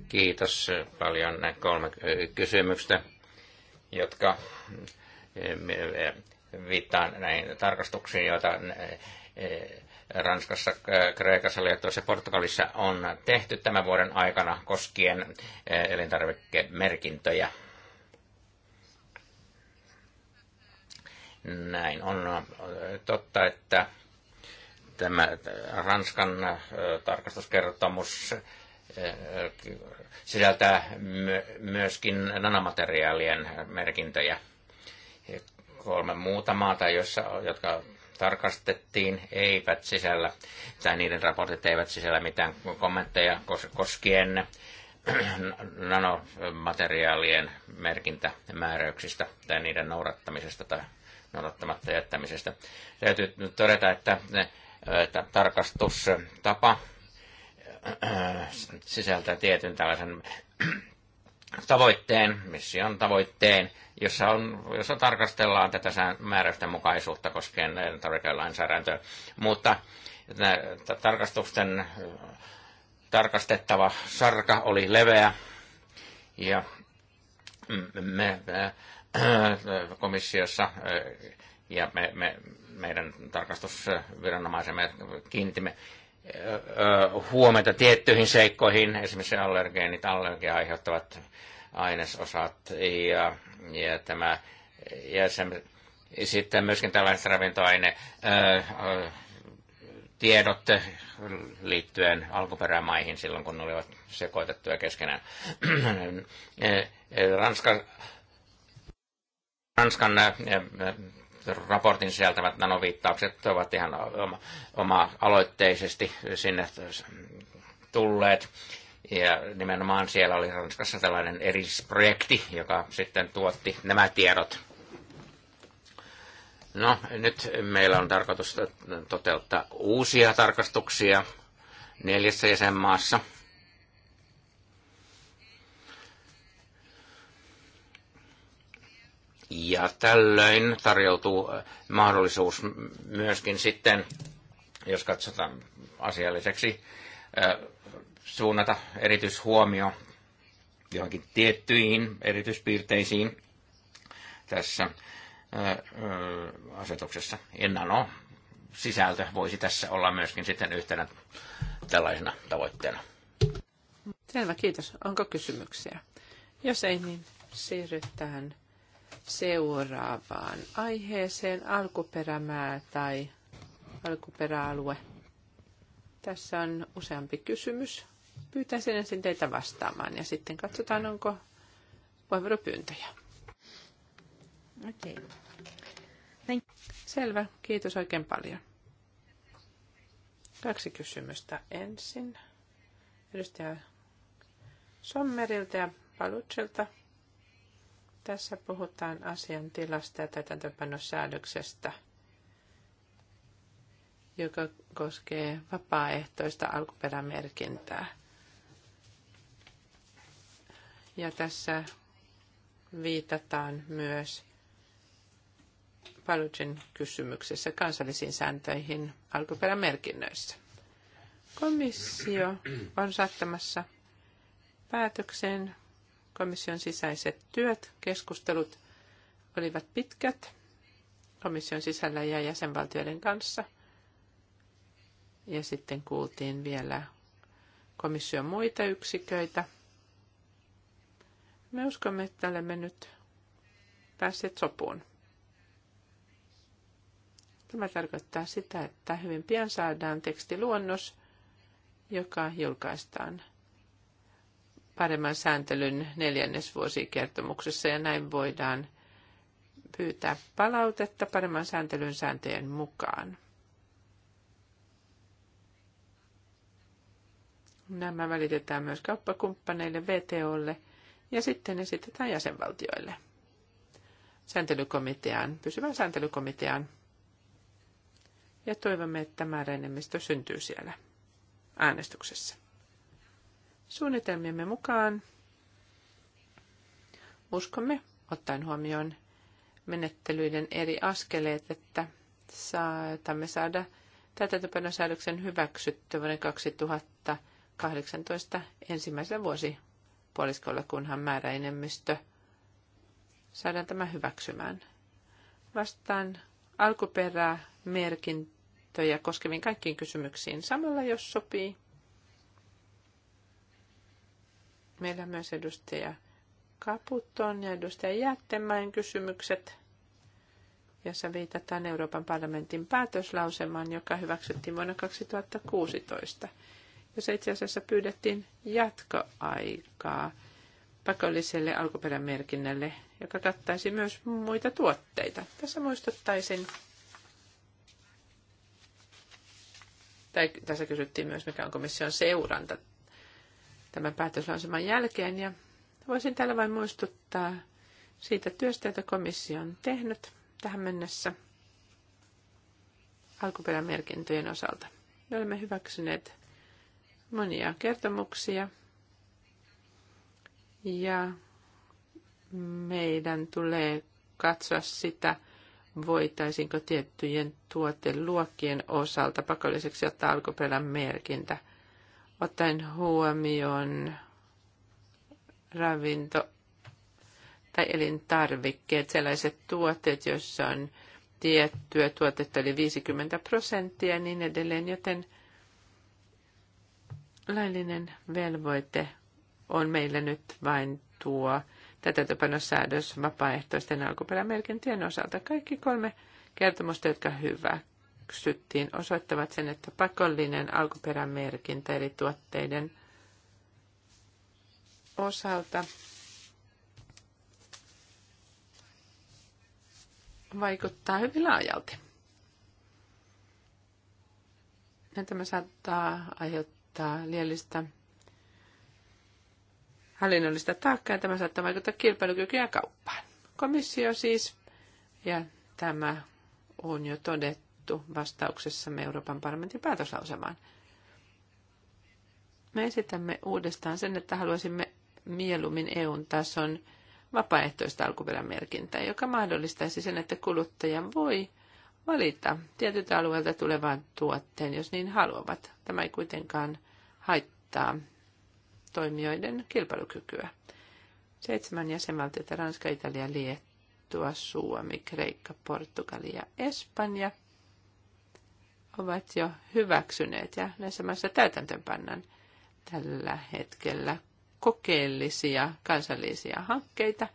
Kiitos paljon näitä kolme kysymystä, jotka viittaan näihin tarkastuksiin, joita Ranskassa, äh, Kreikassa, Liettuassa ja Portugalissa on tehty tämän vuoden aikana koskien äh, elintarvikemerkintöjä. Näin on äh, totta, että tämä Ranskan tarkastuskertomus sisältää myöskin nanomateriaalien merkintöjä. Kolme muuta maata, jotka tarkastettiin, eivät sisällä, tai niiden raportit eivät sisällä mitään kommentteja koskien nanomateriaalien merkintämääräyksistä tai niiden noudattamisesta tai noudattamatta jättämisestä. Täytyy nyt todeta, että, että tarkastustapa sisältää tietyn tällaisen tavoitteen, mission tavoitteen, jossa, on, jossa tarkastellaan tätä määräysten mukaisuutta koskien tarvikelainsäädäntöä. Mutta tarkastusten tarkastettava sarka oli leveä ja me, me äh, komissiossa äh, ja me, me, meidän tarkastusviranomaisemme kiinnitimme huomenta tiettyihin seikkoihin, esimerkiksi allergeenit, allergia aiheuttavat ainesosat ja, ja tämä ja sen, sitten myöskin tällaiset ravintoaine ää, tiedot liittyen alkuperämaihin silloin, kun ne olivat sekoitettuja keskenään. Ranska, Ranskan raportin sisältävät nanoviittaukset ovat ihan oma-aloitteisesti sinne tulleet. Ja nimenomaan siellä oli Ranskassa tällainen erisprojekti, joka sitten tuotti nämä tiedot. No, nyt meillä on tarkoitus toteuttaa uusia tarkastuksia neljässä jäsenmaassa – Ja tällöin tarjoutuu äh, mahdollisuus myöskin sitten, jos katsotaan asialliseksi, äh, suunnata erityishuomio johonkin tiettyihin erityispiirteisiin tässä äh, asetuksessa. Ja nano sisältö voisi tässä olla myöskin sitten yhtenä tällaisena tavoitteena. Selvä, kiitos. Onko kysymyksiä? Jos ei, niin siirrytään seuraavaan aiheeseen, alkuperämää tai alkuperäalue. Tässä on useampi kysymys. Pyytäisin ensin teitä vastaamaan ja sitten katsotaan, onko puheenvuoropyyntöjä. Okei. Okay. Thank Selvä, kiitos oikein paljon. Kaksi kysymystä ensin. Edustaja Sommerilta ja Palutselta. Tässä puhutaan asian tilasta ja täytäntöpanosäädöksestä, joka koskee vapaaehtoista alkuperämerkintää. Ja tässä viitataan myös Palutin kysymyksessä kansallisiin sääntöihin alkuperämerkinnöissä. Komissio on saattamassa päätökseen Komission sisäiset työt, keskustelut olivat pitkät komission sisällä ja jäsenvaltioiden kanssa. Ja sitten kuultiin vielä komission muita yksiköitä. Me uskomme, että olemme nyt päässeet sopuun. Tämä tarkoittaa sitä, että hyvin pian saadaan tekstiluonnos, joka julkaistaan paremman sääntelyn neljännesvuosikertomuksessa ja näin voidaan pyytää palautetta paremman sääntelyn sääntöjen mukaan. Nämä välitetään myös kauppakumppaneille, VTOlle ja sitten esitetään jäsenvaltioille. Sääntelykomiteaan, pysyvän sääntelykomiteaan. Ja toivomme, että määräenemmistö syntyy siellä äänestyksessä. Suunnitelmiemme mukaan uskomme, ottaen huomioon menettelyiden eri askeleet, että saatamme saada täytäntöpanosäädöksen hyväksytty vuoden 2018 ensimmäisellä vuosipuoliskolla, kunhan määräenemmistö saadaan tämä hyväksymään. Vastaan alkuperää merkintöjä koskeviin kaikkiin kysymyksiin samalla, jos sopii. Meillä on myös edustaja Kaputon ja edustaja Jättemäen kysymykset, se viitataan Euroopan parlamentin päätöslausemaan, joka hyväksyttiin vuonna 2016, se itse asiassa pyydettiin jatkoaikaa pakolliselle alkuperämerkinnälle, joka kattaisi myös muita tuotteita. Tässä muistuttaisin, tai tässä kysyttiin myös, mikä on komission seuranta tämän päätöslauseman jälkeen. Ja voisin täällä vain muistuttaa siitä työstä, jota komissio on tehnyt tähän mennessä alkuperämerkintöjen osalta. Me olemme hyväksyneet monia kertomuksia ja meidän tulee katsoa sitä, voitaisiinko tiettyjen tuoteluokkien osalta pakolliseksi ottaa alkuperämerkintä. merkintä ottaen huomioon ravinto- tai elintarvikkeet, sellaiset tuotteet, joissa on tiettyä tuotetta eli 50 prosenttia ja niin edelleen, joten laillinen velvoite on meillä nyt vain tuo tätä täytäntöpanosäädös vapaaehtoisten alkuperämerkintien osalta. Kaikki kolme kertomusta, jotka hyvä hyväksyttiin, osoittavat sen, että pakollinen alkuperämerkintä eri tuotteiden osalta vaikuttaa hyvin laajalti. Ja tämä saattaa aiheuttaa liiallista hallinnollista taakkaa ja tämä saattaa vaikuttaa kilpailukykyyn ja kauppaan. Komissio siis, ja tämä on jo todettu todettu vastauksessamme Euroopan parlamentin päätöslausemaan. Me esitämme uudestaan sen, että haluaisimme mieluummin EUn tason vapaaehtoista alkuperämerkintää, joka mahdollistaisi sen, että kuluttaja voi valita tietyltä alueelta tulevan tuotteen, jos niin haluavat. Tämä ei kuitenkaan haittaa toimijoiden kilpailukykyä. Seitsemän jäsenvaltiota, Ranska, Italia, Liettua, Suomi, Kreikka, Portugali ja Espanja – ovat jo hyväksyneet ja näissä maissa täytäntöönpannan tällä hetkellä kokeellisia kansallisia hankkeita.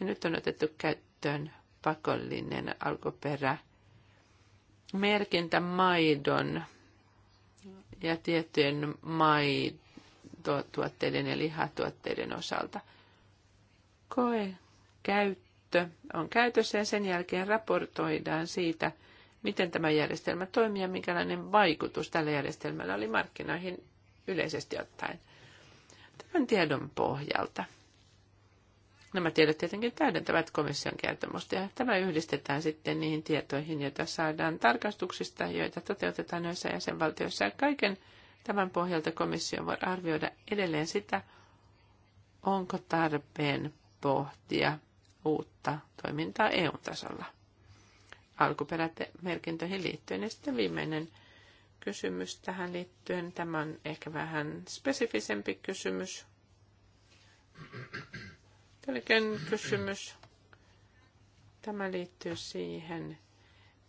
Ja nyt on otettu käyttöön pakollinen alkuperä merkintä maidon ja tiettyjen maitotuotteiden ja lihatuotteiden osalta. Koe käyttö on käytössä ja sen jälkeen raportoidaan siitä, miten tämä järjestelmä toimii ja minkälainen vaikutus tällä järjestelmällä oli markkinoihin yleisesti ottaen. Tämän tiedon pohjalta. Nämä tiedot tietenkin täydentävät komission kertomusta ja tämä yhdistetään sitten niihin tietoihin, joita saadaan tarkastuksista, joita toteutetaan noissa jäsenvaltioissa. Ja kaiken tämän pohjalta komissio voi arvioida edelleen sitä, onko tarpeen pohtia uutta toimintaa EU-tasolla alkuperämerkintöihin liittyen. Ja sitten viimeinen kysymys tähän liittyen. Tämä on ehkä vähän spesifisempi kysymys. Tällöin kysymys. Tämä liittyy siihen,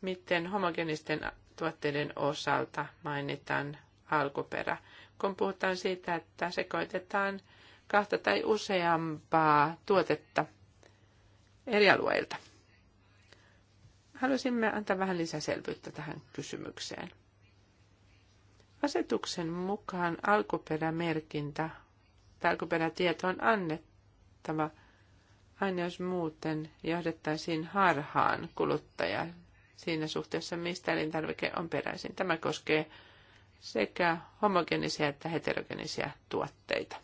miten homogenisten tuotteiden osalta mainitaan alkuperä. Kun puhutaan siitä, että sekoitetaan kahta tai useampaa tuotetta eri alueilta. Haluaisimme antaa vähän lisäselvyyttä tähän kysymykseen. Asetuksen mukaan alkuperämerkintä tai alkuperätieto on annettava aina jos muuten johdettaisiin harhaan kuluttaja siinä suhteessa, mistä elintarvike on peräisin. Tämä koskee sekä homogenisia että heterogenisia tuotteita.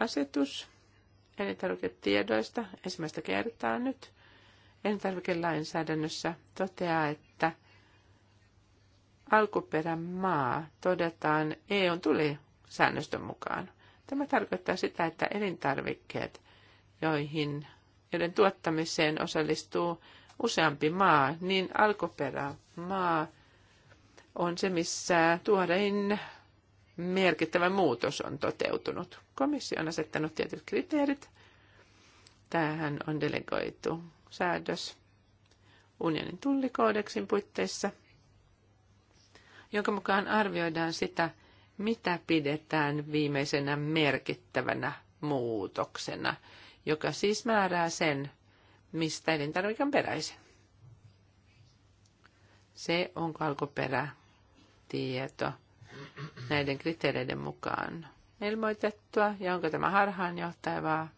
Asetus elintarviketiedoista ensimmäistä kertaa nyt elintarvikelainsäädännössä toteaa, että alkuperämaa todetaan EUn säännöstön mukaan. Tämä tarkoittaa sitä, että elintarvikkeet, joihin, joiden tuottamiseen osallistuu useampi maa, niin alkuperämaa on se, missä tuorein merkittävä muutos on toteutunut. Komissio on asettanut tietyt kriteerit. Tähän on delegoitu säädös unionin tullikoodeksin puitteissa, jonka mukaan arvioidaan sitä, mitä pidetään viimeisenä merkittävänä muutoksena, joka siis määrää sen, mistä elintarvike on peräisin. Se, onko alkuperä tieto näiden kriteereiden mukaan ilmoitettua ja onko tämä harhaanjohtavaa,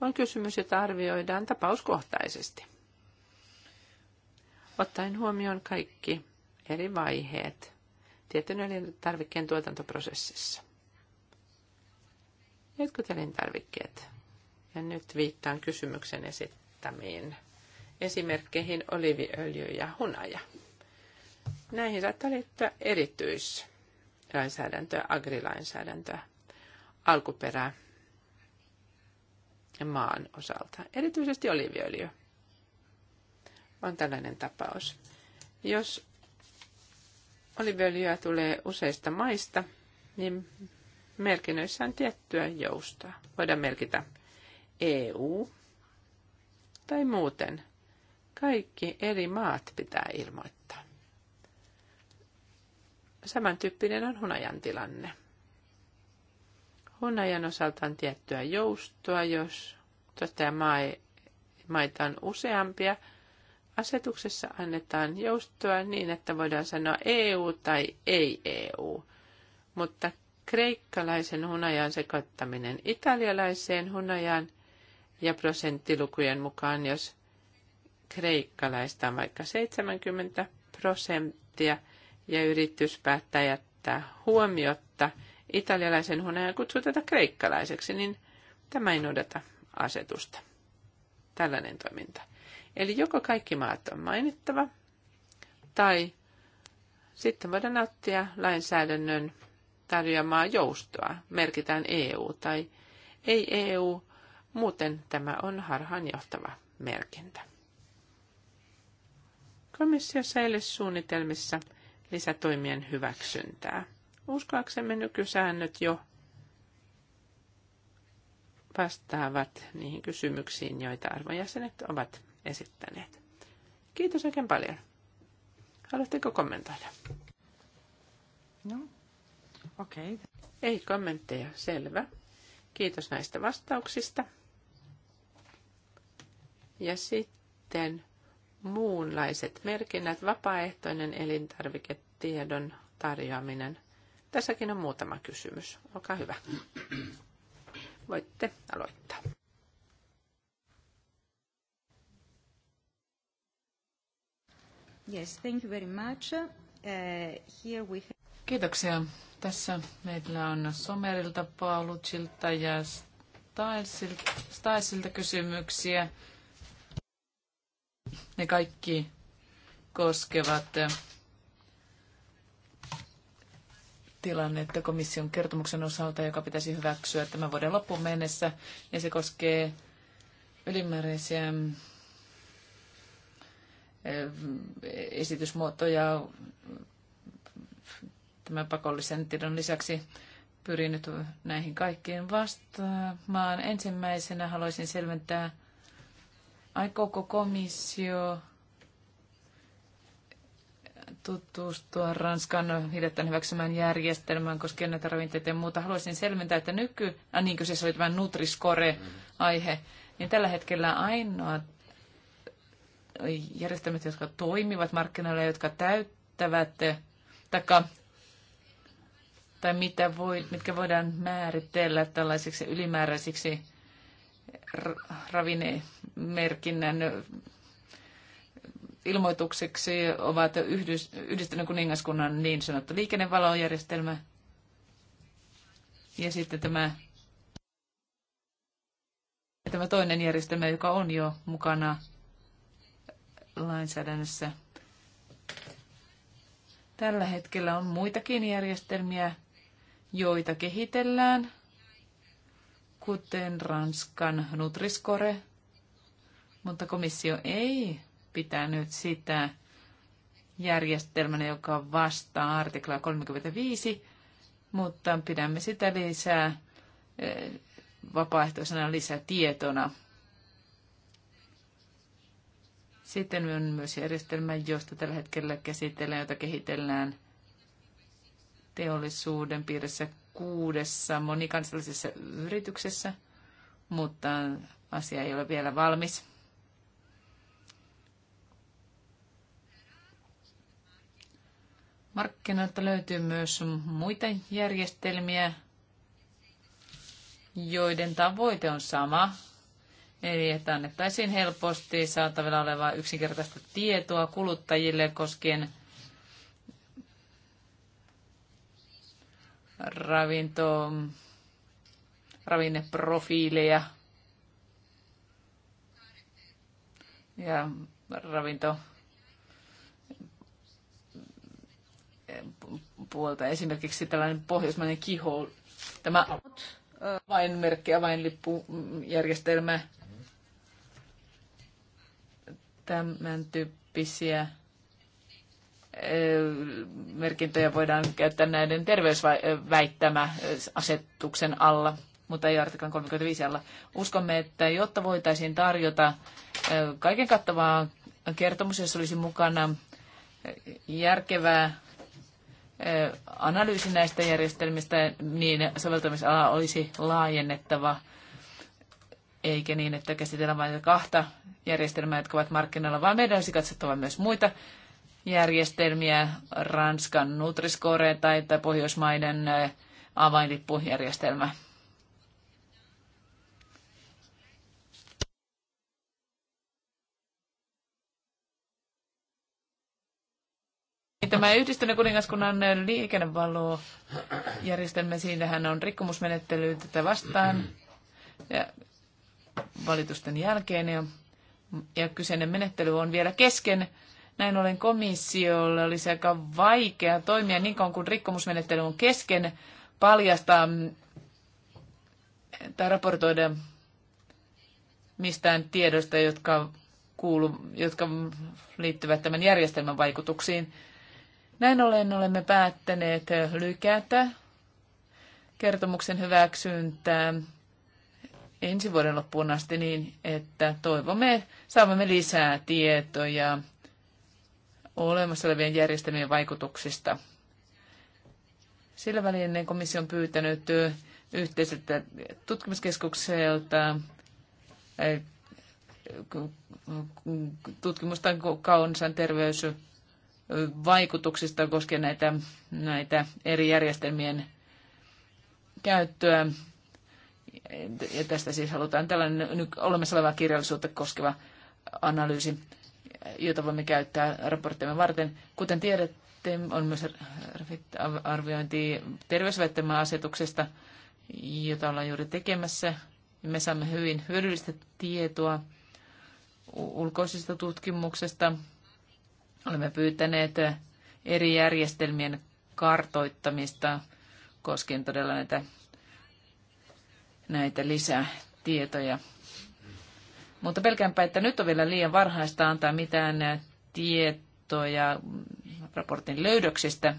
on kysymys, jota arvioidaan tapauskohtaisesti. Ottaen huomioon kaikki eri vaiheet tietyn elintarvikkeen tuotantoprosessissa. Jotkut elintarvikkeet, ja nyt viittaan kysymyksen esittämiin esimerkkeihin oliviöljy ja hunaja. Näihin saattaa liittyä erityis- lainsäädäntöä, agrilainsäädäntöä, alkuperää maan osalta, erityisesti oliiviöljy on tällainen tapaus. Jos oliiviöljyä tulee useista maista, niin merkinnöissä on tiettyä joustoa. Voidaan merkitä EU tai muuten. Kaikki eri maat pitää ilmoittaa Samantyyppinen on hunajan tilanne. Hunajan osalta on tiettyä joustoa, jos tuottaja maita on useampia. Asetuksessa annetaan joustoa niin, että voidaan sanoa EU tai ei EU, mutta kreikkalaisen hunajan sekoittaminen italialaiseen hunajan ja prosenttilukujen mukaan, jos kreikkalaista on vaikka 70 prosenttia, ja yritys päättää jättää huomiotta italialaisen huoneen kutsuu tätä kreikkalaiseksi, niin tämä ei noudata asetusta. Tällainen toiminta. Eli joko kaikki maat on mainittava, tai sitten voidaan nauttia lainsäädännön tarjoamaa joustoa, merkitään EU tai ei EU, muuten tämä on harhaanjohtava merkintä. Komissiossa ei ole suunnitelmissa – lisätoimien hyväksyntää. Uskoaksemme nykysäännöt jo vastaavat niihin kysymyksiin, joita arvojäsenet ovat esittäneet. Kiitos oikein paljon. Haluatteko kommentoida? No, okei. Okay. Ei kommentteja, selvä. Kiitos näistä vastauksista. Ja sitten muunlaiset merkinnät, vapaaehtoinen elintarviketiedon tarjoaminen. Tässäkin on muutama kysymys. Olkaa hyvä. Voitte aloittaa. Yes, thank you very much. Uh, here we have... Kiitoksia. Tässä meillä on Somerilta, Paulutsilta ja Stilesilta kysymyksiä. Ne kaikki koskevat tilannetta komission kertomuksen osalta, joka pitäisi hyväksyä tämän vuoden loppuun mennessä, ja se koskee ylimääräisiä eh, esitysmuotoja tämän pakollisen tiedon lisäksi pyrin nyt näihin kaikkiin vastaamaan. Ensimmäisenä haluaisin selventää Aikooko komissio tutustua Ranskan hiljattain hyväksymään järjestelmään koskien näitä ravinteita ja muuta. Haluaisin selventää, että nyky, ah, niin kyseessä oli tämä Nutriscore-aihe, niin tällä hetkellä ainoa järjestelmät, jotka toimivat markkinoilla, jotka täyttävät, taka, tai mitä voi, mitkä voidaan määritellä tällaisiksi ylimääräisiksi ravinemerkinnän ilmoitukseksi ovat Yhdys, yhdistyneen kuningaskunnan niin sanottu liikennevalojärjestelmä ja sitten tämä, tämä toinen järjestelmä, joka on jo mukana lainsäädännössä. Tällä hetkellä on muitakin järjestelmiä, joita kehitellään – kuten Ranskan Nutriscore, mutta komissio ei pitänyt sitä järjestelmänä, joka vastaa artiklaa 35, mutta pidämme sitä lisää eh, vapaaehtoisena lisätietona. Sitten on myös järjestelmä, josta tällä hetkellä käsitellään, jota kehitellään – teollisuuden piirissä kuudessa monikansallisessa yrityksessä, mutta asia ei ole vielä valmis. Markkinoilta löytyy myös muita järjestelmiä, joiden tavoite on sama, Eli että annettaisiin helposti saatavilla olevaa yksinkertaista tietoa kuluttajille koskien ravinto, ravinneprofiileja ja ravinto puolta. Esimerkiksi tällainen pohjoismainen kiho, tämä avainmerkki, avainlippujärjestelmä, tämän tyyppisiä merkintöjä voidaan käyttää näiden terveysväittämäasetuksen alla, mutta ei artiklan 35 alla. Uskomme, että jotta voitaisiin tarjota kaiken kattavaa kertomus, jossa olisi mukana järkevää analyysi näistä järjestelmistä, niin soveltamisala olisi laajennettava, eikä niin, että käsitellään vain kahta järjestelmää, jotka ovat markkinoilla, vaan meidän olisi katsottava myös muita järjestelmiä, Ranskan Nutriscore tai Pohjoismaiden avainlippujärjestelmä. Tämä yhdistyneen kuningaskunnan liikennevalojärjestelmä, siinähän on rikkomusmenettely tätä vastaan ja valitusten jälkeen. Ja, ja kyseinen menettely on vielä kesken näin ollen komissiolle olisi aika vaikea toimia niin kauan kuin rikkomusmenettely on kesken paljastaa mm, tai raportoida mistään tiedosta, jotka, kuulu, jotka liittyvät tämän järjestelmän vaikutuksiin. Näin ollen olemme päättäneet lykätä kertomuksen hyväksyntää ensi vuoden loppuun asti niin, että toivomme saavamme lisää tietoja olemassa olevien järjestelmien vaikutuksista. Sillä välin komissio on pyytänyt yhteiseltä tutkimuskeskukselta tutkimusta kansanterveysvaikutuksista koskien näitä, näitä eri järjestelmien käyttöä. Ja tästä siis halutaan tällainen olemassa oleva kirjallisuutta koskeva analyysi jota voimme käyttää raporttimme varten. Kuten tiedätte, on myös arviointi terveysväittämäasetuksesta, jota ollaan juuri tekemässä. Me saamme hyvin hyödyllistä tietoa ulkoisesta tutkimuksesta. Olemme pyytäneet eri järjestelmien kartoittamista koskien todella näitä, näitä lisätietoja. Mutta pelkäänpä, että nyt on vielä liian varhaista antaa mitään tietoja raportin löydöksistä,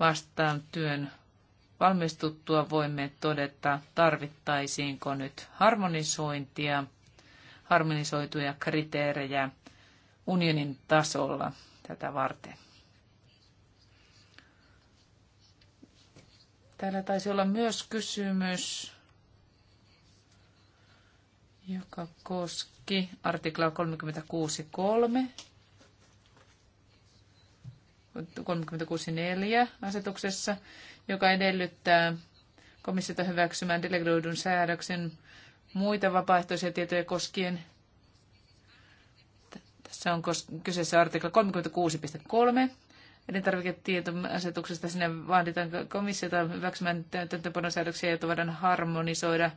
vastaan työn valmistuttua voimme todeta, tarvittaisiinko nyt harmonisointia, harmonisoituja kriteerejä unionin tasolla tätä varten. Täällä taisi olla myös kysymys, joka koski artiklaa 36.3. 36.4 asetuksessa, joka edellyttää komissiota hyväksymään delegoidun säädöksen muita vapaaehtoisia tietoja koskien. Tässä on kyseessä artikla 36.3 elintarviketietoasetuksesta. Sinne vaaditaan komissiota hyväksymään täytäntöpanosäädöksiä, jotta voidaan harmonisoida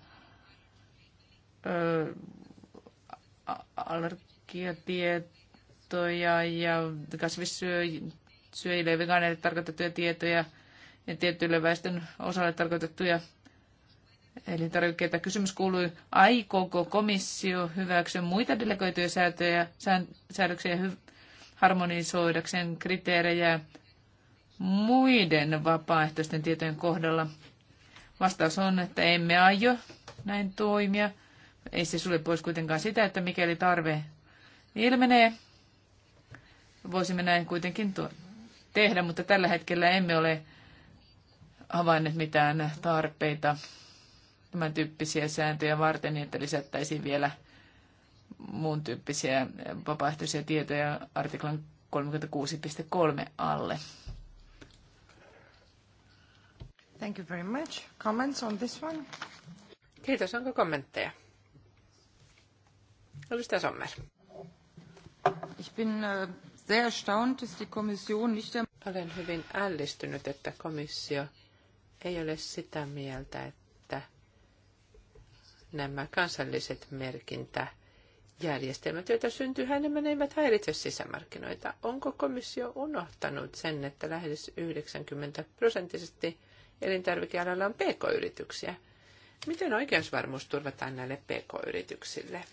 allergiatietoja ja kasvissyöjille ja vegaaneille tarkoitettuja tietoja ja tiettyille väestön osalle tarkoitettuja elintarvikkeita. Kysymys kuului, aikooko komissio hyväksyä muita delegoituja säätöjä, sään, säädöksiä hyväksyä? harmonisoidakseen kriteerejä muiden vapaaehtoisten tietojen kohdalla? Vastaus on, että emme aio näin toimia. Ei se sulje pois kuitenkaan sitä, että mikäli tarve ilmenee, voisimme näin kuitenkin tehdä, mutta tällä hetkellä emme ole havainneet mitään tarpeita tämän tyyppisiä sääntöjä varten, niin että lisättäisiin vielä – muun tyyppisiä vapaaehtoisia tietoja artiklan 36.3 alle. Thank you very much. Comments on this one? Kiitos. Onko kommentteja? Edustaja Sommer. Ich bin äh, sehr erstaunt, dass die Kommission nicht der... Olen hyvin ällistynyt, että komissio ei ole sitä mieltä, että nämä kansalliset merkintä äh, järjestelmät, joita syntyy hänemmän, eivät häiritse sisämarkkinoita. Onko komissio unohtanut sen, että lähes 90 prosenttisesti elintarvikealalla on pk-yrityksiä? Miten oikeusvarmuus turvataan näille pk-yrityksille?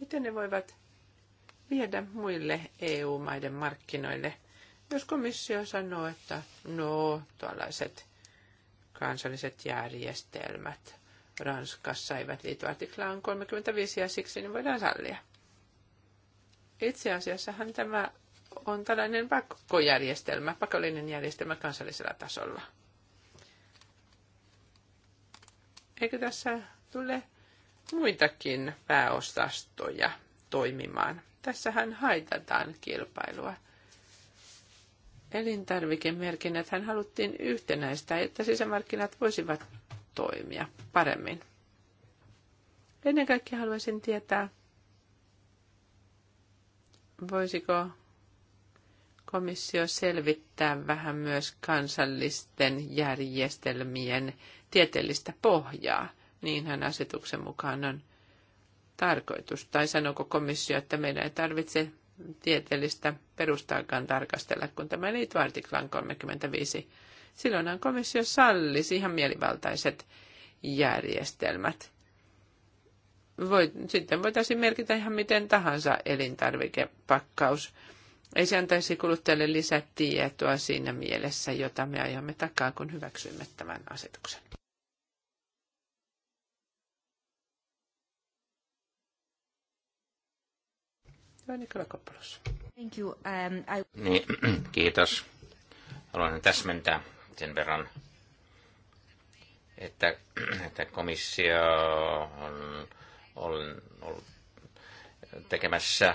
Miten ne voivat viedä muille EU-maiden markkinoille, jos komissio sanoo, että no, tuollaiset kansalliset järjestelmät – Ranskassa eivät liity artiklaan 35 ja siksi ne voidaan sallia. Itse asiassahan tämä on tällainen pakkojärjestelmä, pakollinen järjestelmä kansallisella tasolla. Eikö tässä tule muitakin pääosastoja toimimaan? Tässähän haitataan kilpailua. Elintarvikemerkinnät hän haluttiin yhtenäistä, että sisämarkkinat voisivat toimia paremmin. Ennen kaikkea haluaisin tietää, voisiko komissio selvittää vähän myös kansallisten järjestelmien tieteellistä pohjaa. Niinhän asetuksen mukaan on tarkoitus. Tai sanooko komissio, että meidän ei tarvitse tieteellistä perustaakaan tarkastella, kun tämä liittyy artiklaan 35 Silloinhan komissio sallisi ihan mielivaltaiset järjestelmät. Voi, sitten voitaisiin merkitä ihan miten tahansa elintarvikepakkaus. Ei se antaisi kuluttajalle lisätietoa siinä mielessä, jota me ajamme takaa, kun hyväksymme tämän asetuksen. Thank you. Um, I... niin, kiitos. Haluan täsmentää sen verran, että, että komissio on, on ollut tekemässä,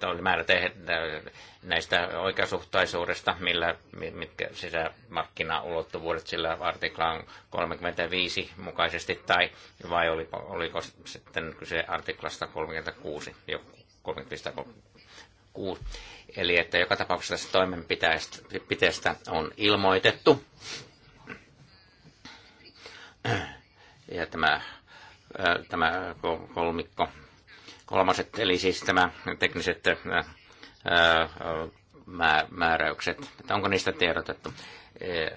tai äh, oli määrä tehdä äh, näistä oikeasuhtaisuudesta, millä, mitkä sisämarkkinaulottuvuudet sillä artiklaan 35 mukaisesti, tai vai oliko, oliko sitten kyse artiklasta 36, jo 35 tai kuusi. Eli että joka tapauksessa tästä toimenpiteestä on ilmoitettu. Ja tämä, äh, tämä kolmikko, kolmaset, eli siis tämä tekniset äh, äh, määräykset, että onko niistä tiedotettu. E, e,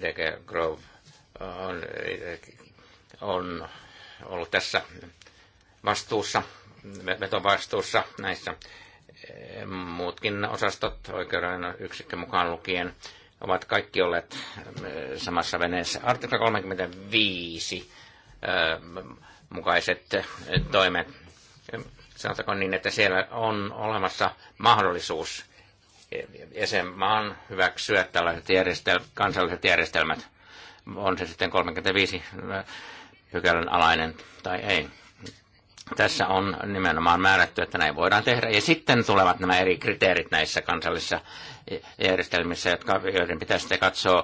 DG Grove on, on ollut tässä vastuussa vetovastuussa näissä muutkin osastot, oikeuden yksikkö mukaan lukien, ovat kaikki olleet eh, samassa veneessä. Artikla 35 eh, mukaiset eh, toimet. Sanotaanko niin, että siellä on olemassa mahdollisuus jäsenmaan hyväksyä tällaiset järjestel- kansalliset järjestelmät, on se sitten 35 pykälän alainen tai ei tässä on nimenomaan määrätty, että näin voidaan tehdä. Ja sitten tulevat nämä eri kriteerit näissä kansallisissa järjestelmissä, jotka, joiden pitää sitten katsoa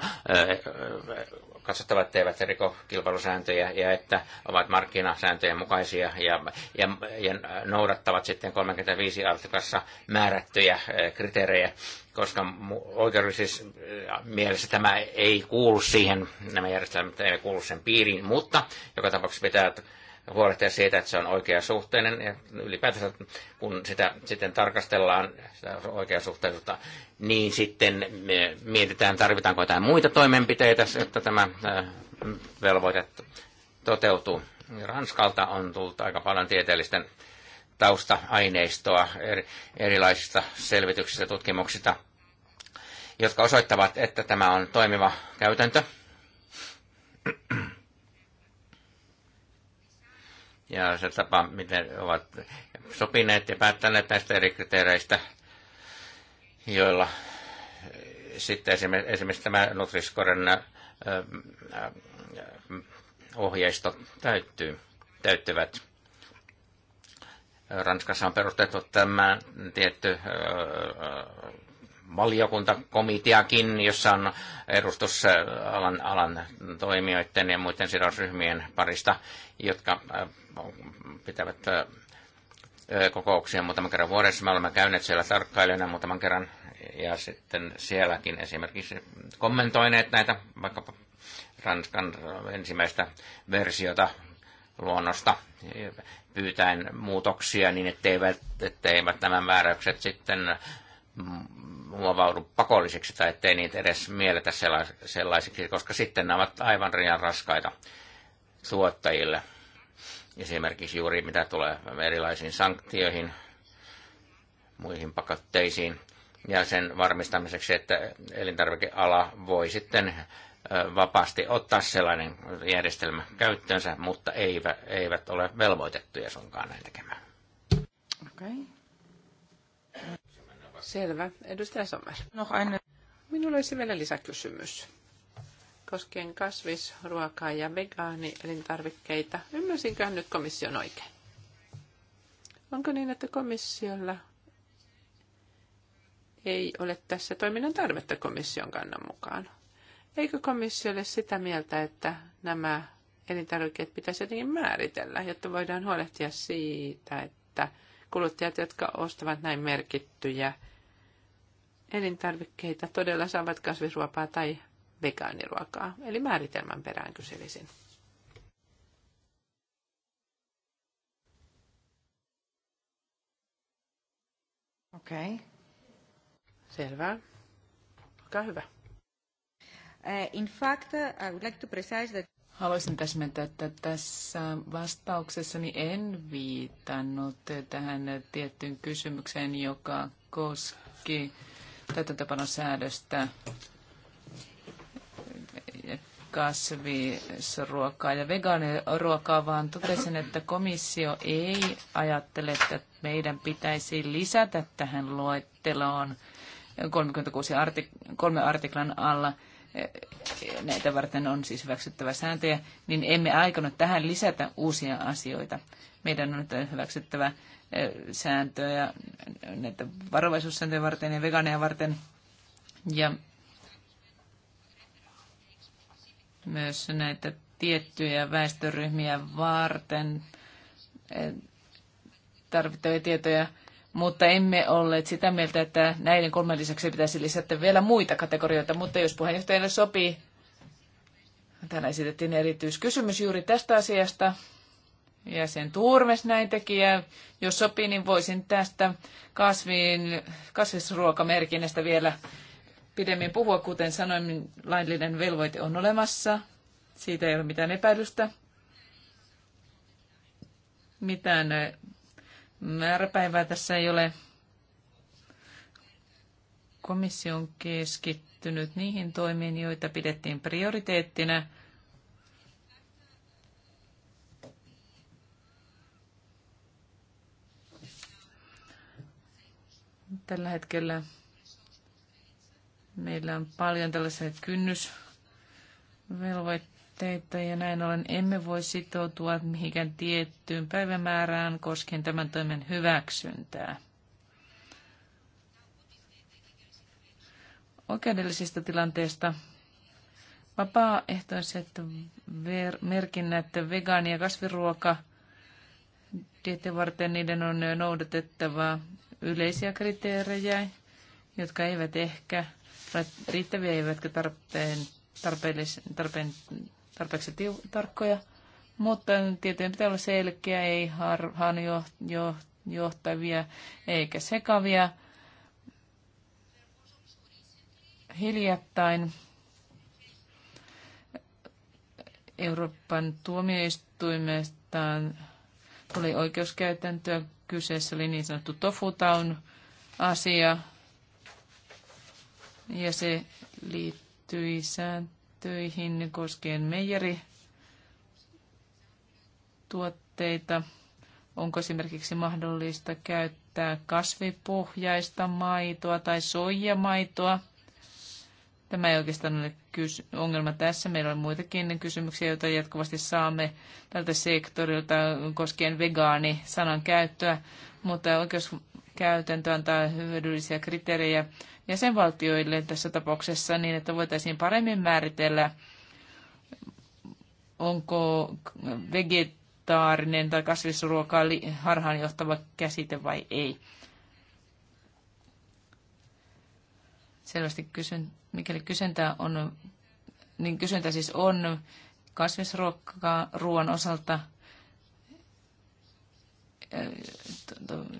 katsottavat eivät riko kilpailusääntöjä ja että ovat markkinasääntöjen mukaisia ja, ja, ja noudattavat sitten 35 artikassa määrättyjä kriteerejä, koska oikeudellisessa mielessä tämä ei kuulu siihen, nämä järjestelmät eivät kuulu sen piiriin, mutta joka tapauksessa pitää huolehtia siitä, että se on oikeasuhteinen ja ylipäätänsä kun sitä sitten tarkastellaan, sitä oikeasuhteisuutta, niin sitten mietitään, tarvitaanko jotain muita toimenpiteitä, että tämä velvoite toteutuu. Ranskalta on tullut aika paljon tieteellisten tausta-aineistoa erilaisista selvityksistä ja tutkimuksista, jotka osoittavat, että tämä on toimiva käytäntö – ja se tapa, miten ovat sopineet ja päättäneet näistä eri kriteereistä, joilla eh, sitten esimerkiksi, esimerkiksi tämä Nutriskoren eh, eh, ohjeisto täyttyy, täyttyvät. Ranskassa on perustettu tämä tietty valiokuntakomiteakin, jossa on edustus äh, alan, alan toimijoiden ja muiden sidosryhmien parista, jotka äh, pitävät äh, kokouksia muutaman kerran vuodessa. Me olemme käyneet siellä tarkkailijana muutaman kerran ja sitten sielläkin esimerkiksi kommentoineet näitä vaikkapa Ranskan ensimmäistä versiota luonnosta pyytäen muutoksia niin, etteivät, etteivät nämä määräykset sitten muovaudu mm, pakolliseksi tai ettei niitä edes mielletä sellaisiksi, koska sitten nämä ovat aivan riian raskaita tuottajille. Esimerkiksi juuri mitä tulee erilaisiin sanktioihin, muihin pakotteisiin ja sen varmistamiseksi, että elintarvikeala voi sitten vapaasti ottaa sellainen järjestelmä käyttöönsä, mutta eivät, eivät ole velvoitettuja sunkaan näin tekemään. Okay. Selvä. Edustaja Sommer. No aina. Minulla olisi vielä lisäkysymys koskien kasvisruokaa ja vegaanielintarvikkeita. Ymmärsinköhän nyt komission oikein? Onko niin, että komissiolla ei ole tässä toiminnan tarvetta komission kannan mukaan? Eikö komissiolle sitä mieltä, että nämä elintarvikkeet pitäisi jotenkin määritellä, jotta voidaan huolehtia siitä, että kuluttajat, jotka ostavat näin merkittyjä elintarvikkeita todella saavat kasvisruokaa tai vegaaniruokaa. Eli määritelmän perään kyselisin. Okei. Okay. Selvä. Olkaa hyvä. Eh, in fact, I would like to precise that... Haluaisin täsmentää, että tässä vastauksessani en viitannut tähän tiettyyn kysymykseen, joka koski säädöstä, kasvisruokaa ja vegaaniruokaa, vaan totesin, että komissio ei ajattele, että meidän pitäisi lisätä tähän luetteloon 36 artik- kolme artiklan alla näitä varten on siis hyväksyttävä sääntöjä, niin emme aikonut tähän lisätä uusia asioita. Meidän on nyt hyväksyttävä ja näitä varovaisuussääntöjä varten ja vegaaneja varten. Ja myös näitä tiettyjä väestöryhmiä varten e, tarvittavia tietoja, mutta emme olleet sitä mieltä, että näiden kolmen lisäksi pitäisi lisätä vielä muita kategorioita, mutta jos puheenjohtajalle sopii, täällä esitettiin erityiskysymys juuri tästä asiasta, jäsen Turves näin teki ja jos sopii, niin voisin tästä kasvin, kasvisruokamerkinnästä vielä pidemmin puhua. Kuten sanoin, niin laillinen velvoite on olemassa. Siitä ei ole mitään epäilystä. Mitään määräpäivää tässä ei ole. Komissio on keskittynyt niihin toimiin, joita pidettiin prioriteettina – Tällä hetkellä meillä on paljon tällaisia kynnysvelvoitteita ja näin ollen emme voi sitoutua mihinkään tiettyyn päivämäärään koskien tämän toimen hyväksyntää. Oikeudellisesta tilanteesta vapaaehtoiset ver- merkinnät vegaani- ja kasviruoka varten niiden on noudatettava yleisiä kriteerejä, jotka eivät ehkä riittäviä, eivätkä tarpeen, tarpeen, tarpeeksi tiu, tarkkoja, mutta tietojen pitää olla selkeä, ei harhaan jo, jo, johtavia eikä sekavia. Hiljattain Euroopan tuomioistuimestaan oli oikeuskäytäntöä. Kyseessä oli niin sanottu Tofutown asia ja se liittyi sääntöihin koskien meijeri tuotteita. Onko esimerkiksi mahdollista käyttää kasvipohjaista maitoa tai soijamaitoa? Tämä ei oikeastaan ole ongelma tässä. Meillä on muitakin kysymyksiä, joita jatkuvasti saamme tältä sektorilta koskien vegaani-sanan käyttöä, mutta oikeuskäytäntö antaa hyödyllisiä kriteerejä jäsenvaltioille tässä tapauksessa niin, että voitaisiin paremmin määritellä, onko vegetaarinen tai kasvisruoka harhaanjohtava käsite vai ei. selvästi kysyn, mikäli kysyntää on, niin kysyntä siis on kasvisruoan osalta, eh,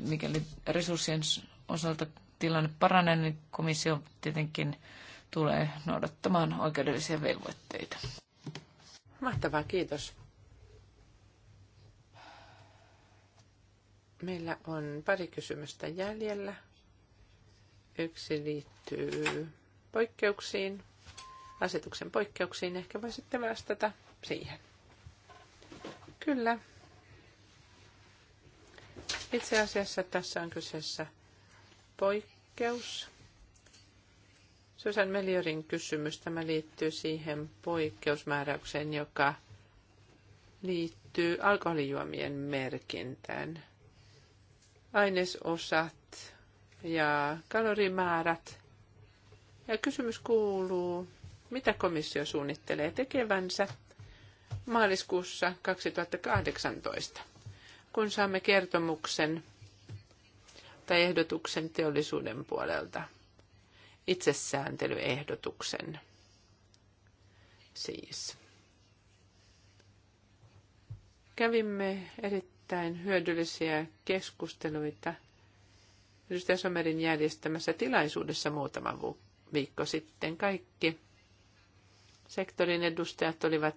mikäli resurssien osalta tilanne paranee, niin komissio tietenkin tulee noudattamaan oikeudellisia velvoitteita. Mahtavaa, kiitos. Meillä on pari kysymystä jäljellä. Yksi liittyy poikkeuksiin, asetuksen poikkeuksiin. Ehkä voisitte vastata siihen. Kyllä. Itse asiassa tässä on kyseessä poikkeus. Susan Meliorin kysymys, tämä liittyy siihen poikkeusmääräykseen, joka liittyy alkoholijuomien merkintään. Ainesosat ja kalorimäärät. Ja kysymys kuuluu, mitä komissio suunnittelee tekevänsä maaliskuussa 2018, kun saamme kertomuksen tai ehdotuksen teollisuuden puolelta, itsesääntelyehdotuksen siis. Kävimme erittäin hyödyllisiä keskusteluita edustaja Somerin järjestämässä tilaisuudessa muutama viikko sitten. Kaikki sektorin edustajat olivat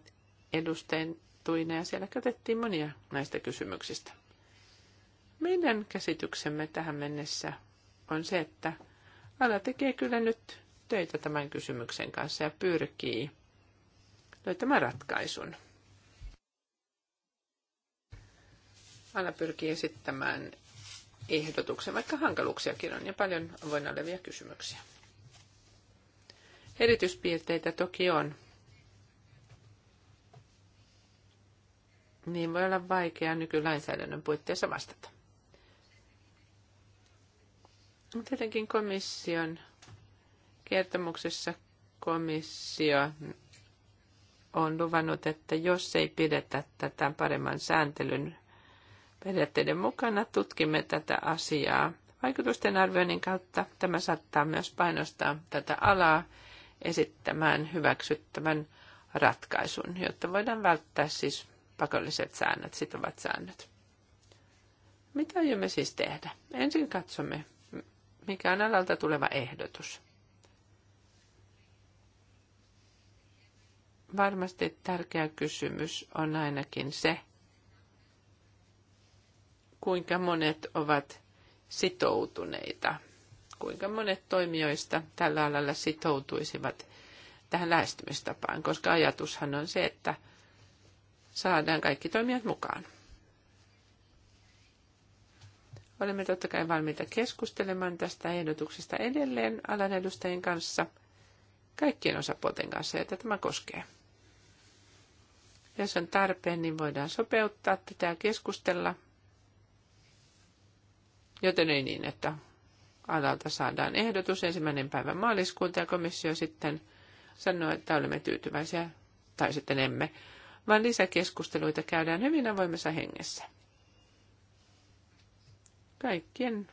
edustetuina ja siellä katettiin monia näistä kysymyksistä. Meidän käsityksemme tähän mennessä on se, että ala tekee kyllä nyt töitä tämän kysymyksen kanssa ja pyrkii löytämään ratkaisun. Ala pyrkii esittämään ehdotuksen, vaikka hankaluuksiakin on ja paljon avoinna olevia kysymyksiä. Erityispiirteitä toki on. Niin voi olla vaikea nykylainsäädännön puitteissa vastata. Tietenkin komission kertomuksessa komissio on luvannut, että jos ei pidetä tätä paremman sääntelyn periaatteiden mukana tutkimme tätä asiaa. Vaikutusten arvioinnin kautta tämä saattaa myös painostaa tätä alaa esittämään hyväksyttävän ratkaisun, jotta voidaan välttää siis pakolliset säännöt, sitovat säännöt. Mitä aiomme siis tehdä? Ensin katsomme, mikä on alalta tuleva ehdotus. Varmasti tärkeä kysymys on ainakin se, kuinka monet ovat sitoutuneita, kuinka monet toimijoista tällä alalla sitoutuisivat tähän lähestymistapaan, koska ajatushan on se, että saadaan kaikki toimijat mukaan. Olemme totta kai valmiita keskustelemaan tästä ehdotuksesta edelleen alan edustajien kanssa, kaikkien osapuolten kanssa, että tämä koskee. Jos on tarpeen, niin voidaan sopeuttaa tätä keskustella Joten ei niin, että alalta saadaan ehdotus ensimmäinen päivä maaliskuuta ja komissio sitten sanoo, että olemme tyytyväisiä tai sitten emme, vaan lisäkeskusteluita käydään hyvin avoimessa hengessä. Kaikkien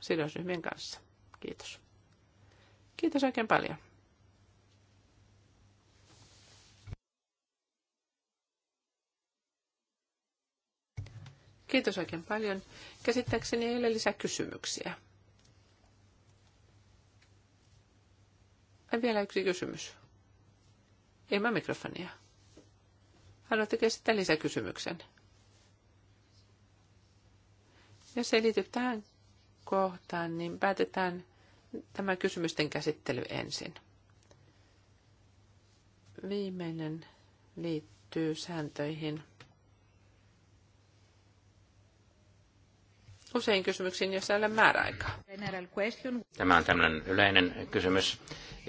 sidosryhmien kanssa. Kiitos. Kiitos oikein paljon. Kiitos oikein paljon. Käsittääkseni ei ole lisää kysymyksiä. Ja vielä yksi kysymys. Ilman mikrofonia. Haluatteko esittää lisäkysymyksen? Jos ei liity tähän kohtaan, niin päätetään tämä kysymysten käsittely ensin. Viimeinen liittyy sääntöihin usein kysymyksiin, jos ei ole määräaikaa. Tämä on tämmöinen yleinen kysymys,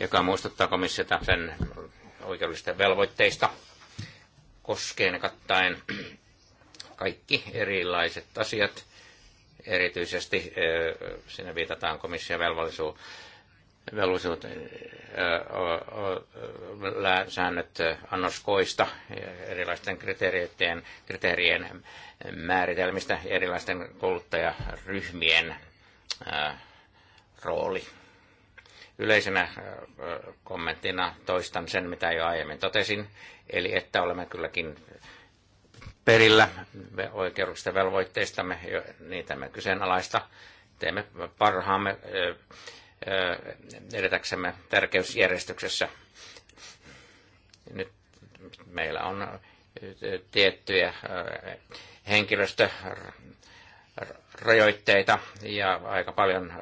joka muistuttaa komissiota sen oikeudellisista velvoitteista koskeen kattaen kaikki erilaiset asiat. Erityisesti sinne viitataan komission velvollisuuteen velvollisuudet, eh, eh, säännöt eh, annoskoista, erilaisten kriteerien, kriteerien määritelmistä, erilaisten kouluttajaryhmien rooli. Yleisenä kommenttina toistan sen, mitä jo aiemmin totesin, eli että olemme kylläkin perillä oikeuksista velvoitteistamme, niitä me kyseenalaista, teemme parhaamme edetäksemme tärkeysjärjestyksessä. Nyt meillä on tiettyjä henkilöstörajoitteita ja aika paljon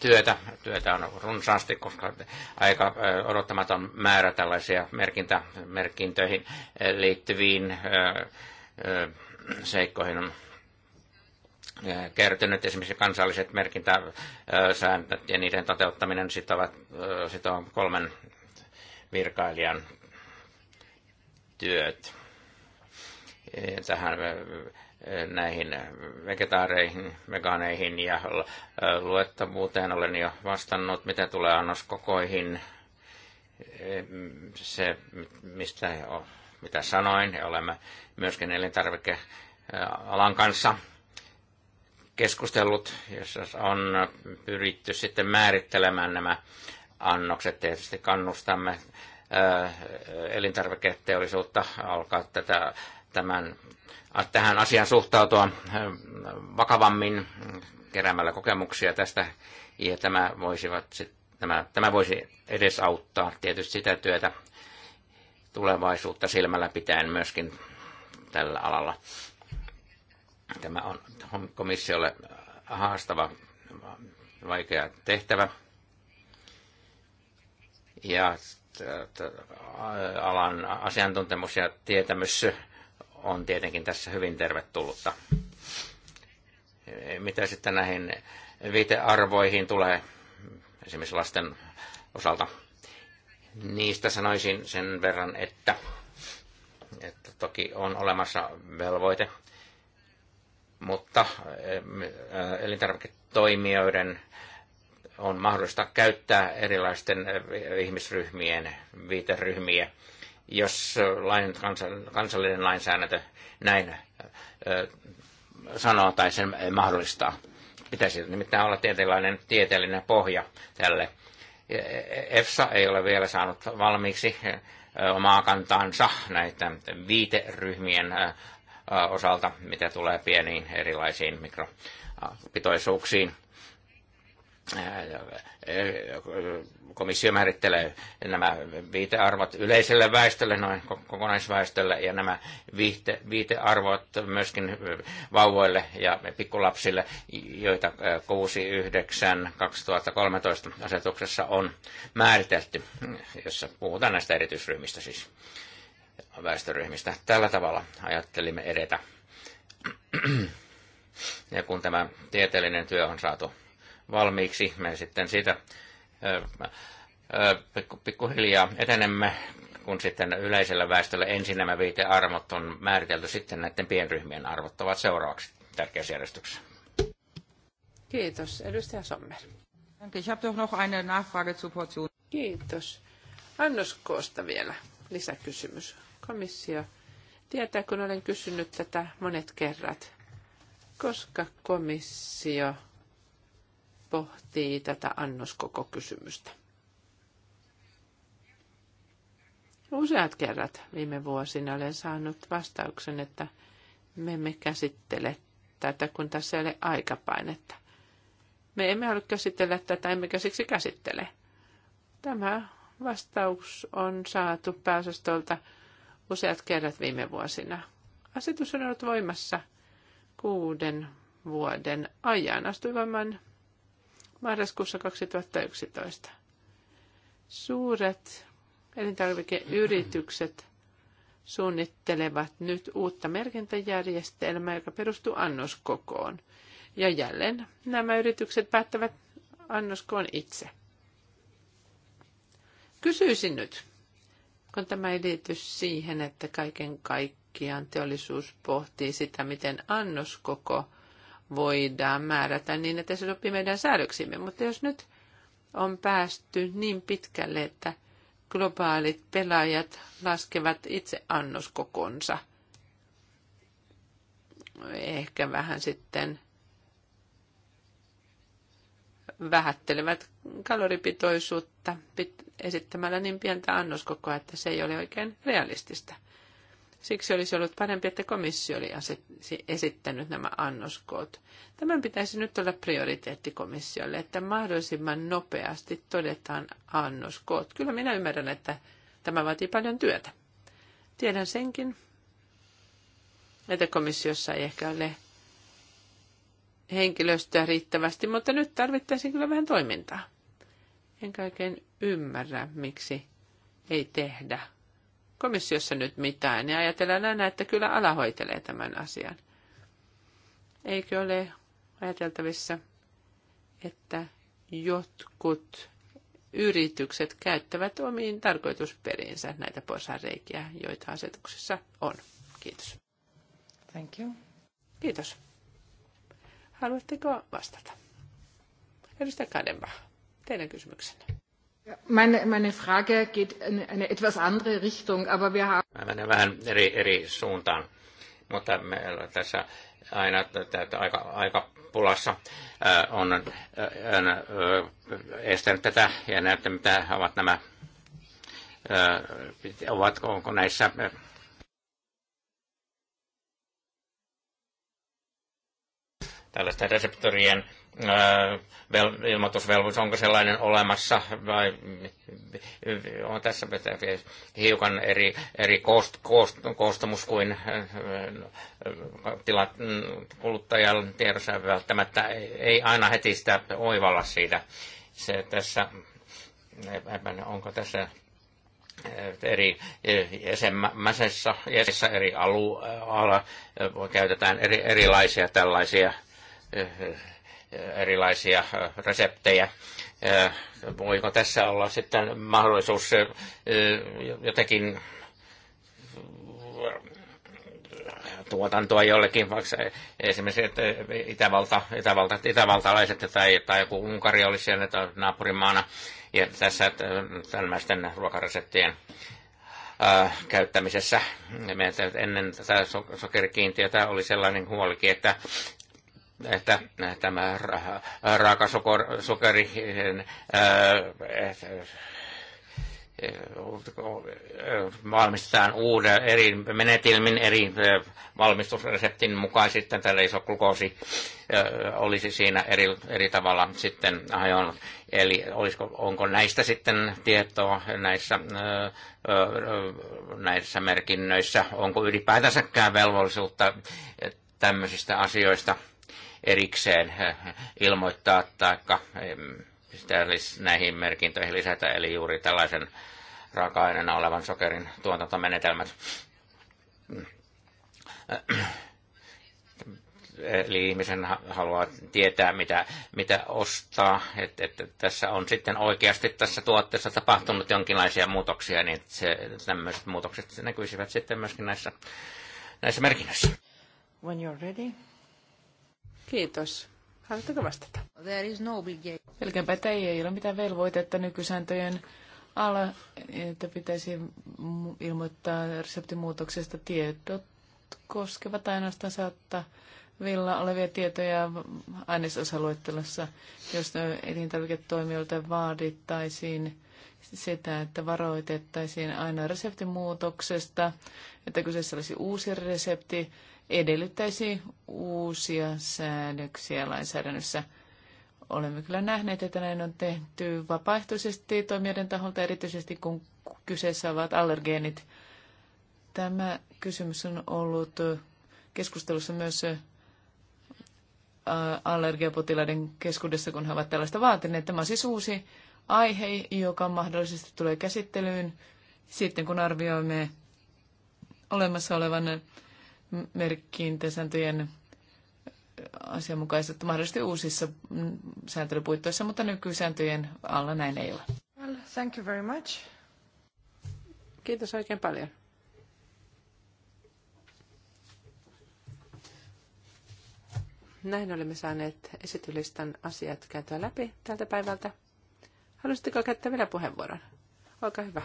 työtä. Työtä on runsaasti, koska aika odottamaton määrä tällaisia merkintä, merkintöihin liittyviin seikkoihin on Äh, kertynyt esimerkiksi kansalliset merkintäsäännöt ja niiden toteuttaminen sitovat, äh, sitoo kolmen virkailijan työt. Äh, tähän näihin vegetaareihin, vegaaneihin ja luettavuuteen olen jo vastannut, mitä tulee annoskokoihin. Se, mistä, mitä sanoin, olemme myöskin elintarvikealan kanssa keskustellut, jossa on pyritty sitten määrittelemään nämä annokset. Tietysti kannustamme äh, elintarviketeollisuutta alkaa tätä, tämän, tähän asian suhtautua äh, vakavammin keräämällä kokemuksia tästä, ja tämä, voisivat tämä, tämä voisi edesauttaa tietysti sitä työtä tulevaisuutta silmällä pitäen myöskin tällä alalla. Tämä on komissiolle haastava, vaikea tehtävä. Ja äh, alan asiantuntemus ja tietämys on tietenkin tässä hyvin tervetullutta. Mitä sitten näihin viitearvoihin tulee esimerkiksi lasten osalta? Niistä sanoisin sen verran, että, että toki on olemassa velvoite mutta eh, elintarviketoimijoiden on mahdollista käyttää erilaisten eh, ihmisryhmien viiteryhmiä, jos kansallinen lainsäädäntö näin eh, sanoo tai sen mahdollistaa. Pitäisi nimittäin olla tietynlainen tieteellinen pohja tälle. EFSA ei ole vielä saanut valmiiksi omaa kantaansa näitä viiteryhmien Äh, osalta, mitä tulee pieniin erilaisiin mikropitoisuuksiin. Äh, komissio määrittelee nämä viitearvot yleiselle väestölle, noin kokonaisväestölle, ja nämä viite, viitearvot myöskin vauvoille ja pikkulapsille, joita 6, äh, 2013 asetuksessa on määritelty, jossa puhutaan näistä erityisryhmistä siis väestöryhmistä. Tällä tavalla ajattelimme edetä. Ja kun tämä tieteellinen työ on saatu valmiiksi, me sitten siitä pikkuhiljaa etenemme, kun sitten yleisellä väestöllä ensin nämä viitearvot on määritelty, sitten näiden pienryhmien arvot ovat seuraavaksi tärkeässä järjestyksessä. Kiitos. Edustaja Sommer. Ich habe doch noch eine Nachfrage Portion. Kiitos. Annoskoosta vielä lisäkysymys. Komissio tietää, kun olen kysynyt tätä monet kerrat. Koska komissio pohtii tätä annoskoko kysymystä? Useat kerrat viime vuosina olen saanut vastauksen, että me emme käsittele tätä, kun tässä ei ole aikapainetta. Me emme halua käsitellä tätä, emmekä siksi käsittele. Tämä vastaus on saatu pääosastolta useat kerrat viime vuosina. Asetus on ollut voimassa kuuden vuoden ajan. Astui voimaan marraskuussa 2011. Suuret elintarvikeyritykset suunnittelevat nyt uutta merkintäjärjestelmää, joka perustuu annoskokoon. Ja jälleen nämä yritykset päättävät annoskoon itse. Kysyisin nyt, kun tämä ei liity siihen, että kaiken kaikkiaan teollisuus pohtii sitä, miten annoskoko voidaan määrätä niin, että se sopii meidän säädöksimme. Mutta jos nyt on päästy niin pitkälle, että globaalit pelaajat laskevat itse annoskokonsa, ehkä vähän sitten vähättelevät kaloripitoisuutta esittämällä niin pientä annoskokoa, että se ei ole oikein realistista. Siksi olisi ollut parempi, että komissio oli esittänyt nämä annoskoot. Tämän pitäisi nyt olla prioriteetti komissiolle, että mahdollisimman nopeasti todetaan annoskoot. Kyllä minä ymmärrän, että tämä vaatii paljon työtä. Tiedän senkin, että komissiossa ei ehkä ole henkilöstöä riittävästi, mutta nyt tarvittaisiin kyllä vähän toimintaa. En kaiken ymmärrä, miksi ei tehdä komissiossa nyt mitään ja ajatellaan aina, että kyllä ala hoitelee tämän asian. Eikö ole ajateltavissa, että jotkut yritykset käyttävät omiin tarkoitusperiinsä näitä porsareikiä, joita asetuksessa on. Kiitos. Thank you. Kiitos. Haluatteko vastata? Edustaja Kadenba, teidän kysymyksenne. Meine, meine Frage geht in eine etwas andere Richtung, aber wir haben... Menee vähän eri, eri suuntaan, mutta meillä tässä aina tätä aika, aika pulassa äh, on äh, äh, estänyt tätä ja näyttänyt, mitä ovat nämä, äh, ovatko onko näissä äh, tällaisten reseptorien vel, ilmoitusvelvollisuus, onko sellainen olemassa vai on tässä hiukan eri, eri koost, koost, koostumus kuin tilat kuluttajan tiedossa välttämättä ei aina heti sitä oivalla siitä. Se tässä, onko tässä eri jäsenmäisessä eri alueella käytetään eri, erilaisia tällaisia Eh, erilaisia eh, reseptejä. Eh, voiko tässä olla sitten mahdollisuus jotenkin tuotantoa jollekin, vaikka esimerkiksi että Itävalta, Itävalta, itävaltalaiset tai, tai joku Unkari olisi siellä naapurimaana, ja tässä tällaisten ruokareseptien ää, käyttämisessä. Meiltä ennen tätä sokerikiintiötä oli sellainen huolikin, että että tämä raaka sokeri eh, eh, valmistetaan uuden eri menetelmin, eri eh, valmistusreseptin mukaan sitten tällä iso glukoosi olisi siinä eri, eri tavalla sitten hajonnut. Eli olisiko, onko näistä sitten tietoa näissä, näissä merkinnöissä, onko ylipäätänsäkään velvollisuutta tämmöisistä asioista – erikseen eh, ilmoittaa tai sitä näihin merkintöihin lisätä, eli juuri tällaisen raaka-aineena olevan sokerin tuotantomenetelmät. Eli ihmisen haluaa tietää, mitä, mitä ostaa. Et, et, tässä on sitten oikeasti tässä tuotteessa tapahtunut jonkinlaisia muutoksia, niin se, tämmöiset muutokset näkyisivät sitten myöskin näissä, näissä merkinnöissä. When you're ready. Kiitos. Haluatteko vastata? There is no obligation. että ei, ei ole mitään velvoitetta nykysääntöjen alla, että pitäisi ilmoittaa reseptimuutoksesta tiedot koskevat ainoastaan saattaa villa olevia tietoja ainesosaluettelossa, jos elintarviketoimijoilta vaadittaisiin sitä, että varoitettaisiin aina reseptimuutoksesta, että kyseessä olisi uusi resepti edellyttäisi uusia säädöksiä lainsäädännössä. Olemme kyllä nähneet, että näin on tehty vapaaehtoisesti toimijoiden taholta, erityisesti kun kyseessä ovat allergeenit. Tämä kysymys on ollut keskustelussa myös allergiapotilaiden keskuudessa, kun he ovat tällaista vaatineet. Tämä on siis uusi aihe, joka mahdollisesti tulee käsittelyyn sitten, kun arvioimme olemassa olevan sääntöjen asianmukaisuutta mahdollisesti uusissa sääntelypuitteissa, mutta nykysääntöjen alla näin ei ole. Well, thank you very much. Kiitos oikein paljon. Näin olemme saaneet esitylistan asiat käytyä läpi tältä päivältä. Haluaisitteko käyttää vielä puheenvuoron? Olkaa hyvä.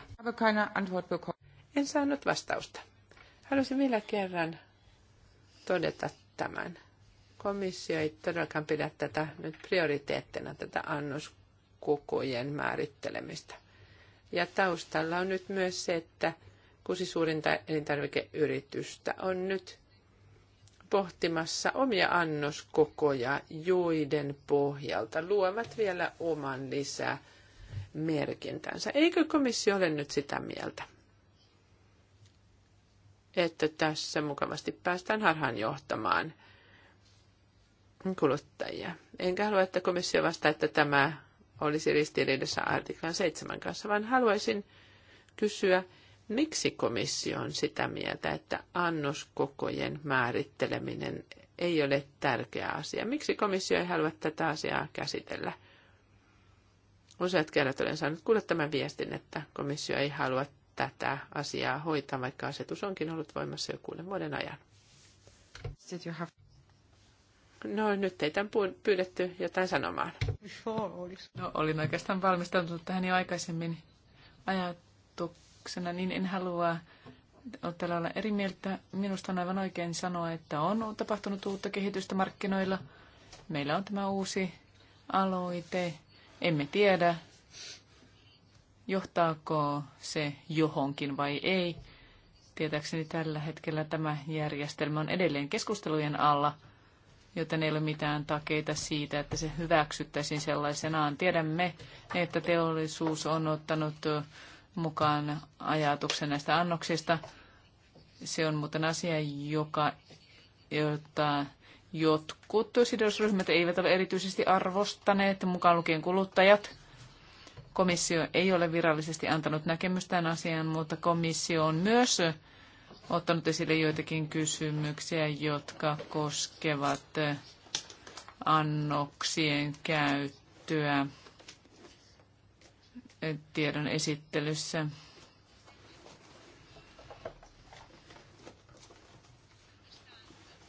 En saanut vastausta. Haluaisin vielä kerran todeta tämän. Komissio ei todellakaan pidä tätä nyt prioriteettina, tätä annoskukujen määrittelemistä. Ja taustalla on nyt myös se, että kuusi suurinta elintarvikeyritystä on nyt pohtimassa omia annoskokoja, joiden pohjalta luovat vielä oman lisää merkintänsä. Eikö komissio ole nyt sitä mieltä? että tässä mukavasti päästään harhaan johtamaan kuluttajia. Enkä halua, että komissio vastaa, että tämä olisi ristiriidassa artiklan 7 kanssa, vaan haluaisin kysyä, miksi komissio on sitä mieltä, että annoskokojen määritteleminen ei ole tärkeä asia. Miksi komissio ei halua tätä asiaa käsitellä? Useat kerrat olen saanut kuulla tämän viestin, että komissio ei halua tätä asiaa hoitaa, vaikka asetus onkin ollut voimassa jo kuuden vuoden ajan. No nyt teitä on pyydetty jotain sanomaan. No, olin oikeastaan valmistautunut tähän jo aikaisemmin ajatuksena, niin en halua täällä olla eri mieltä. Minusta on aivan oikein sanoa, että on tapahtunut uutta kehitystä markkinoilla. Meillä on tämä uusi aloite. Emme tiedä, johtaako se johonkin vai ei. Tietääkseni tällä hetkellä tämä järjestelmä on edelleen keskustelujen alla, joten ei ole mitään takeita siitä, että se hyväksyttäisiin sellaisenaan. Tiedämme, että teollisuus on ottanut mukaan ajatuksen näistä annoksista. Se on muuten asia, joka, jota jotkut sidosryhmät eivät ole erityisesti arvostaneet, mukaan lukien kuluttajat – Komissio ei ole virallisesti antanut näkemystään asiaan, mutta komissio on myös ottanut esille joitakin kysymyksiä, jotka koskevat annoksien käyttöä tiedon esittelyssä.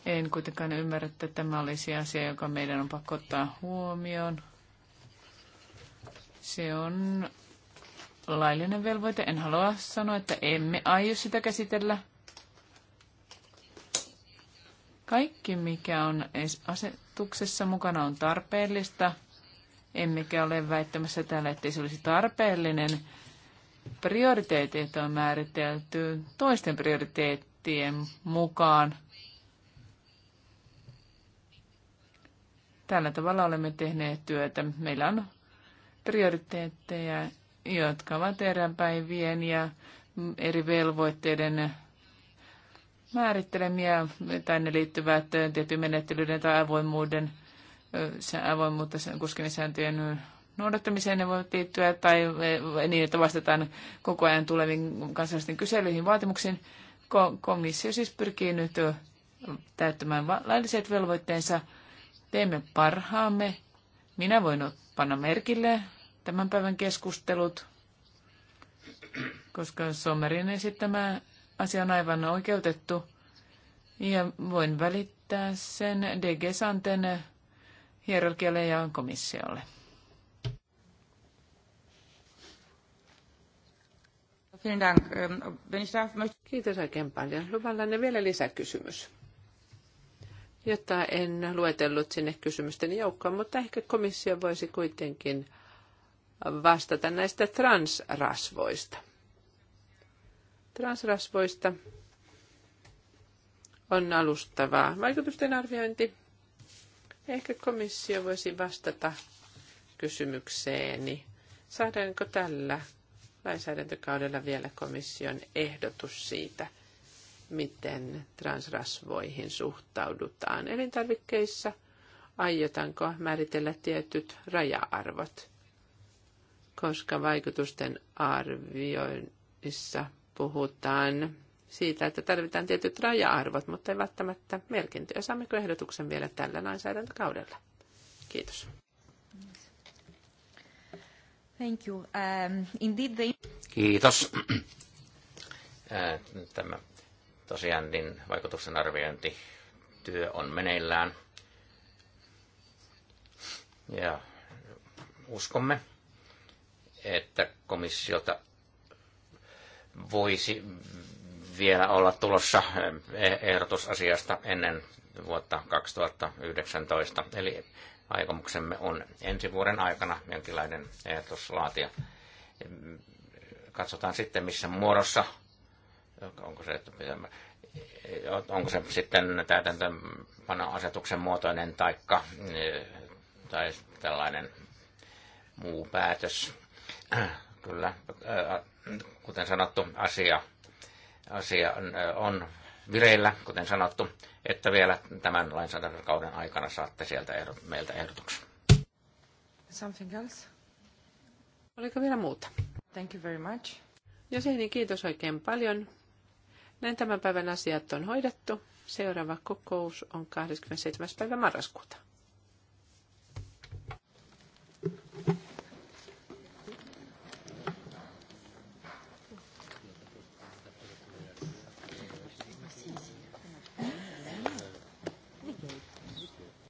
En kuitenkaan ymmärrä, että tämä olisi asia, joka meidän on pakko ottaa huomioon. Se on laillinen velvoite. En halua sanoa, että emme aio sitä käsitellä. Kaikki, mikä on asetuksessa mukana, on tarpeellista. Emmekä ole väittämässä täällä, ettei se olisi tarpeellinen. Prioriteetit on määritelty toisten prioriteettien mukaan. Tällä tavalla olemme tehneet työtä. Meillä on prioriteetteja, jotka ovat eräpäivien ja eri velvoitteiden määrittelemiä, tai ne liittyvät menettelyiden tai avoimuuden, avoimuutta sääntöjen noudattamiseen ne voivat liittyä, tai e, niin, että vastataan koko ajan tuleviin kansallisten kyselyihin vaatimuksiin. Komissio siis pyrkii nyt täyttämään lailliset velvoitteensa. Teemme parhaamme. Minä voin panna merkille tämän päivän keskustelut, koska Sommerin esittämä asia on aivan oikeutettu. Ja voin välittää sen DG Santen hierarkialle ja komissiolle. Ähm, Kiitos oikein paljon. Luvallanne vielä lisäkysymys, jota en luetellut sinne kysymysten joukkoon, mutta ehkä komissio voisi kuitenkin vastata näistä transrasvoista. Transrasvoista on alustavaa vaikutusten arviointi. Ehkä komissio voisi vastata kysymykseeni. Saadaanko tällä lainsäädäntökaudella vielä komission ehdotus siitä, miten transrasvoihin suhtaudutaan elintarvikkeissa? Aiotaanko määritellä tietyt raja-arvot? koska vaikutusten arvioinnissa puhutaan siitä, että tarvitaan tietyt raja-arvot, mutta ei välttämättä merkintöjä. Saammeko ehdotuksen vielä tällä lainsäädäntökaudella? Kiitos. Thank you. Um, indeed the... Kiitos. Äh, tämä tosiaan niin vaikutuksen arviointi työ on meneillään. Ja uskomme, että komissiota voisi vielä olla tulossa eh, ehdotusasiasta ennen vuotta 2019. Eli aikomuksemme on ensi vuoden aikana jonkinlainen ehdotuslaatia. Katsotaan sitten missä muodossa, onko se, että onko se sitten asetuksen muotoinen taikka, eh, tai tällainen muu päätös Äh, kyllä, äh, kuten sanottu, asia, asia äh, on vireillä, kuten sanottu, että vielä tämän lainsäädäntökauden aikana saatte sieltä ehdot, meiltä ehdotuksen. Something else? Oliko vielä muuta? Thank you very much. Jos ei, niin kiitos oikein paljon. Näin tämän päivän asiat on hoidettu. Seuraava kokous on 27. päivä marraskuuta.